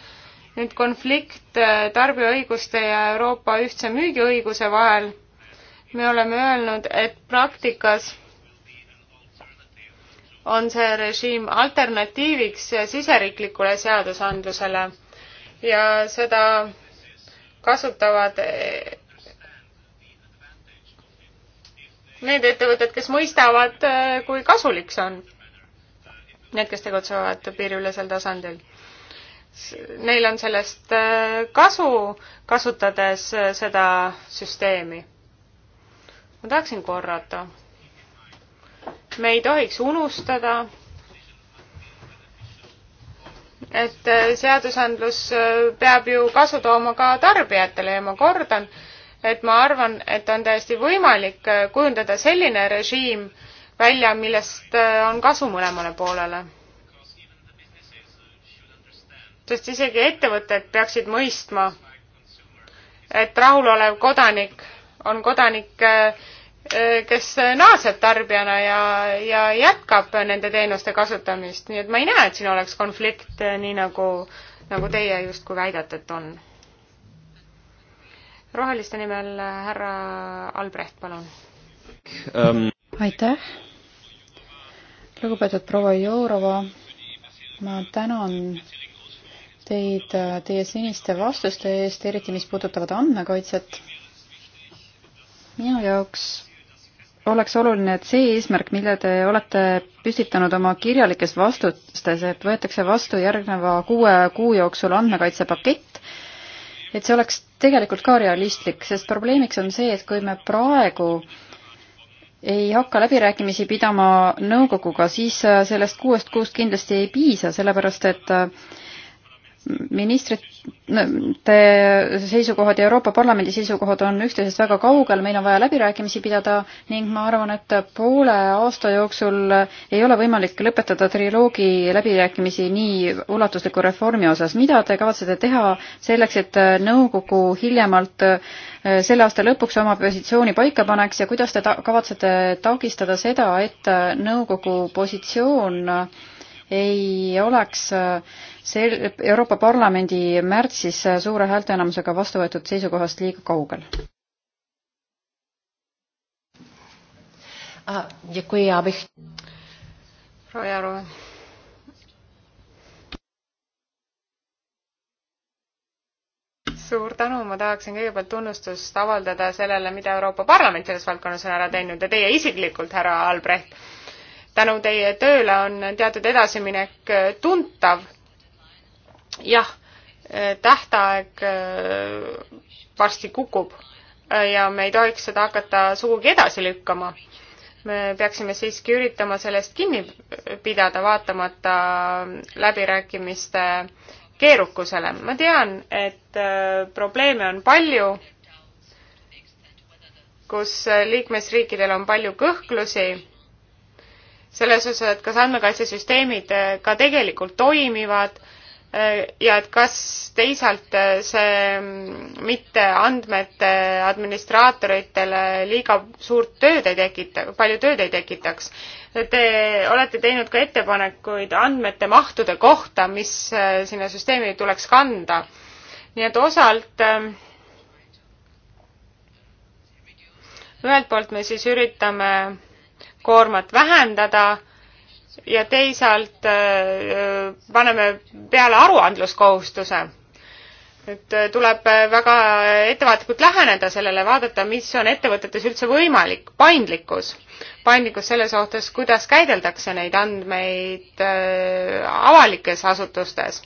nüüd konflikt äh, tarbijaõiguste ja Euroopa ühtse müügiõiguse vahel. me oleme öelnud, et praktikas on see režiim alternatiiviks siseriiklikule seadusandlusele ja seda kasutavad äh, need ettevõtted, kes mõistavad, äh, kui kasulik see on. Need, kes tegutsevad piiriülesel tasandil neil on sellest äh, kasu, kasutades äh, seda süsteemi. ma tahaksin korrata. me ei tohiks unustada, et äh, seadusandlus peab ju kasu tooma ka tarbijatele ja ma kordan, et ma arvan, et on täiesti võimalik kujundada selline režiim välja, millest on kasu mõlemale poolele sest isegi ettevõtted peaksid mõistma, et rahulolev kodanik on kodanik, eh, eh, kes naaseb tarbijana ja, ja jätkab nende teenuste kasutamist, nii et ma ei näe, et siin oleks konflikt, eh, nii nagu, nagu teie justkui väidate, et on. roheliste nimel härra Albrecht, palun um.... aitäh, lugupeetud proua Jourova, ma tänan teid äh, teie siniste vastuste eest, eriti mis puudutavad andmekaitset. minu jaoks oleks oluline, et see eesmärk, mille te olete püstitanud oma kirjalikes vastustes, et võetakse vastu järgneva kuue kuu jooksul andmekaitsepakett, et see oleks tegelikult ka realistlik, sest probleemiks on see, et kui me praegu ei hakka läbirääkimisi pidama nõukoguga, siis äh, sellest kuuest kuust kindlasti ei piisa, sellepärast et äh, ministrite seisukohad ja Euroopa Parlamendi seisukohad on üksteisest väga kaugel, meil on vaja läbirääkimisi pidada ning ma arvan, et poole aasta jooksul ei ole võimalik lõpetada triloogi läbirääkimisi nii ulatusliku reformi osas. mida te kavatsete teha selleks, et nõukogu hiljemalt eh, selle aasta lõpuks oma positsiooni paika paneks ja kuidas te ta kavatsete takistada seda, et nõukogu positsioon ei oleks äh, sel-, Euroopa Parlamendi märtsis äh, suure häälteenamusega vastu võetud seisukohast liiga kaugel? Děkuji, já bych... Rojarové. suur tänu, ma tahaksin kõigepealt tunnustust avaldada sellele, mida Euroopa Parlament selles valdkonnas on ära teinud ja teie isiklikult, härra Albrecht tänu teie tööle on teatud edasiminek äh, tuntav. jah, äh, tähtaeg äh, varsti kukub ja me ei tohiks seda hakata sugugi edasi lükkama. me peaksime siiski üritama sellest kinni pidada, vaatamata läbirääkimiste keerukusele. ma tean, et probleeme on palju, kus liikmesriikidel on palju kõhklusi selles osas, et kas andmekaitsesüsteemid äh, ka tegelikult toimivad äh, ja et kas teisalt äh, see mm, mitte andmete administraatoritele liiga suurt tööd ei tekita, palju tööd ei tekitaks. Te olete teinud ka ettepanekuid andmete mahtude kohta, mis sinna süsteemi tuleks kanda. nii et osalt ähm, ühelt poolt me siis üritame koormat vähendada ja teisalt äh, paneme peale aruandluskohustuse. et äh, tuleb väga ettevaatlikult läheneda sellele, vaadata, mis on ettevõtetes üldse võimalik, paindlikkus, paindlikkus selles suhtes, kuidas käideldakse neid andmeid äh, avalikes asutustes.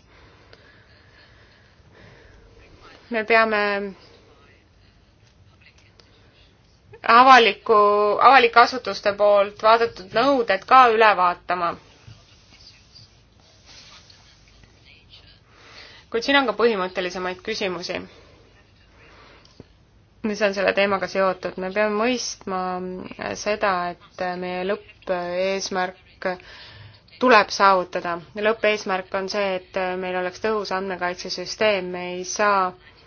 me peame avaliku, avalike asutuste poolt vaadatud nõuded ka üle vaatama. kuid siin on ka põhimõttelisemaid küsimusi, mis on selle teemaga seotud. me peame mõistma seda, et meie lõppeesmärk tuleb saavutada. lõppeesmärk on see, et meil oleks tõhus andmekaitsesüsteem, me ei saa äh,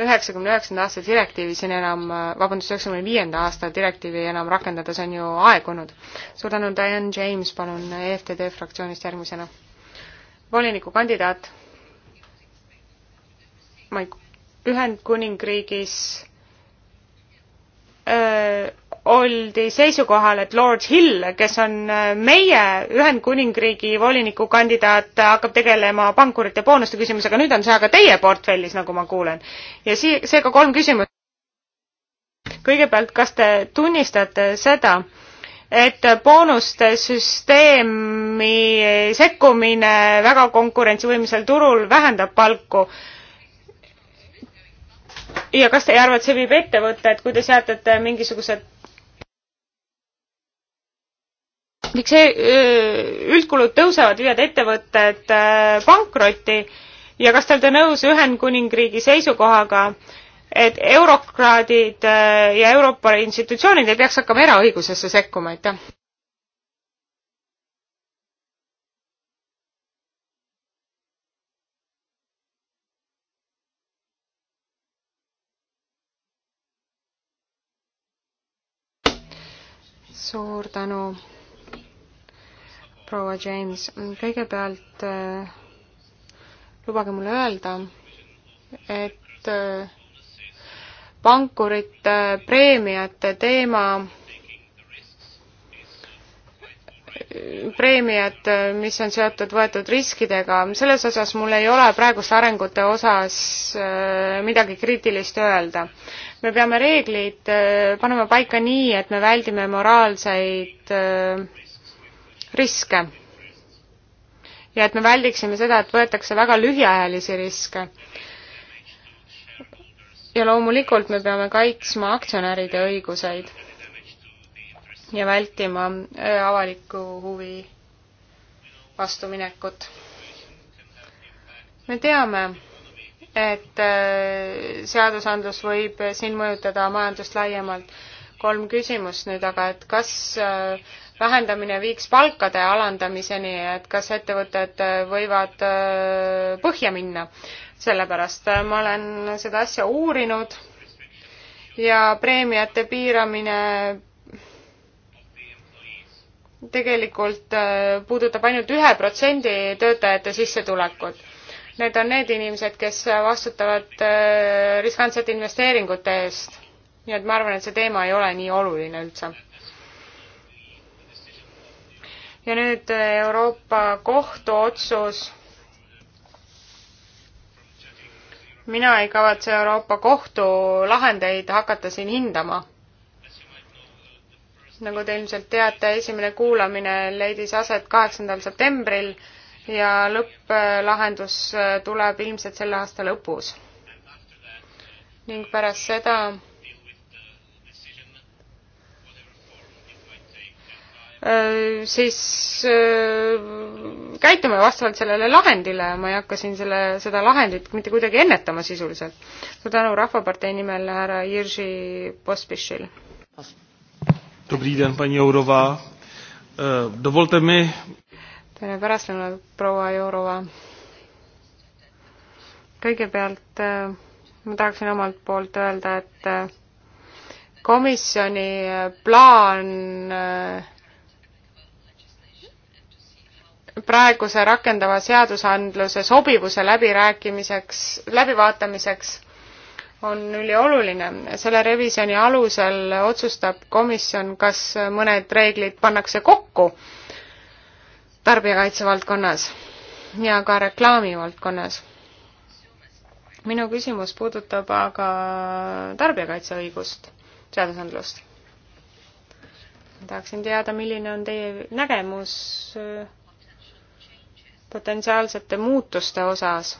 üheksakümne üheksanda aasta direktiivi siin enam, vabandust, üheksakümne viienda aasta direktiivi enam rakendada, see on ju aegunud. suur tänu, Diane James, palun, EFTD fraktsioonist järgmisena. volinikukandidaat, ma ei, Ühendkuningriigis öö, oldi seisukohal, et Lord Hill, kes on äh, meie Ühendkuningriigi volinikukandidaat, hakkab tegelema pankurite boonuste küsimusega, nüüd on see aga teie portfellis, nagu ma kuulen. ja sii-, seega kolm küsimust. kõigepealt, kas te tunnistate seda, et boonuste süsteemi sekkumine väga konkurentsivõimelisel turul vähendab palku? ja kas teie arvates see viib ettevõtted, kui te seatate mingisugused miks üldkulud tõusevad, viivad ettevõtted pankrotti ja kas te olete nõus Ühendkuningriigi seisukohaga, et eurokraadid ja Euroopa institutsioonid ei peaks hakkama eraõigusesse sekkuma, aitäh? suur tänu proua James. kõigepealt äh, lubage mulle öelda, et äh, pankurite preemiate teema preemiad, mis on seotud võetud riskidega, selles osas mul ei ole praeguste arengute osas äh, midagi kriitilist öelda. me peame reeglid äh, panema paika nii, et me väldime moraalseid äh, riske. ja et me väldiksime seda, et võetakse väga lühiajalisi riske. ja loomulikult me peame kaitsma aktsionäride õiguseid ja vältima äh, avaliku huvi vastuminekut. me teame, et äh, seadusandlus võib siin mõjutada majandust laiemalt. kolm küsimust nüüd aga, et kas äh, vähendamine viiks palkade alandamiseni, et kas ettevõtted võivad äh, põhja minna. sellepärast äh, ma olen seda asja uurinud ja preemiate piiramine tegelikult äh, puudutab ainult ühe protsendi töötajate sissetulekut. Need on need inimesed, kes vastutavad riskantsete investeeringute eest. nii et ma arvan, et see teema ei ole nii oluline üldse ja nüüd äh, Euroopa Kohtu otsus. mina ei kavatse Euroopa Kohtu lahendeid hakata siin hindama. nagu te ilmselt teate, esimene kuulamine leidis aset kaheksandal septembril ja lõpplahendus äh, tuleb ilmselt selle aasta lõpus. ning pärast seda Äh, siis äh, käitume vastavalt sellele lahendile ja ma ei hakka siin selle, seda lahendit mitte kuidagi ennetama sisuliselt. suur tänu Rahvapartei nimel härra Jirži Pospišil. Äh, tere pärastlõunat, proua Jourova. kõigepealt ma tahaksin omalt poolt öelda, et komisjoni plaan praeguse rakendava seadusandluse sobivuse läbirääkimiseks, läbivaatamiseks on ülioluline. selle revisjoni alusel otsustab komisjon, kas mõned reeglid pannakse kokku tarbijakaitse valdkonnas ja ka reklaami valdkonnas. minu küsimus puudutab aga tarbijakaitseõigust, seadusandlust. tahaksin teada, milline on teie nägemus potentsiaalsete muutuste osas.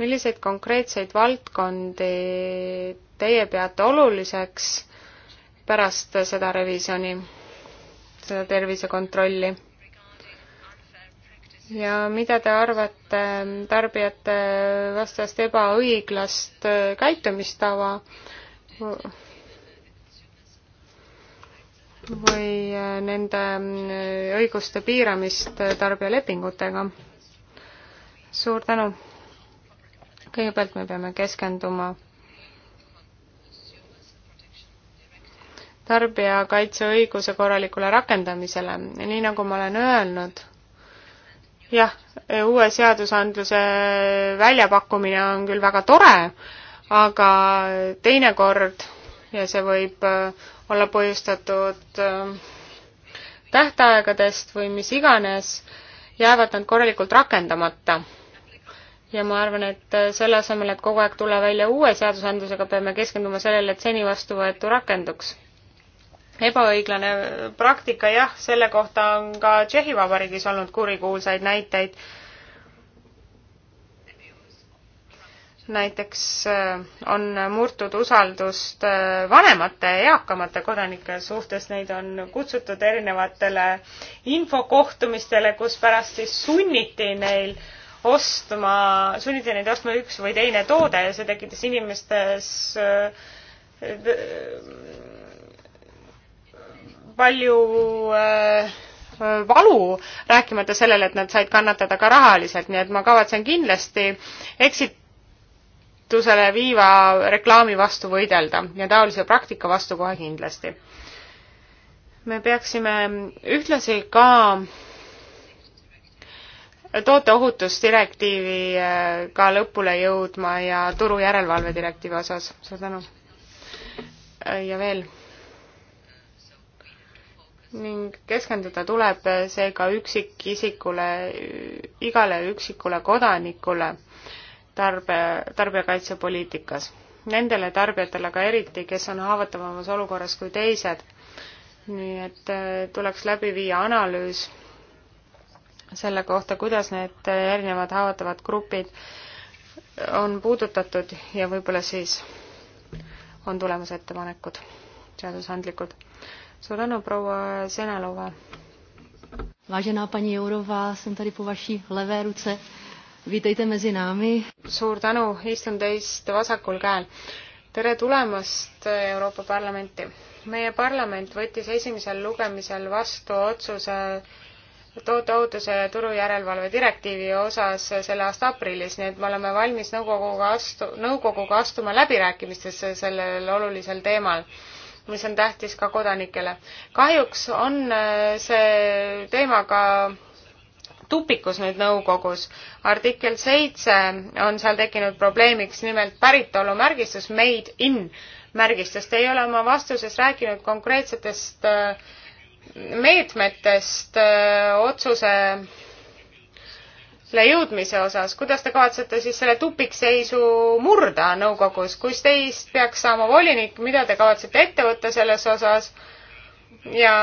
milliseid konkreetseid valdkondi teie peate oluliseks pärast seda revisjoni, seda tervisekontrolli? ja mida te arvate tarbijate vastast ebaõiglast käitumistava või äh, nende äh, õiguste piiramist äh, tarbijalepingutega. suur tänu. kõigepealt me peame keskenduma tarbijakaitseõiguse korralikule rakendamisele, nii nagu ma olen öelnud, jah, uue seadusandluse väljapakkumine on küll väga tore, aga teinekord ja see võib olla põhjustatud ähm, tähtaegadest või mis iganes, jäävad nad korralikult rakendamata. ja ma arvan, et äh, selle asemel, et kogu aeg tulla välja uue seadusandlusega, peame keskenduma sellele, et seni vastu võetu rakenduks. ebaõiglane praktika, jah, selle kohta on ka Tšehhi Vabariigis olnud kurikuulsaid näiteid näiteks äh, on murtud usaldust äh, vanemate, eakamate kodanike suhtes, neid on kutsutud erinevatele infokohtumistele, kus pärast siis sunniti neil ostma, sunniti neid ostma üks või teine toode ja see tekitas inimestes äh, palju valu, rääkimata sellele, et nad said kannatada ka rahaliselt, nii et ma kavatsen kindlasti exit võitlusele viiva reklaami vastu võidelda ja taolise praktika vastu kohe kindlasti. me peaksime ühtlasi ka tooteohutusdirektiivi äh, ka lõpule jõudma ja turujärelevalve direktiivi osas. suur tänu. Äh, ja veel. ning keskenduda tuleb äh, seega üksikisikule, igale üksikule kodanikule tarbe, tarbijakaitsepoliitikas. Nendele tarbijatele aga eriti, kes on haavatavamas olukorras kui teised. nii et äh, tuleks läbi viia analüüs selle kohta, kuidas need erinevad haavatavad grupid on puudutatud ja võib-olla siis on tulemas ettepanekud seadusandlikud. suur tänu, proua Senalova. Vážená paní Jourová, jsem tady po vaší levé ruce Vítejte mezi námi. Suur tänu, istun teist vasakul käel. tere tulemast Euroopa Parlamenti. meie parlament võttis esimesel lugemisel vastu otsuse toote ohutuse ja turujärelevalve direktiivi osas selle aasta aprillis, nii et me oleme valmis nõukoguga astu-, nõukoguga astuma läbirääkimistesse sellel olulisel teemal mis on tähtis ka kodanikele. kahjuks on äh, see teema ka tupikus nüüd nõukogus. artikkel seitse on seal tekkinud probleemiks, nimelt päritolumärgistus, made in märgistust. ei ole oma vastuses rääkinud konkreetsetest äh, meetmetest äh, otsusele jõudmise osas. kuidas te kavatsete siis selle tupikseisu murda nõukogus, kus teist peaks saama volinik, mida te kavatsete ette võtta selles osas? ja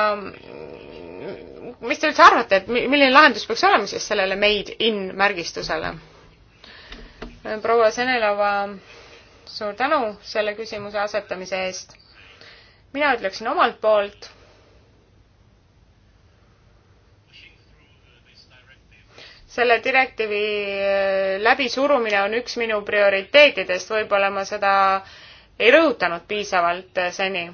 mis te üldse arvate, et milline lahendus peaks olema siis sellele made in märgistusele? proua Senelova, suur tänu selle küsimuse asetamise eest. mina ütleksin omalt poolt, selle direktiivi äh, läbisurumine on üks minu prioriteetidest, võib-olla ma seda ei rõhutanud piisavalt äh, seni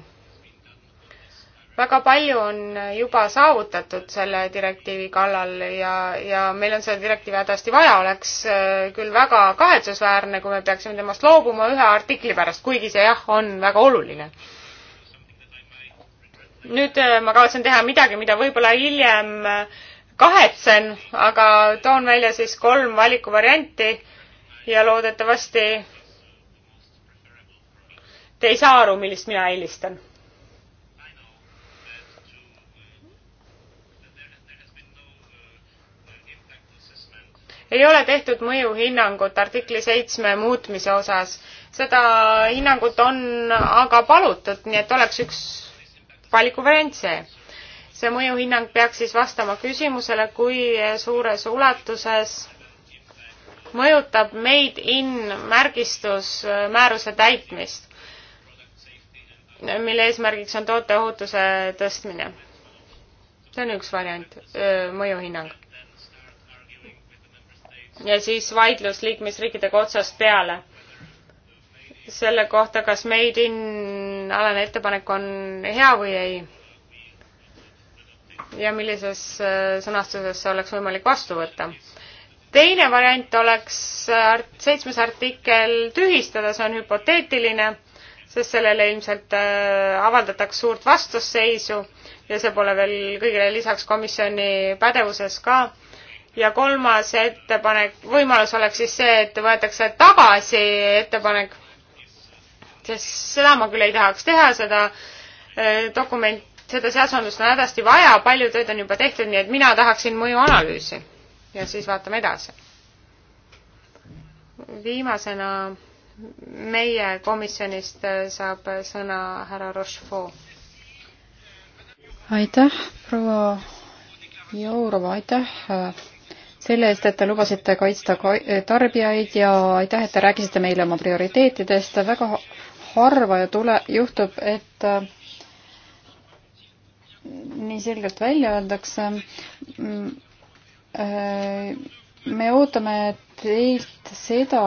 väga palju on juba saavutatud selle direktiivi kallal ja, ja meil on seda direktiivi hädasti vaja, oleks äh, küll väga kahetsusväärne, kui me peaksime temast loobuma ühe artikli pärast, kuigi see jah, on väga oluline. nüüd äh, ma kavatsen teha midagi, mida võib-olla hiljem äh, kahetsen, aga toon välja siis kolm valikuvarianti ja loodetavasti te ei saa aru, millist mina eelistan ei ole tehtud mõjuhinnangut artikli seitsme muutmise osas. seda hinnangut on aga palutud, nii et oleks üks valikuvariant see. see mõjuhinnang peaks siis vastama küsimusele, kui suures ulatuses mõjutab made in märgistus määruse täitmist, mille eesmärgiks on tooteohutuse tõstmine. see on üks variant, mõjuhinnang ja siis vaidlus liikmesriikidega otsast peale selle kohta, kas made in alane ettepanek on hea või ei. ja millises äh, sõnastuses see oleks võimalik vastu võtta. teine variant oleks art-, seitsmes artikkel tühistada, see on hüpoteetiline, sest sellele ilmselt äh, avaldataks suurt vastusseisu ja see pole veel kõigile lisaks komisjoni pädevuses ka ja kolmas ettepanek, võimalus oleks siis see, et võetakse tagasi ettepanek, sest seda ma küll ei tahaks teha, seda äh, dokument, seda seadusandlust on hädasti vaja, palju tööd on juba tehtud, nii et mina tahaksin mõjuanalüüsi. ja siis vaatame edasi. viimasena meie komisjonist äh, saab sõna härra Rochefort. aitäh, proua Jourova, aitäh äh, selle eest, et te lubasite kaitsta eh, tarbijaid ja aitäh, et te rääkisite meile oma prioriteetidest. väga harva ja tule, juhtub, et eh, nii selgelt välja öeldakse. Mm, eh, me ootame teilt seda,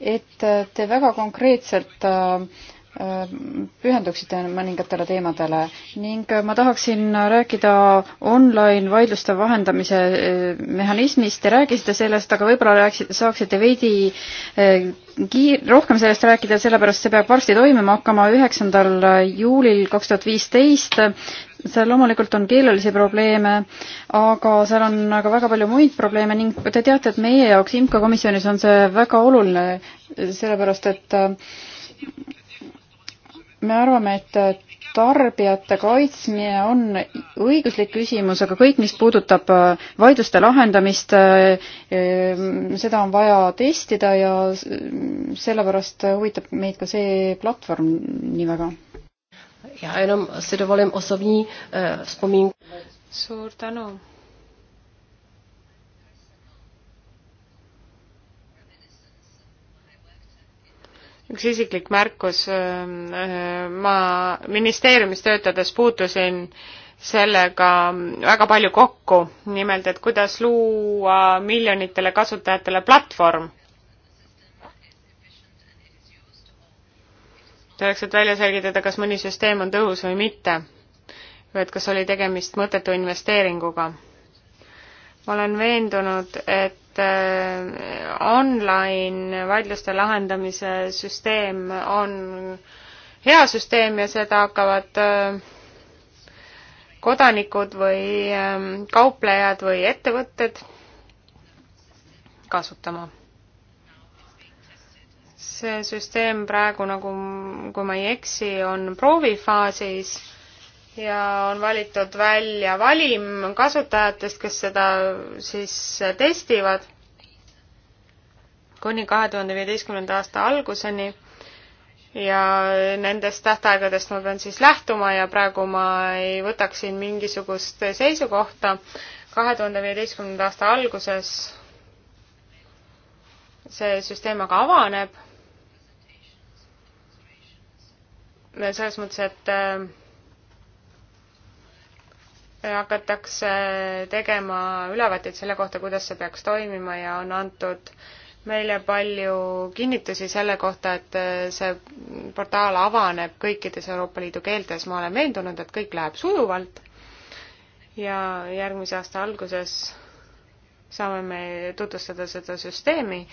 et te väga konkreetselt äh, pühenduksite mõningatele teemadele ning ma tahaksin rääkida online vaidluste vahendamise eh, mehhanismist. Te rääkisite sellest, aga võib-olla rääkisite, saaksite veidi eh, kiir-, rohkem sellest rääkida, sellepärast see peab varsti toimima hakkama, üheksandal juulil kaks tuhat viisteist. seal loomulikult on keelelisi probleeme, aga seal on ka väga palju muid probleeme ning te teate, et meie jaoks IMCO komisjonis on see väga oluline, sellepärast et me arvame, et tarbijate kaitsmine on õiguslik küsimus, aga kõik, mis puudutab äh, vaidluste lahendamist, äh, äh, seda on vaja testida ja sellepärast huvitab meid ka see platvorm nii väga. ja enam, see oli osobni äh, suur tänu üks isiklik märkus, ähm, äh, ma ministeeriumis töötades puutusin sellega väga palju kokku, nimelt et kuidas luua miljonitele kasutajatele platvorm. selleks, et välja selgitada, kas mõni süsteem on tõhus või mitte. või et kas oli tegemist mõttetu investeeringuga ma olen veendunud, et äh, online vaidluste lahendamise süsteem on hea süsteem ja seda hakkavad äh, kodanikud või ähm, kauplejad või ettevõtted kasutama. see süsteem praegu, nagu, kui ma ei eksi, on proovifaasis ja on valitud välja valim kasutajatest, kes seda siis testivad kuni kahe tuhande viieteistkümnenda aasta alguseni. ja nendest tähtaegadest ma pean siis lähtuma ja praegu ma ei võtaks siin mingisugust seisukohta. kahe tuhande viieteistkümnenda aasta alguses see süsteem aga avaneb. selles mõttes, et äh, hakatakse tegema ülevaateid selle kohta, kuidas see peaks toimima ja on antud meile palju kinnitusi selle kohta, et see portaal avaneb kõikides Euroopa Liidu keeltes, ma olen veendunud, et kõik läheb sujuvalt ja järgmise aasta alguses saame me tutvustada seda süsteemi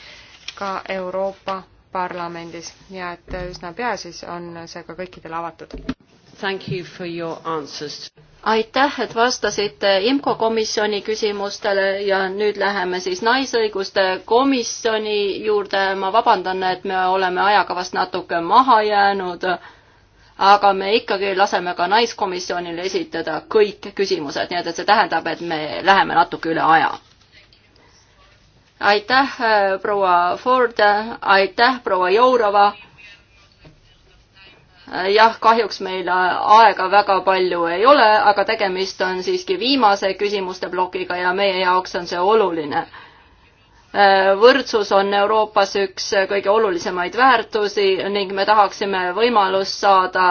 ka Euroopa Parlamendis ja et üsna pea siis on see ka kõikidele avatud aitäh, et vastasite IMCO komisjoni küsimustele ja nüüd läheme siis Naisõiguste komisjoni juurde. ma vabandan, et me oleme ajakavast natuke maha jäänud, aga me ikkagi laseme ka Naiskomisjonile esitada kõik küsimused, nii et, et see tähendab, et me läheme natuke üle aja aitäh, proua Ford, aitäh, proua Jourova jah, kahjuks meil äh, aega väga palju ei ole, aga tegemist on siiski viimase küsimuste plokiga ja meie jaoks on see oluline. Äh, võrdsus on Euroopas üks kõige olulisemaid väärtusi ning me tahaksime võimalust saada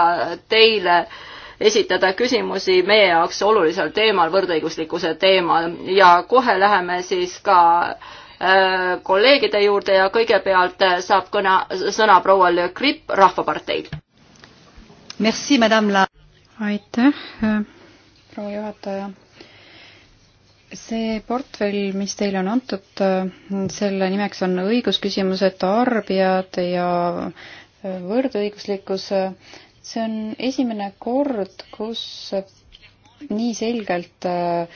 teile esitada küsimusi meie jaoks olulisel teemal, võrdõiguslikkuse teemal ja kohe läheme siis ka äh, kolleegide juurde ja kõigepealt saab kõna, sõna proua Le Grip Rahvaparteilt La... aitäh, äh, proua juhataja see portfell, mis teile on antud, äh, selle nimeks on õigusküsimused, tarbijad ja äh, võrdõiguslikkus. see on esimene kord, kus nii selgelt äh,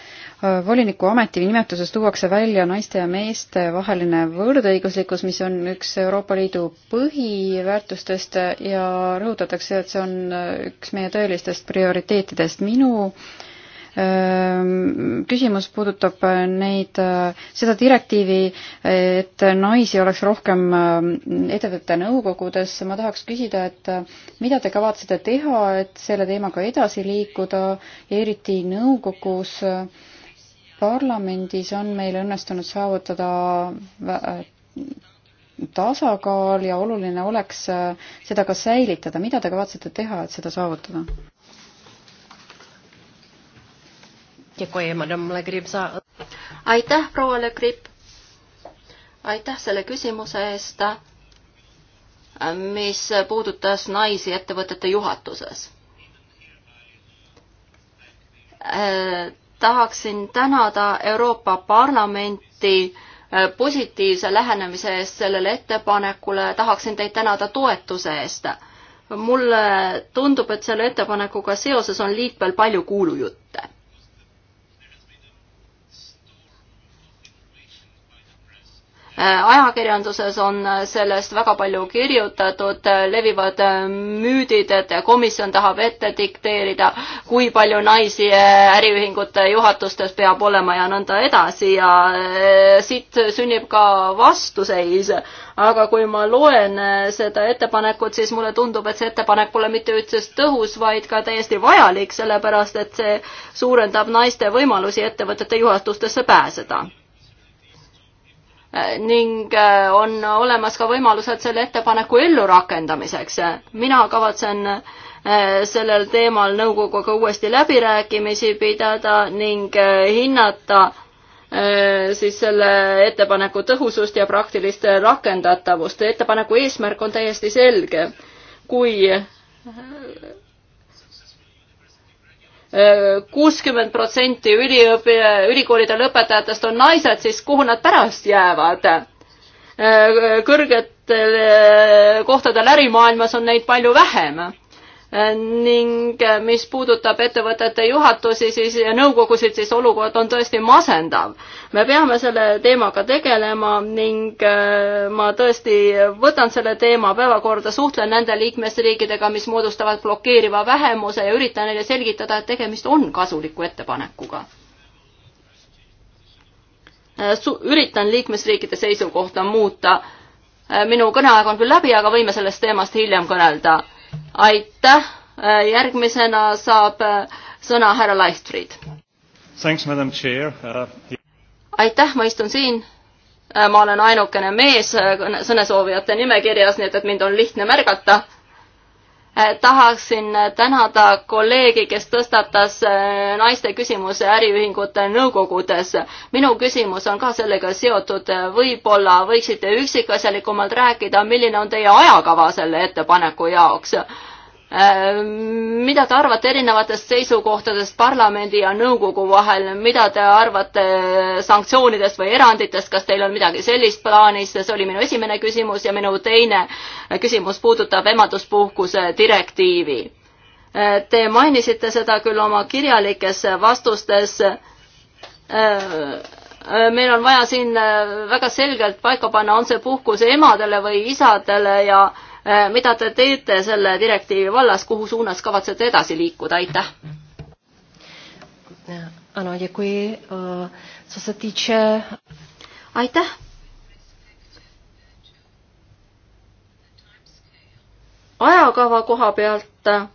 äh, voliniku ametinimetuses tuuakse välja naiste ja meeste vaheline võrdõiguslikkus, mis on üks Euroopa Liidu põhiväärtustest ja rõhutatakse, et see on äh, üks meie tõelistest prioriteetidest. minu äh, Ehm, küsimus puudutab äh, neid, äh, seda direktiivi, äh, et naisi oleks rohkem ettevõtete nõukogudes. ma tahaks küsida, et mida te kavatsete teha, et selle teemaga edasi liikuda, eriti nõukogus? parlamendis on meil õnnestunud saavutada tasakaal ja oluline oleks seda ka säilitada. mida te kavatsete teha, et seda saavutada? aitäh, proua Le Grip. aitäh selle küsimuse eest, mis puudutas naisi ettevõtete juhatuses äh, tahaksin tänada Euroopa Parlamenti positiivse lähenemise eest sellele ettepanekule, tahaksin teid tänada toetuse eest. mulle tundub, et selle ettepanekuga seoses on liikvel palju kuulujutte Äh, ajakirjanduses on äh, sellest väga palju kirjutatud, äh, levivad müüdid, et komisjon tahab ette dikteerida, kui palju naisi äriühingute juhatustes peab olema ja nõnda edasi ja siit sünnib ka vastuseis. aga kui ma loen seda ettepanekut, siis mulle tundub, et see ettepanek pole mitte üldse tõhus, vaid ka täiesti vajalik, sellepärast et see suurendab naiste võimalusi ettevõtete juhatustesse pääseda ning äh, on olemas ka võimalused selle ettepaneku ellurakendamiseks. mina kavatsen äh, sellel teemal nõukoguga uuesti läbirääkimisi pidada ning äh, hinnata siis selle ettepaneku tõhusust ja praktilist rakendatavust. ettepaneku eesmärk on täiesti selge. kui kuuskümmend protsenti üliõpi-, ülikoolide lõpetajatest on naised, siis kuhu nad pärast jäävad? kõrgetel kohtadel ärimaailmas on neid palju vähem ning eh, mis puudutab ettevõtete juhatusi, siis ja nõukogusid, siis olukord on tõesti masendav. me peame selle teemaga tegelema ning eh, ma tõesti võtan selle teema päevakorda, suhtlen nende liikmesriikidega, mis moodustavad blokeeriva vähemuse ja üritan neile selgitada, et tegemist on kasuliku ettepanekuga eh, üritan liikmesriikide seisukohta muuta. minu kõneaeg on küll läbi, aga võime sellest teemast hiljem kõnelda aitäh, äh, järgmisena saab äh, sõna härra Leichtfried. Uh, aitäh, ma istun siin. Äh, ma olen ainukene mees sõnasoovijate nimekirjas, nii et, et mind on lihtne märgata Äh, tahaksin tänada kolleegi, kes tõstatas äh, naiste küsimuse äriühingute nõukogudes. minu küsimus on ka sellega seotud, võib-olla võiksite üksikasjalikumalt rääkida, milline on teie ajakava selle ettepaneku jaoks Äh, mida te arvate erinevatest seisukohtadest parlamendi ja nõukogu vahel, mida te arvate sanktsioonidest või eranditest, kas teil on midagi sellist plaanis, see oli minu esimene küsimus ja minu teine küsimus puudutab emaduspuhkuse direktiivi. Äh, te mainisite seda küll oma kirjalikes vastustes äh, meil on vaja siin väga selgelt paika panna, on see puhkus emadele või isadele ja äh, Äh, mida te teete selle direktiivi vallas, kuhu suunas kavatsete edasi liikuda, aitäh? Ano, děkuji. Co se týče... Aitäh. ajakava koha pealt äh,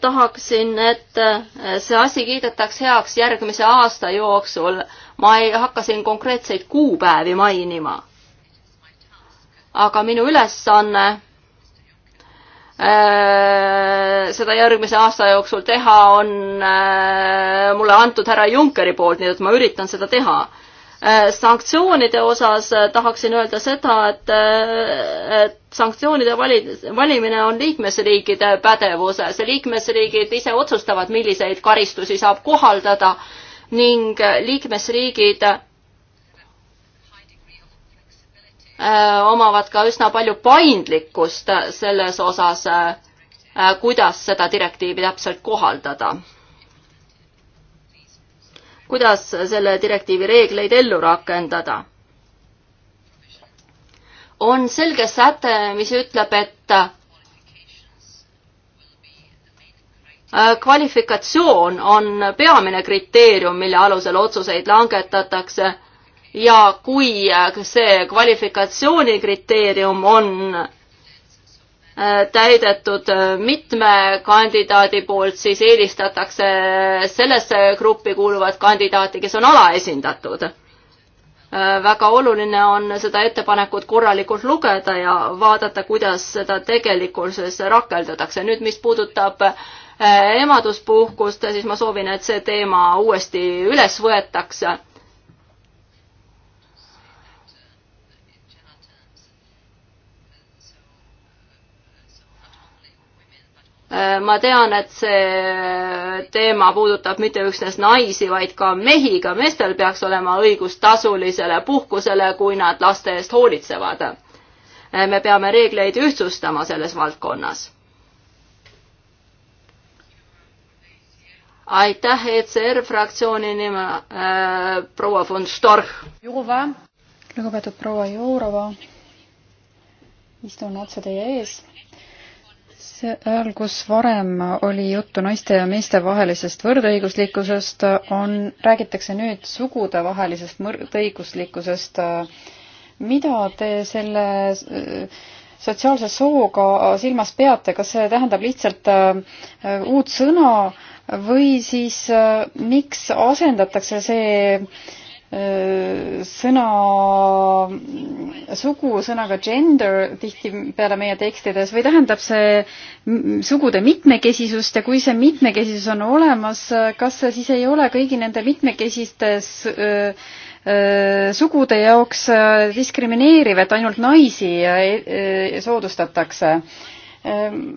tahaksin, et äh, see asi kiidetaks heaks järgmise aasta jooksul. ma ei hakka siin konkreetseid kuupäevi mainima aga minu ülesanne äh, seda järgmise aasta jooksul teha on äh, mulle antud härra Junckeri poolt, nii et ma üritan seda teha. Äh, sanktsioonide osas tahaksin öelda seda, et, et sanktsioonide vali-, valimine on liikmesriikide pädevuses ja liikmesriigid ise otsustavad, milliseid karistusi saab kohaldada ning liikmesriigid Äh, omavad ka üsna palju paindlikkust selles osas, äh, äh, kuidas seda direktiivi täpselt kohaldada. kuidas selle direktiivi reegleid ellu rakendada? on selge säte, mis ütleb, et kvalifikatsioon on peamine kriteerium, mille alusel otsuseid langetatakse ja kui äh, see kvalifikatsioonikriteerium on äh, täidetud äh, mitme kandidaadi poolt, siis eelistatakse sellesse gruppi kuuluvat kandidaati, kes on alaesindatud. väga oluline on seda ettepanekut korralikult lugeda ja vaadata, kuidas seda tegelikkuses rakendatakse. nüüd, mis puudutab emaduspuhkust, siis ma soovin, et see teema uuesti üles võetakse Äh, ma tean, et see teema puudutab mitte üksnes naisi, vaid ka mehi, ka meestel peaks olema õigus tasulisele puhkusele, kui nad laste eest hoolitsevad. Äh, me peame reegleid ühtsustama selles valdkonnas. aitäh ECR fraktsiooni nimel äh,, proua von Storch. lugupeetud proua Jourova, istun otse teie ees seal, kus varem oli juttu naiste ja meeste vahelisest võrdõiguslikkusest, on, räägitakse nüüd sugudevahelisest võrdõiguslikkusest. mida te selle äh, sotsiaalse sooga silmas peate, kas see tähendab lihtsalt äh, uut sõna või siis äh, miks asendatakse see sõna, sugu sõnaga gender tihtipeale meie tekstides või tähendab see sugude mitmekesisust ja kui see mitmekesisus on olemas, kas see siis ei ole kõigi nende mitmekesistes öö, sugude jaoks diskrimineeriv, et ainult naisi e-, e-, soodustatakse? Ehm,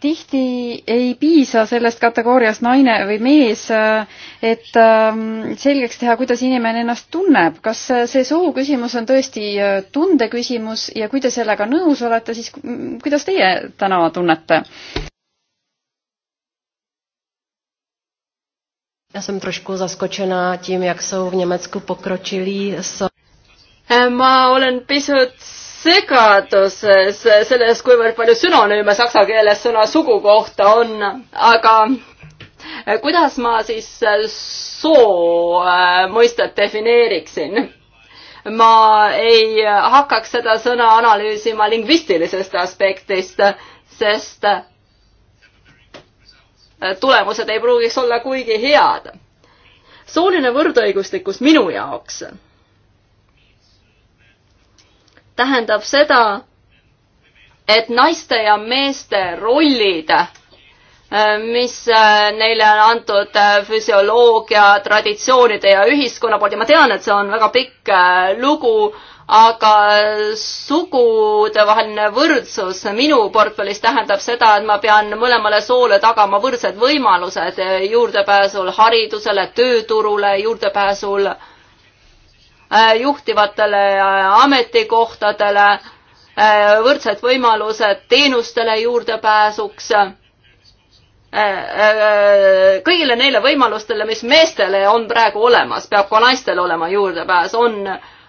tihti ei piisa sellest kategooriast naine või mees, äh, et ähm, selgeks teha, kuidas inimene ennast tunneb. kas äh, see soo küsimus on tõesti äh, tunde küsimus ja kui te sellega nõus olete, siis mm, kuidas teie täna tunnete? Já jsem trošku zaskočená tím, jak jsou v Německu pokročilí. Ehm, ma olen pisut segaduses selles, kuivõrd palju sünonüüme saksa keeles sõna sugu kohta on, aga eh, kuidas ma siis eh, soo eh, mõistet defineeriksin? ma ei hakkaks seda sõna analüüsima lingvistilisest aspektist, sest tulemused ei pruugiks olla kuigi head. sooline võrdõiguslikkus minu jaoks tähendab seda, et naiste ja meeste rollid, äh, mis äh, neile on antud äh, füsioloogia, traditsioonide ja ühiskonna poolt ja ma tean, et see on väga pikk lugu, aga sugudevaheline võrdsus minu portfellis tähendab seda, et ma pean mõlemale soole tagama võrdsed võimalused juurdepääsul haridusele, tööturule, juurdepääsul äh, Äh, juhtivatele äh, ametikohtadele, äh, võrdsed võimalused teenustele juurdepääsuks, kõigile neile võimalustele, mis meestele on praegu olemas, peab ka naistel olema juurdepääs, on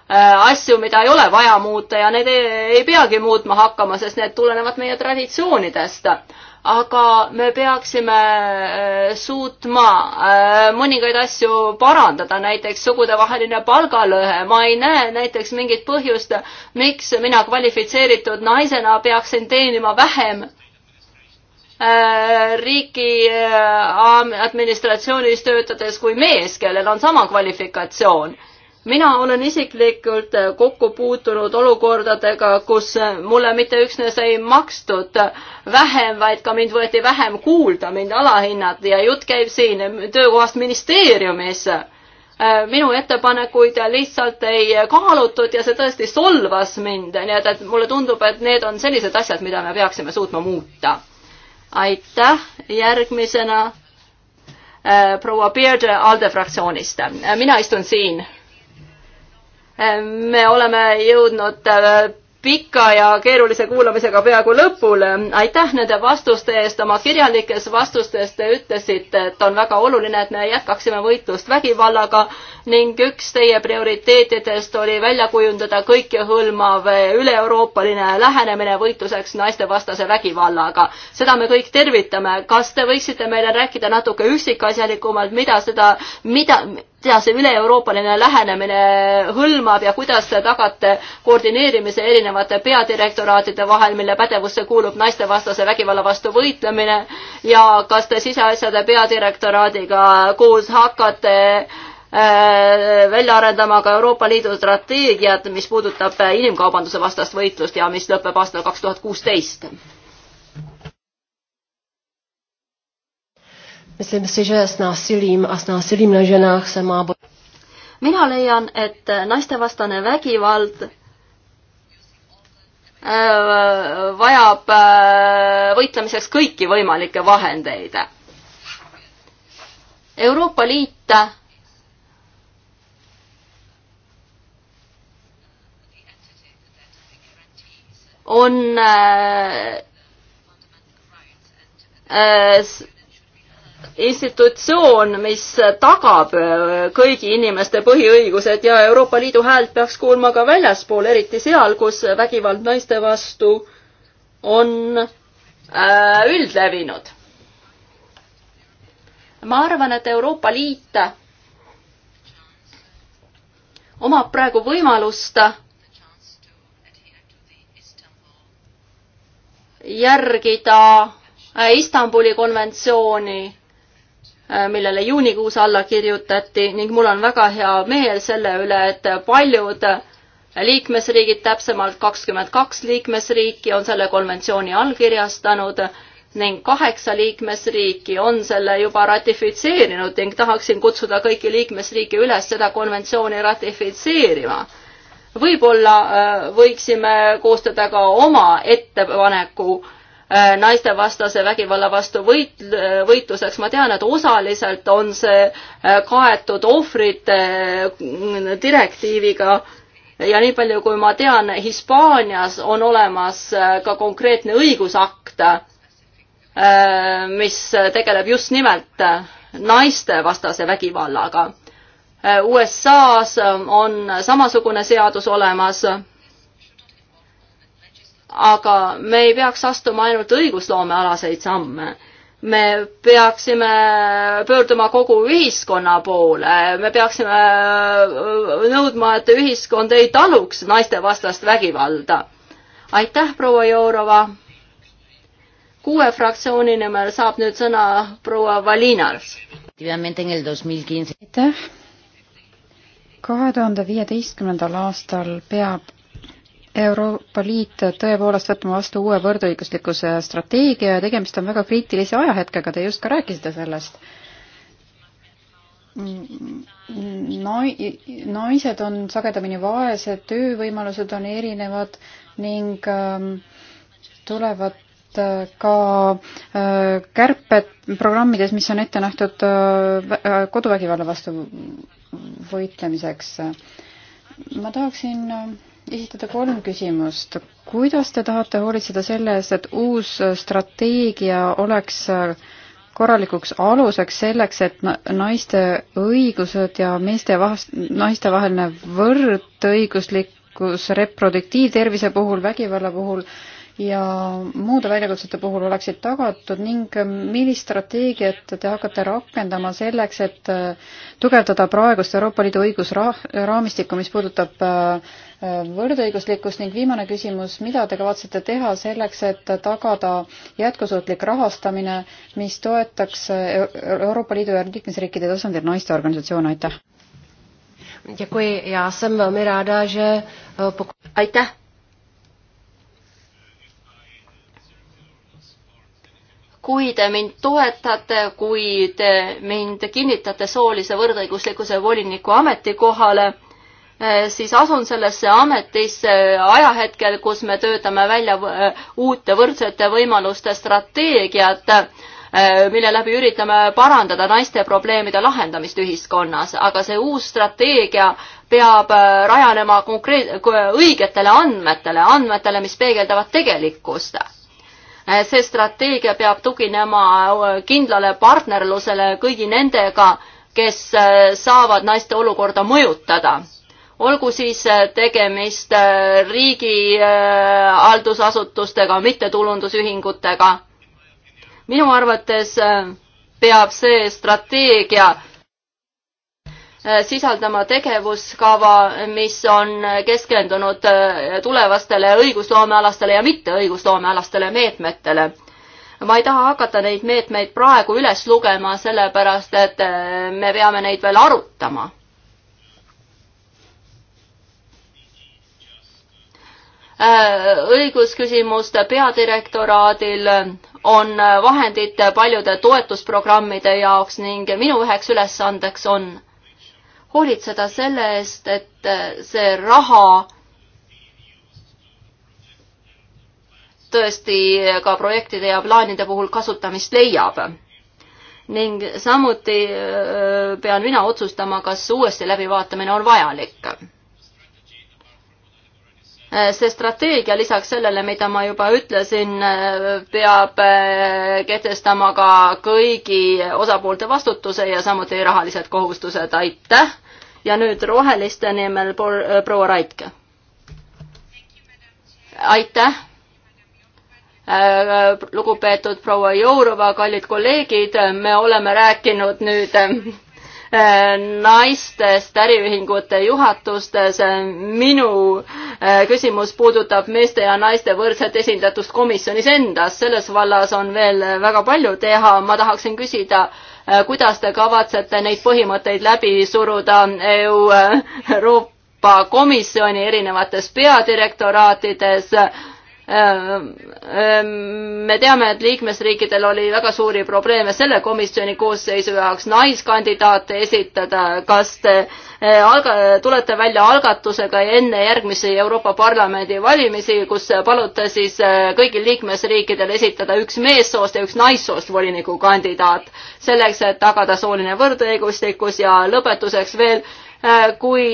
asju, mida ei ole vaja muuta ja need ei, ei peagi muutma hakkama, sest need tulenevad meie traditsioonidest aga me peaksime äh, suutma äh, mõningaid asju parandada, näiteks sugudevaheline palgalõhe. ma ei näe näiteks mingit põhjust, miks mina kvalifitseeritud naisena peaksin teenima vähem äh, riigi administratsioonis töötades kui mees, kellel on sama kvalifikatsioon mina olen isiklikult kokku puutunud olukordadega, kus mulle mitte üksnes ei makstud vähem, vaid ka mind võeti vähem kuulda, mind alahinnati ja jutt käib siin töökohast ministeeriumis. minu ettepanekuid lihtsalt ei kaalutud ja see tõesti solvas mind, nii et, et mulle tundub, et need on sellised asjad, mida me peaksime suutma muuta. aitäh, järgmisena eh, proua Beard ALDE fraktsioonist. mina istun siin me oleme jõudnud äh, pika ja keerulise kuulamisega peaaegu lõpule. aitäh nende vastuste eest, oma kirjalikes vastustes te ütlesite, et on väga oluline, et me jätkaksime võitlust vägivallaga ning üks teie prioriteetidest oli välja kujundada kõikehõlmav üle-euroopaline lähenemine võitluseks naistevastase vägivallaga. seda me kõik tervitame. kas te võiksite meile rääkida natuke üksikasjalikumalt, mida seda, mida mida see üle-euroopaline lähenemine hõlmab ja kuidas te tagate koordineerimise erinevate peadirektoraatide vahel, mille pädevusse kuulub naistevastase vägivalla vastu võitlemine ja kas te siseasjade peadirektoraadiga koos hakkate äh, välja arendama ka Euroopa Liidu strateegiat, mis puudutab inimkaubanduse vastast võitlust ja mis lõpeb aastal kaks tuhat kuusteist. Myslím si, že s násilím a s násilím na ženách se má boj- mina leian, et naistevastane vägivald äh, vajab äh, võitlemiseks kõiki võimalikke vahendeid. Euroopa Liit on äh, institutsioon, mis tagab äh, kõigi inimeste põhiõigused ja Euroopa Liidu häält peaks kuulma ka väljaspool, eriti seal, kus vägivald naiste vastu on äh, üldlevinud. ma arvan, et Euroopa Liit omab praegu võimalust järgida äh, Istanbuli konventsiooni Äh, millele juunikuus alla kirjutati ning mul on väga hea meel selle üle, et paljud liikmesriigid, täpsemalt kakskümmend kaks liikmesriiki on selle konventsiooni allkirjastanud ning kaheksa liikmesriiki on selle juba ratifitseerinud ning tahaksin kutsuda kõiki liikmesriike üles seda konventsiooni ratifitseerima. võib-olla äh, võiksime koostada ka oma ettepaneku Äh, naistevastase vägivalla vastu võit, võitluseks, ma tean, et osaliselt on see äh, kaetud ohvrite äh, direktiiviga ja nii palju, kui ma tean, Hispaanias on olemas ka konkreetne õigusakt, mis tegeleb just nimelt naistevastase vägivallaga. USA-s on samasugune seadus olemas aga me ei peaks astuma ainult õigusloomealaseid samme. me peaksime pöörduma kogu ühiskonna poole, me peaksime äh, nõudma, et ühiskond ei taluks naistevastast vägivalda. aitäh, proua Jourova. kuue fraktsiooni nimel saab nüüd sõna proua Valinas. aitäh kahe tuhande viieteistkümnendal aastal peab Euroopa Liit tõepoolest võtma vastu uue võrdõiguslikkuse strateegia ja tegemist on väga kriitilise ajahetkega, te just ka rääkisite sellest. Nai-, naised on sagedamini vaesed, töövõimalused on erinevad ning ähm, tulevad äh, ka äh, kärped programmides, mis on ette nähtud äh, koduvägivalla vastu võitlemiseks. ma tahaksin esitada kolm küsimust. kuidas te tahate hoolitseda selle eest, et uus strateegia oleks korralikuks aluseks selleks, et naiste õigused ja meeste vahest, naiste vaheline võrdõiguslikkus reproduktiivtervise puhul, vägivalla puhul ja muude väljakutsete puhul oleksid tagatud ning millist strateegiat te hakkate rakendama selleks, et tugevdada praegust Euroopa Liidu õigusraamistikku, mis puudutab äh, võrdõiguslikkust ning viimane küsimus, mida te kavatsete teha selleks, et tagada jätkusuutlik rahastamine, mis toetaks Euroopa Liidu ja liikmesriikide tasandil naiste organisatsioone, aitäh! Děkuji, já jsem velmi ráda, že eh, pokud... Aitäh! kui te mind toetate, kui te mind kinnitate soolise võrdõiguslikkuse voliniku ametikohale, Äh, siis asun sellesse ametisse ajahetkel, kus me töötame välja äh, uute võrdsete võimaluste strateegiat, äh, mille läbi üritame parandada naiste probleemide lahendamist ühiskonnas, aga see uus strateegia peab rajanema konkreet-, õigetele andmetele, andmetele, mis peegeldavad tegelikkust see strateegia peab tuginema kindlale partnerlusele kõigi nendega, kes saavad naiste olukorda mõjutada olgu siis äh, tegemist äh, riigi äh, haldusasutustega, mittetulundusühingutega. minu arvates peab see strateegia sisaldama tegevuskava, mis on keskendunud tulevastele õigusloomealastele ja mitteõigusloomealastele meetmetele ma ei taha hakata neid meetmeid praegu üles lugema, sellepärast et me peame neid veel arutama Äh, õigusküsimuste peadirektoraadil on vahendid paljude toetusprogrammide jaoks ning minu üheks ülesandeks on hoolitseda selle eest, et see raha tõesti ka projektide ja plaanide puhul kasutamist leiab. ning samuti äh, pean mina otsustama, kas uuesti läbivaatamine on vajalik Eh, see strateegia lisaks sellele, mida ma juba ütlesin, eh, peab eh, kehtestama ka kõigi osapoolte vastutuse ja samuti rahalised kohustused, aitäh. ja nüüd roheliste nimel proua Raidke. aitäh. lugupeetud proua Jourova, kallid kolleegid, me oleme rääkinud nüüd Eh, naistest äriühingute juhatustes. Eh, minu eh, küsimus puudutab meeste ja naiste võrdset esindatust komisjonis endas. selles vallas on veel väga palju teha. ma tahaksin küsida, kuidas te kavatsete neid põhimõtteid läbi suruda Euroopa Komisjoni erinevates peadirektoraatides Äh, ähm, me teame, et liikmesriikidel oli väga suuri probleeme selle komisjoni koosseisu jaoks naiskandidaate esitada. kas te äh, alga-, tulete välja algatusega enne järgmisi Euroopa Parlamendi valimisi, kus palute siis äh, kõigil liikmesriikidel esitada üks meessoost ja üks naissoost volinikukandidaat selleks, et tagada sooline võrdõiguslikkus ja lõpetuseks veel, kui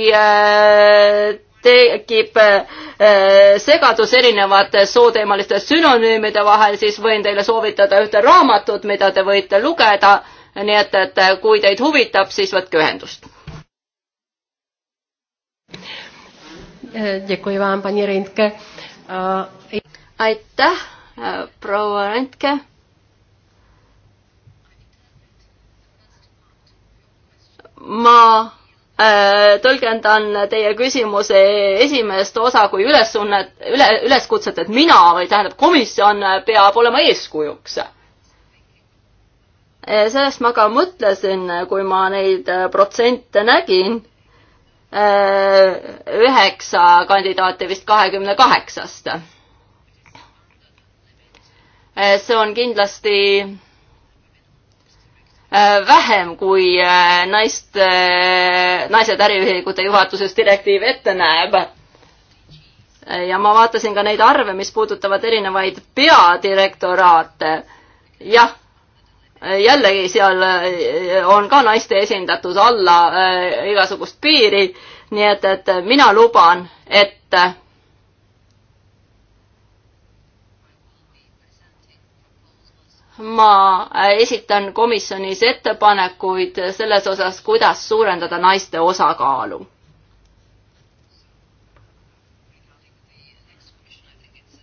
tekib äh, segadus erinevate sooteemaliste sünonüümide vahel, siis võin teile soovitada ühte raamatut, mida te võite lugeda. nii et, et äh, kui teid huvitab, siis võtke ühendust. Äh, aitäh, proua Rentke ma Äh, tõlgendan teie küsimuse esimest osa kui ülesunnet, üle, üleskutset, et mina või tähendab, komisjon peab olema eeskujuks. Äh, sellest ma ka mõtlesin, kui ma neid äh, protsente nägin. üheksa kandidaati vist kahekümne kaheksast. see on kindlasti Äh, vähem, kui äh, naist, äh, naised äriühingute juhatuses direktiiv ette näeb. ja ma vaatasin ka neid arve, mis puudutavad erinevaid peadirektoraate. jah, jällegi seal on ka naiste esindatus alla igasugust piiri, nii et, et mina luban, et ma äh, esitan komisjonis ettepanekuid selles osas, kuidas suurendada naiste osakaalu.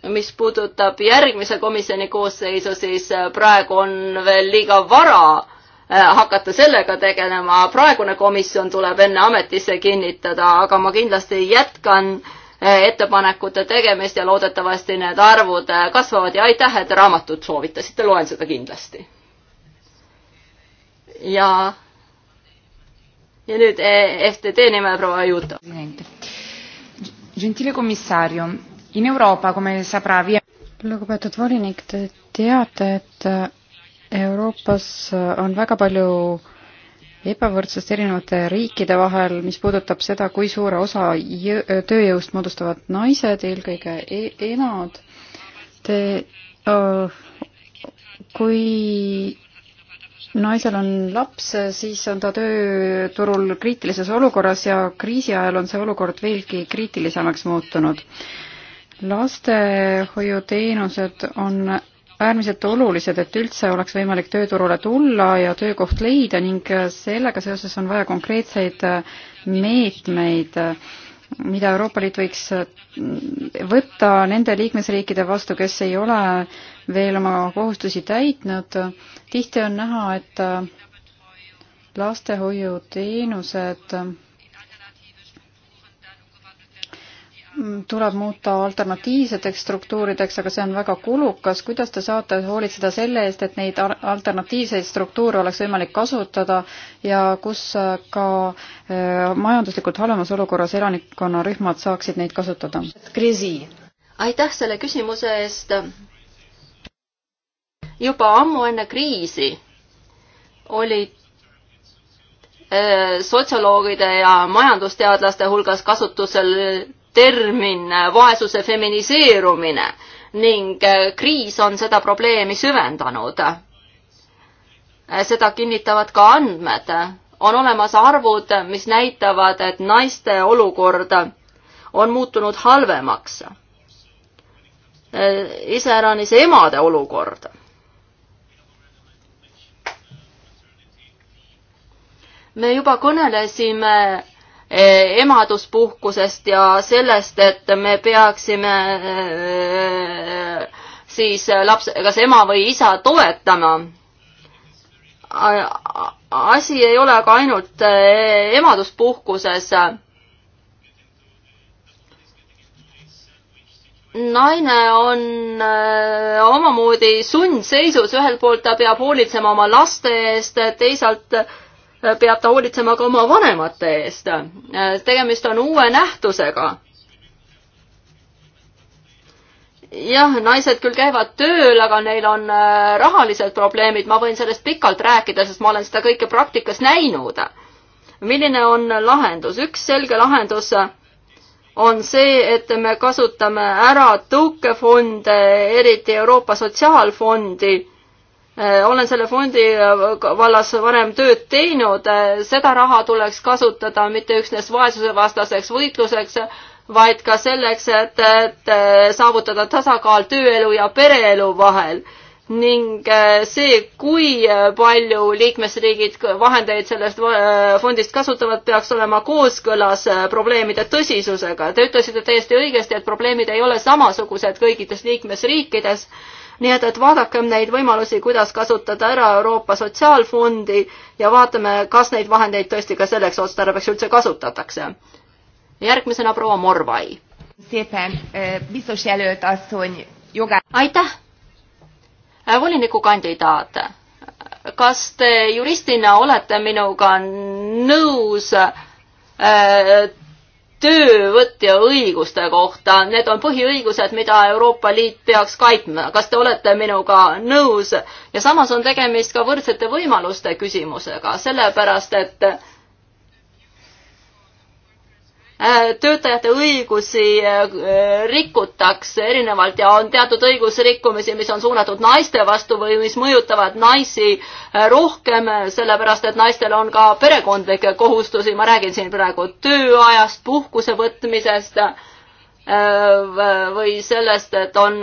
mis puudutab järgmise komisjoni koosseisu, siis äh, praegu on veel liiga vara äh, hakata sellega tegelema, praegune komisjon tuleb enne ametisse kinnitada, aga ma kindlasti jätkan äh, Eh, ettepanekute tegemist ja loodetavasti need arvud eh, kasvavad ja aitäh, et raamatut soovitasite, loen seda kindlasti. ja, ja nüüd eh, FTD nimel proua Juto. Gentile commissario, in Euroopa, come saprà via lugupeetud volinik, te teate, et Euroopas on väga palju ebavõrdsust erinevate riikide vahel, mis puudutab seda, kui suure osa tööjõust moodustavad naised, eelkõige e emad. Te oh,, kui naisel on laps, siis on ta tööturul kriitilises olukorras ja kriisi ajal on see olukord veelgi kriitilisemaks muutunud. lastehoiuteenused on äärmiselt olulised, et üldse oleks võimalik tööturule tulla ja töökoht leida ning äh, sellega seoses on vaja konkreetseid äh, meetmeid, äh, mida Euroopa Liit võiks võtta nende liikmesriikide vastu, kes ei ole veel oma kohustusi täitnud. tihti on näha, et lastehoiuteenused tuleb muuta alternatiivseteks struktuurideks, aga see on väga kulukas. kuidas te saate hoolitseda selle eest, et neid alternatiivseid struktuure oleks võimalik kasutada ja kus äh, ka äh, majanduslikult halvemas olukorras elanikkonnarühmad saaksid neid kasutada? aitäh selle küsimuse eest. juba ammu enne kriisi olid äh, sotsioloogide ja majandusteadlaste hulgas kasutusel termin äh, vaesuse feminiseerumine ning äh, kriis on seda probleemi süvendanud. Äh, seda kinnitavad ka andmed. on olemas arvud, mis näitavad, et naiste olukord on muutunud halvemaks. iseäranis emade olukord. me juba kõnelesime Eh, emaduspuhkusest ja sellest, et me peaksime eh, siis laps, kas ema või isa toetama. asi ei ole aga ainult eh, emaduspuhkuses. naine on omamoodi sundseisus, ühelt poolt ta peab hoolitsema oma laste eest, teisalt äh, peab ta hoolitsema ka oma vanemate eest. tegemist on uue nähtusega. jah, naised küll käivad tööl, aga neil on äh, rahalised probleemid, ma võin sellest pikalt rääkida, sest ma olen seda kõike praktikas näinud. milline on lahendus? üks selge lahendus on see, et me kasutame ära tõukefonde, eriti Euroopa Sotsiaalfondi Äh, olen selle fondi äh, vallas varem tööd teinud, äh, seda raha tuleks kasutada mitte üksnes vaesusevastaseks võitluseks, vaid ka selleks, et, et saavutada tasakaal tööelu ja pereelu vahel ning see, kui palju liikmesriigid vahendeid sellest fondist kasutavad, peaks olema kooskõlas probleemide tõsisusega. Te ütlesite täiesti õigesti, et probleemid ei ole samasugused kõikides liikmesriikides nii et, et vaadakem neid võimalusi, kuidas kasutada ära Euroopa Sotsiaalfondi ja vaatame, kas neid vahendeid tõesti ka selleks otstarbeks üldse kasutatakse. järgmisena proua Morvai. Eh, aitäh! Eh, volinikukandidaat kas te juristina olete minuga nõus eh, töövõtja õiguste kohta, need on põhiõigused, mida Euroopa Liit peaks kaitsma. kas te olete minuga nõus? ja samas on tegemist ka võrdsete võimaluste küsimusega, sellepärast et Äh, töötajate õigusi äh, rikutakse erinevalt ja on teatud õigusrikkumisi, mis on suunatud naiste vastu või mis mõjutavad naisi äh, rohkem, sellepärast et naistel on ka perekondlikke kohustusi, ma räägin siin praegu tööajast, puhkuse võtmisest või sellest, et on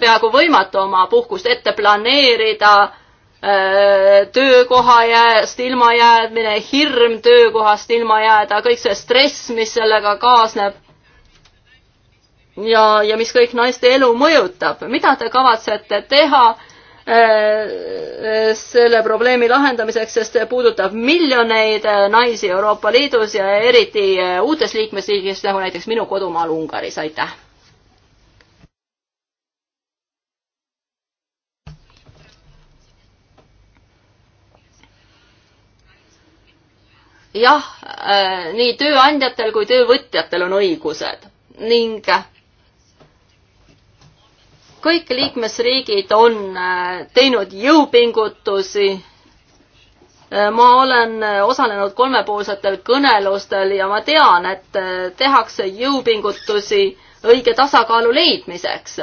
peaaegu võimatu oma puhkust ette planeerida Äh, töökoha jääst ilma jäädmine, hirm töökohast ilma jääda, kõik see stress, mis sellega kaasneb. ja, ja mis kõik naiste elu mõjutab, mida te kavatsete teha äh, selle probleemi lahendamiseks, sest see puudutab miljoneid äh, naisi Euroopa Liidus ja eriti uutes liikmesriigis, nagu näiteks minu kodumaal Ungaris, aitäh jah, nii tööandjatel kui töövõtjatel on õigused ning kõik liikmesriigid on äh, teinud jõupingutusi. Äh, ma olen äh, osalenud kolmepoolsetel kõnelustel ja ma tean, et tehakse jõupingutusi õige tasakaalu leidmiseks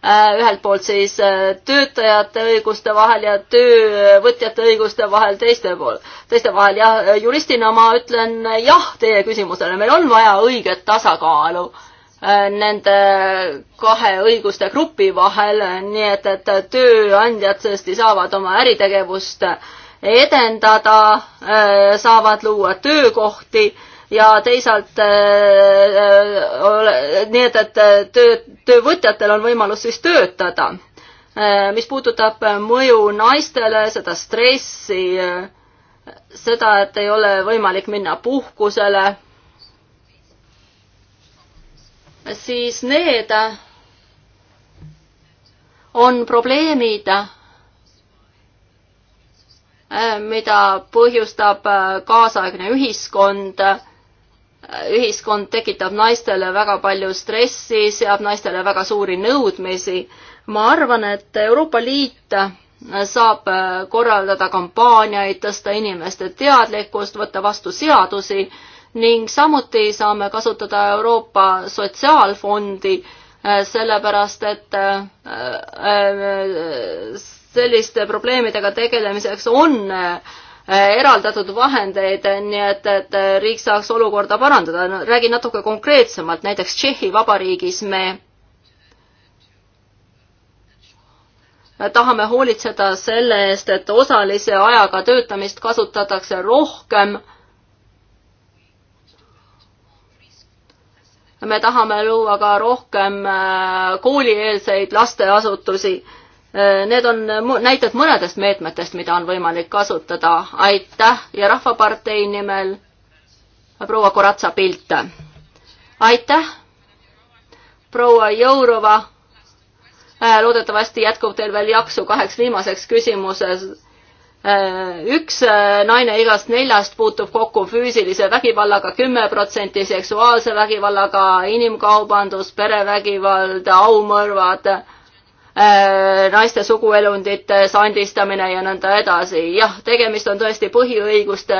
Äh, ühelt poolt siis äh, töötajate õiguste vahel ja töövõtjate õiguste vahel teiste pool, teiste vahel ja juristina ma ütlen äh, jah teie küsimusele, meil on vaja õiget tasakaalu nende kahe õiguste grupi vahel, nii et, et tööandjad tõesti saavad oma äritegevust edendada, saavad luua töökohti ja teisalt äh, äh, nii et, et äh, töö, töövõtjatel on võimalus siis töötada. mis puudutab mõju naistele, seda stressi, seda, et ei ole võimalik minna puhkusele, siis need on probleemid, mida põhjustab kaasaegne ühiskond ühiskond tekitab naistele väga palju stressi, seab naistele väga suuri nõudmisi. ma arvan, et Euroopa Liit saab korraldada kampaaniaid, tõsta inimeste teadlikkust, võtta vastu seadusi ning samuti saame kasutada Euroopa Sotsiaalfondi, sellepärast et äh, äh, selliste probleemidega tegelemiseks on äh, Eh, eraldatud vahendeid, nii et, et riik saaks olukorda parandada. räägin natuke konkreetsemalt, näiteks Tšehhi Vabariigis me tahame hoolitseda selle eest, et osalise ajaga töötamist kasutatakse rohkem me tahame luua ka rohkem eh, koolieelseid lasteasutusi Äh, need on näited mõnedest meetmetest, mida on võimalik kasutada. aitäh ja Rahvapartei nimel proua Koratsa Pilt. aitäh, proua Jourova. Äh, loodetavasti jätkub teil veel jaksu kaheks viimaseks küsimuses. Äh, üks naine igast neljast puutub kokku füüsilise vägivallaga, kümme protsenti seksuaalse vägivallaga, inimkaubandus, perevägivald, aumõrvad Äh, naiste suguelundite sandistamine ja nõnda edasi. jah, tegemist on tõesti põhiõiguste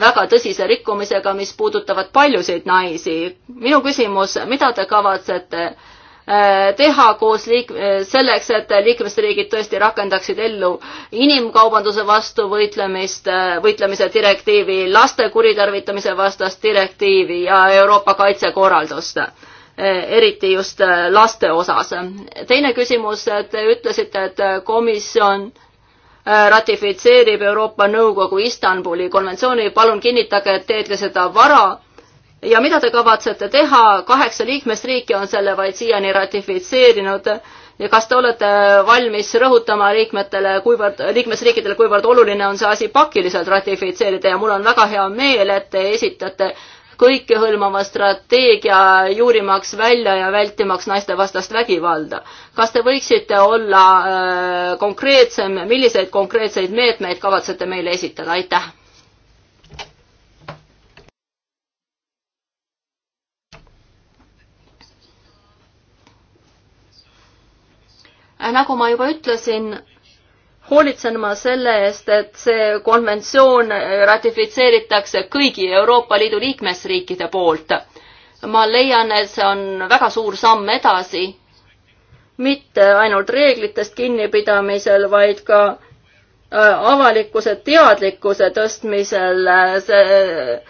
väga tõsise rikkumisega, mis puudutavad paljusid naisi. minu küsimus, mida te kavatsete äh, teha koos liik-, selleks, et liikmesriigid tõesti rakendaksid ellu inimkaubanduse vastu võitlemist, äh, võitlemise direktiivi, laste kuritarvitamise vastast direktiivi ja Euroopa kaitsekorraldust eriti just äh, laste osas. teine küsimus, te ütlesite, et komisjon äh, ratifitseerib Euroopa Nõukogu Istanbuli konventsiooni, palun kinnitage, et teete seda vara ja mida te kavatsete teha, kaheksa liikmesriiki on selle vaid siiani ratifitseerinud ja kas te olete valmis rõhutama liikmetele, kuivõrd, liikmesriikidele, kuivõrd oluline on see asi pakiliselt ratifitseerida ja mul on väga hea meel, et te esitate äh, kõikehõlmava strateegia juurimaks välja ja vältimaks naistevastast vägivalda. kas te võiksite olla äh, konkreetsem, milliseid konkreetseid meetmeid kavatsete meile esitada, aitäh? Äh, nagu ma juba ütlesin, hoolitsen ma selle eest, et see konventsioon ratifitseeritakse kõigi Euroopa Liidu liikmesriikide poolt. ma leian, et see on väga suur samm edasi, mitte ainult reeglitest kinnipidamisel, vaid ka äh, avalikkuse teadlikkuse tõstmisel see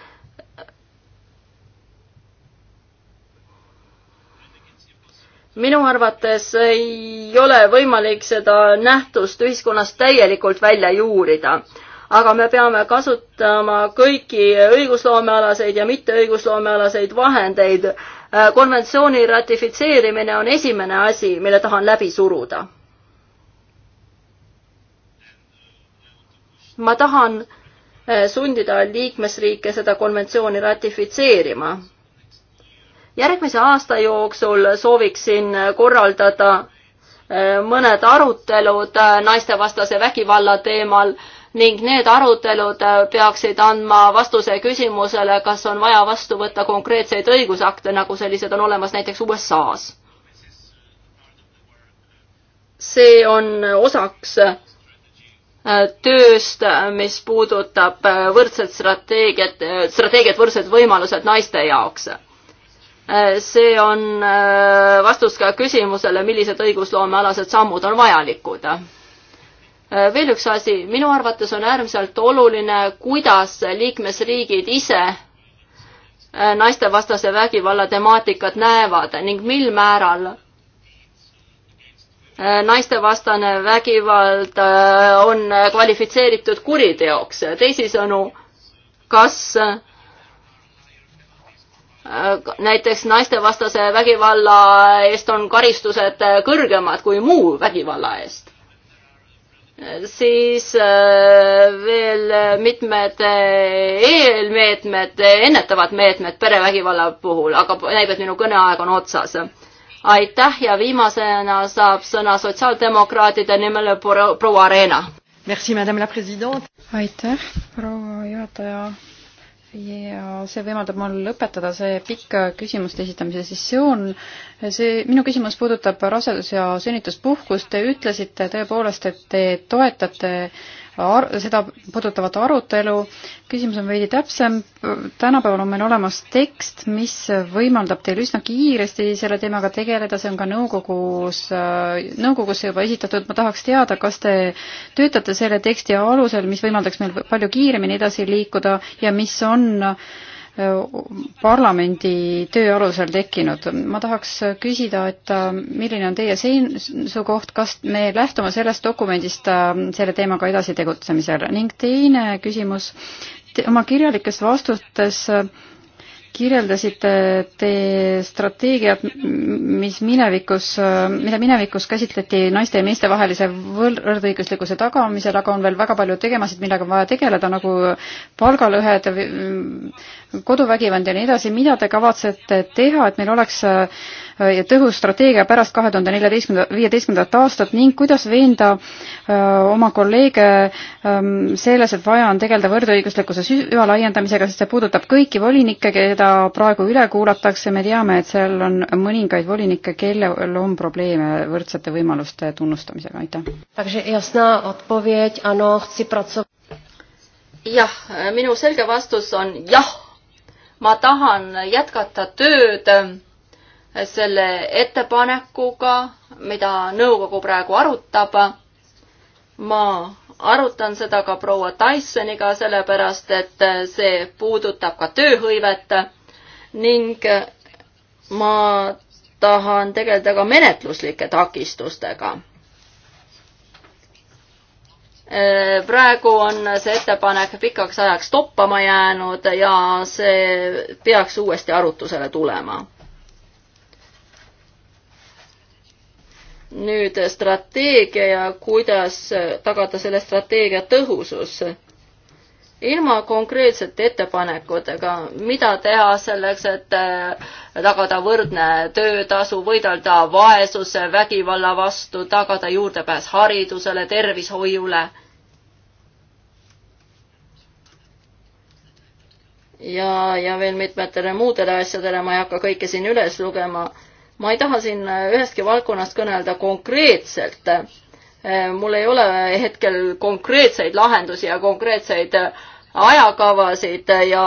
minu arvates ei ole võimalik seda nähtust ühiskonnas täielikult välja juurida, aga me peame kasutama kõiki õigusloomealaseid ja mitteõigusloomealaseid vahendeid. Äh, konventsiooni ratifitseerimine on esimene asi, mille tahan läbi suruda. ma tahan äh, sundida liikmesriike seda konventsiooni ratifitseerima järgmise aasta jooksul sooviksin korraldada eh, mõned arutelud eh, naistevastase vägivalla teemal ning need arutelud eh, peaksid andma vastuse küsimusele, kas on vaja vastu võtta konkreetseid õigusakte, nagu sellised on olemas näiteks USA-s. see on osaks tööst, mis puudutab võrdset strateegiat, strateegiat võrdsed võimalused naiste jaoks Äh, see on äh, vastus ka küsimusele, millised õigusloomealased sammud on vajalikud. Äh, veel üks asi, minu arvates on äärmiselt oluline, kuidas liikmesriigid ise naistevastase vägivalla temaatikat näevad ning mil määral naistevastane vägivald on kvalifitseeritud kuriteoks. teisisõnu, kas näiteks naistevastase vägivalla eest on karistused kõrgemad kui muu vägivalla eest. siis äh, veel mitmed äh, eelmeetmed, ennetavad meetmed perevägivalla puhul, aga näib, et minu kõneaeg on otsas. aitäh ja viimasena saab sõna sotsiaaldemokraatide nimel proua Arena. aitäh, proua juhataja ja see võimaldab mul lõpetada see pikk küsimuste esitamise sessioon. see, minu küsimus puudutab rasedus- ja sünnituspuhkust. Te ütlesite tõepoolest, et te toetate äh, ar-, seda puudutavat arutelu. küsimus on veidi täpsem. tänapäeval on meil olemas tekst, mis võimaldab teil üsna kiiresti selle teemaga tegeleda, see on ka nõukogus, äh, nõukogusse juba esitatud. ma tahaks teada, kas te töötate selle teksti alusel, mis võimaldaks meil palju kiiremini edasi liikuda ja mis on äh, parlamendi töö alusel tekkinud. ma tahaks küsida, et äh, milline on teie seisukoht, kas me lähtume sellest dokumendist äh, selle teemaga edasi tegutsemisel ning teine küsimus, oma kirjalikes vastustes äh, kirjeldasite te strateegiat, mis minevikus, mida minevikus käsitleti naiste ja meeste vahelise võrdõiguslikkuse tagamisel, aga on veel väga palju tegemasid, millega on vaja tegeleda, nagu palgalõhed, koduvägivald ja nii edasi. mida te kavatsete teha, et meil oleks äh, Äh, ja tõhus strateegia pärast kahe tuhande neljateistkümnenda, viieteistkümnendat aastat ning kuidas veenda äh, oma kolleege ähm, selles, et vaja on tegeleda võrdõiguslikkuse süvalaiendamisega, sest see puudutab kõiki volinikke, keda praegu üle kuulatakse, me teame, et seal on mõningaid volinikke, kellel on probleeme võrdsete võimaluste tunnustamisega, aitäh. jah, minu selge vastus on jah, ma tahan jätkata tööd selle ettepanekuga, mida nõukogu praegu arutab. ma arutan seda ka proua Tysoniga, sellepärast et see puudutab ka tööhõivet ning ma tahan tegeleda ka menetluslike takistustega. praegu on see ettepanek pikaks ajaks toppama jäänud ja see peaks uuesti arutusele tulema nüüd strateegia ja kuidas tagada selle strateegia tõhusus. ilma konkreetsete ettepanekutega, mida teha selleks, et äh, tagada võrdne töötasu, võidelda vaesuse, vägivalla vastu, tagada juurdepääs haridusele, tervishoiule ja, ja veel mitmetele muudele asjadele, ma ei hakka kõike siin üles lugema ma ei taha siin äh, ühestki valdkonnast kõnelda konkreetselt. Äh, mul ei ole hetkel konkreetseid lahendusi ja konkreetseid äh, ajakavasid ja,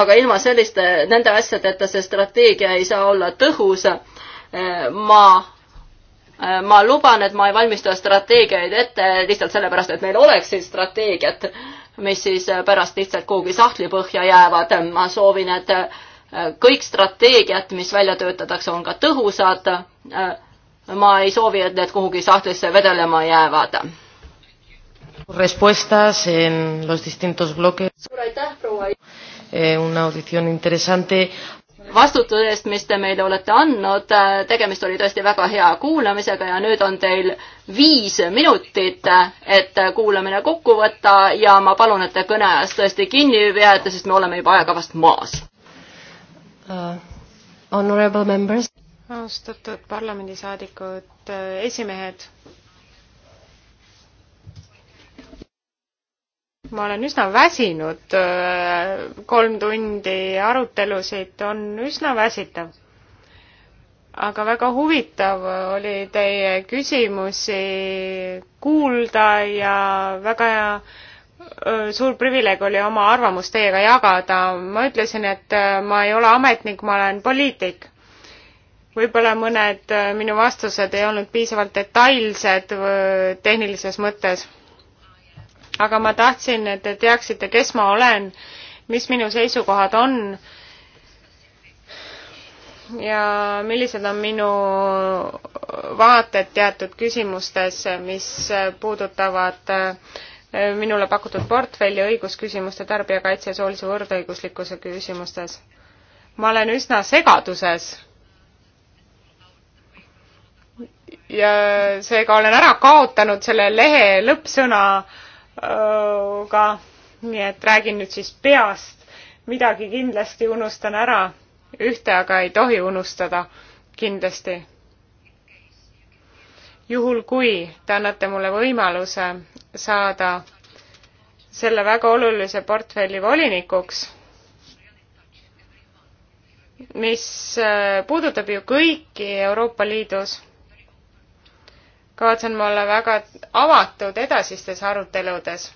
aga ilma selliste, nende asjadeta see strateegia ei saa olla tõhus. ma, ma luban, et ma ei valmista strateegiaid ette lihtsalt sellepärast, et meil oleksid strateegiad, mis siis pärast lihtsalt kuhugi sahtli põhja jäävad. ma soovin, et kõik strateegiad, mis välja töötatakse, on ka tõhusad. ma ei soovi, et need kuhugi sahtlisse vedelema jäävad. Respuestas en los distintos bloques. suur aitäh, proua. Eh, una audición interesante vastutuse eest, mis te meile olete andnud. tegemist oli tõesti väga hea kuulamisega ja nüüd on teil viis minutit, et kuulamine kokku võtta ja ma palun, et te kõneajast tõesti kinni peate, sest me oleme juba ajakavast maas Uh, honorable members. austatud parlamendisaadikud, uh, esimehed. ma olen üsna väsinud, uh, kolm tundi arutelusid on üsna väsitav. aga väga huvitav oli teie küsimusi kuulda ja väga hea Äh, suur privileeg oli oma arvamust teiega jagada. ma ütlesin, et äh, ma ei ole ametnik, ma olen poliitik. võib-olla mõned äh, minu vastused ei olnud piisavalt detailsed tehnilises mõttes. aga ma tahtsin, et te teaksite, kes ma olen, mis minu seisukohad on ja millised on minu vaated teatud küsimustes, mis puudutavad äh, minule pakutud portfelli õigusküsimuste, tarbijakaitse ja soolise võrdõiguslikkuse küsimustes. ma olen üsna segaduses. ja seega olen ära kaotanud selle lehe lõppsõnaga, nii et räägin nüüd siis peast. midagi kindlasti unustan ära, ühte aga ei tohi unustada kindlasti juhul kui te annate mulle võimaluse saada selle väga olulise portfelli volinikuks, mis äh, puudutab ju kõiki Euroopa Liidus, kavatsen ma olla väga avatud edasistes aruteludes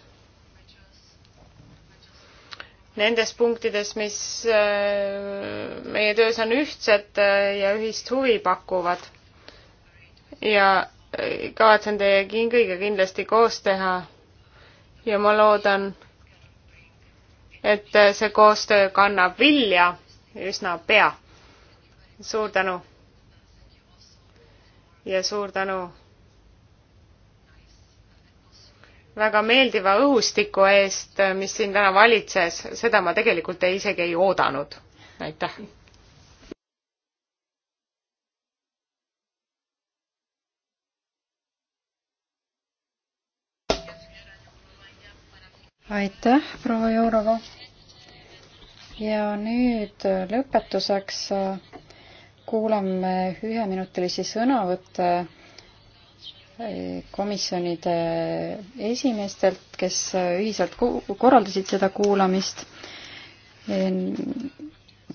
nendes punktides, mis äh, meie töös on ühtsed äh, ja ühist huvi pakuvad. ja kavatsen teie kõigiga kindlasti koos teha ja ma loodan, et see koostöö kannab vilja üsna pea. suur tänu. ja suur tänu väga meeldiva õhustiku eest, mis siin täna valitses, seda ma tegelikult ei isegi ei oodanud. aitäh! aitäh, proua Jourova. ja nüüd lõpetuseks äh, kuulame üheminutilisi sõnavõtte äh, komisjonide esimeestelt, kes äh, ühiselt korraldasid seda kuulamist.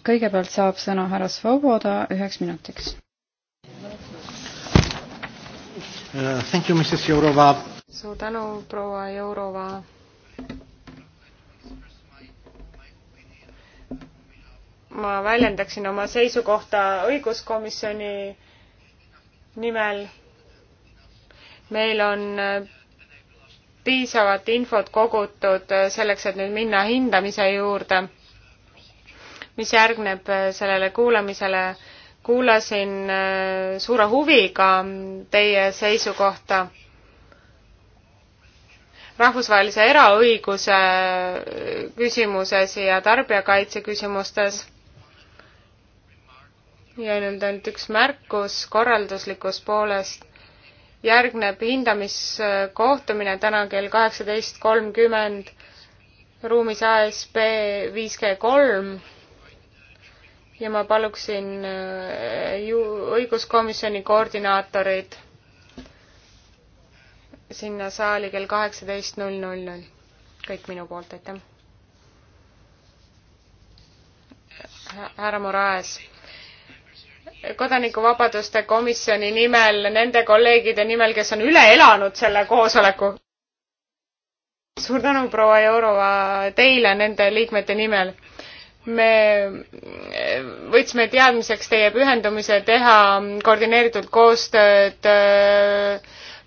kõigepealt saab sõna härra Svoboda üheks minutiks. Uh, suur tänu, proua Jourova ma väljendaksin oma seisukohta õiguskomisjoni nimel. meil on piisavat infot kogutud selleks, et nüüd minna hindamise juurde, mis järgneb sellele kuulamisele. kuulasin äh, suure huviga teie seisukohta rahvusvahelise eraõiguse küsimuses ja tarbijakaitse küsimustes. ja nüüd ainult üks märkus korralduslikust poolest. järgneb hindamiskohtumine täna kell kaheksateist kolmkümmend ruumis ASB 5G3 ja ma paluksin äh, ju õiguskomisjoni koordinaatorid sinna saali kell kaheksateist null null null. kõik minu poolt, aitäh. härra Moraes kodanikuvabaduste komisjoni nimel, nende kolleegide nimel, kes on üle elanud selle koosoleku. suur tänu, proua Jourova, teile nende liikmete nimel. me võtsime teadmiseks teie pühendumise teha koordineeritud koostööd äh,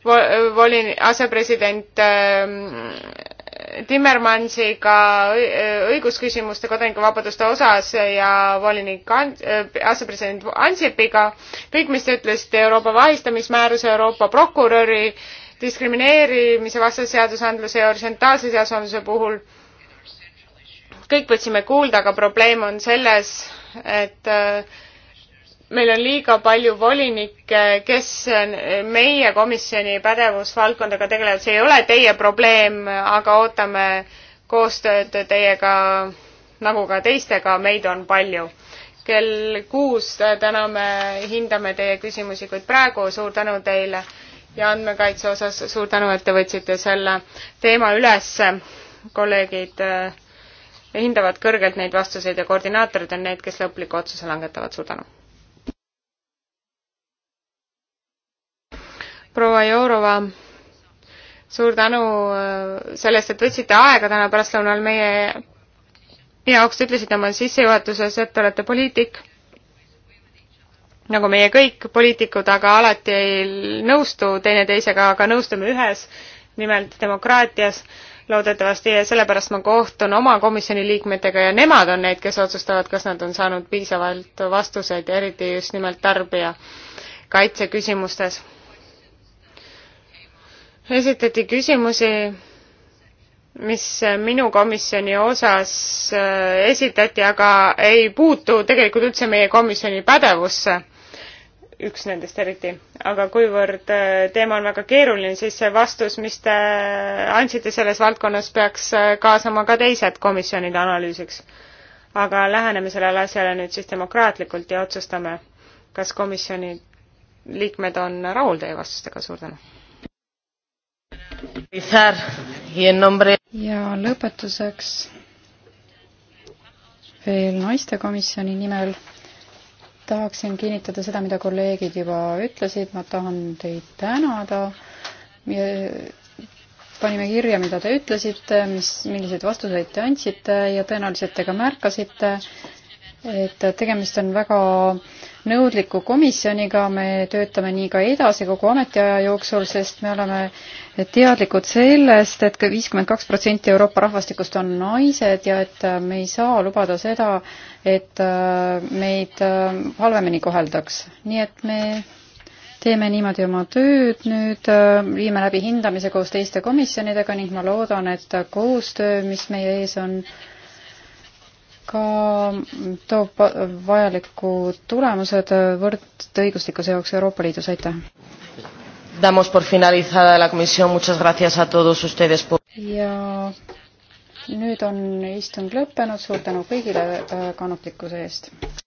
volin-, asepresident ähm, Timmermansiga äh, õigusküsimuste kodanikuvabaduste osas ja volinik äh, asepresident Ansipiga. kõik, mis te ütlesite Euroopa vahistamismääruse, Euroopa prokuröri diskrimineerimise vastase seadusandluse ja horisontaalse seadusandluse puhul, kõik võtsime kuulda, aga probleem on selles, et äh, meil on liiga palju volinikke, kes meie komisjoni pädevusvaldkondadega tegelevad, see ei ole teie probleem, aga ootame koostööd teiega nagu ka teistega, meid on palju. kell kuus täna me hindame teie küsimusi, kuid praegu suur tänu teile ja andmekaitse osas suur tänu, et te võtsite selle teema ülesse, kolleegid eh, hindavad kõrgelt neid vastuseid ja koordinaatorid on need, kes lõpliku otsuse langetavad. suur tänu! proua Jourova, suur tänu äh, sellest, et võtsite aega täna pärastlõunal meie jaoks, ütlesite oma sissejuhatuses, et te olete poliitik, nagu meie kõik poliitikud, aga alati ei nõustu teineteisega, aga nõustume ühes, nimelt demokraatias loodetavasti ja sellepärast ma kohtun oma komisjoni liikmetega ja nemad on need, kes otsustavad, kas nad on saanud piisavalt vastuseid ja eriti just nimelt tarbijakaitse küsimustes esitati küsimusi, mis minu komisjoni osas äh, esitati, aga ei puutu tegelikult üldse meie komisjoni pädevusse, üks nendest eriti. aga kuivõrd äh, teema on väga keeruline, siis see vastus, mis te andsite selles valdkonnas, peaks äh, kaasama ka teised komisjonid analüüsiks. aga läheneme sellele asjale nüüd siis demokraatlikult ja otsustame, kas komisjoni liikmed on rahul teie vastustega, suur tänu ja lõpetuseks veel naistekomisjoni nimel tahaksin kinnitada seda, mida kolleegid juba ütlesid, ma tahan teid tänada. panime kirja, mida te ütlesite, mis, milliseid vastuseid te andsite ja tõenäoliselt te ka märkasite, et tegemist on väga äh, nõudliku komisjoniga, me töötame nii ka edasi kogu ametiaja jooksul, sest me oleme teadlikud sellest et, et viiskümmend kaks protsenti Euroopa rahvastikust on naised ja et äh, me ei saa lubada seda, et äh, meid äh, halvemini koheldaks. nii et me teeme niimoodi oma tööd nüüd, viime läbi hindamise koos teiste komisjonidega ning ma loodan, et koostöö, mis meie ees on, ka toob vajalikud tulemused võrdõiguslikkuse jaoks Euroopa Liidus, aitäh! Damos por finalizada la comisión, muchas gracias a todos ustedes por ja nüüd on istung lõppenud, suur tänu kõigile äh, kannatlikkuse eest!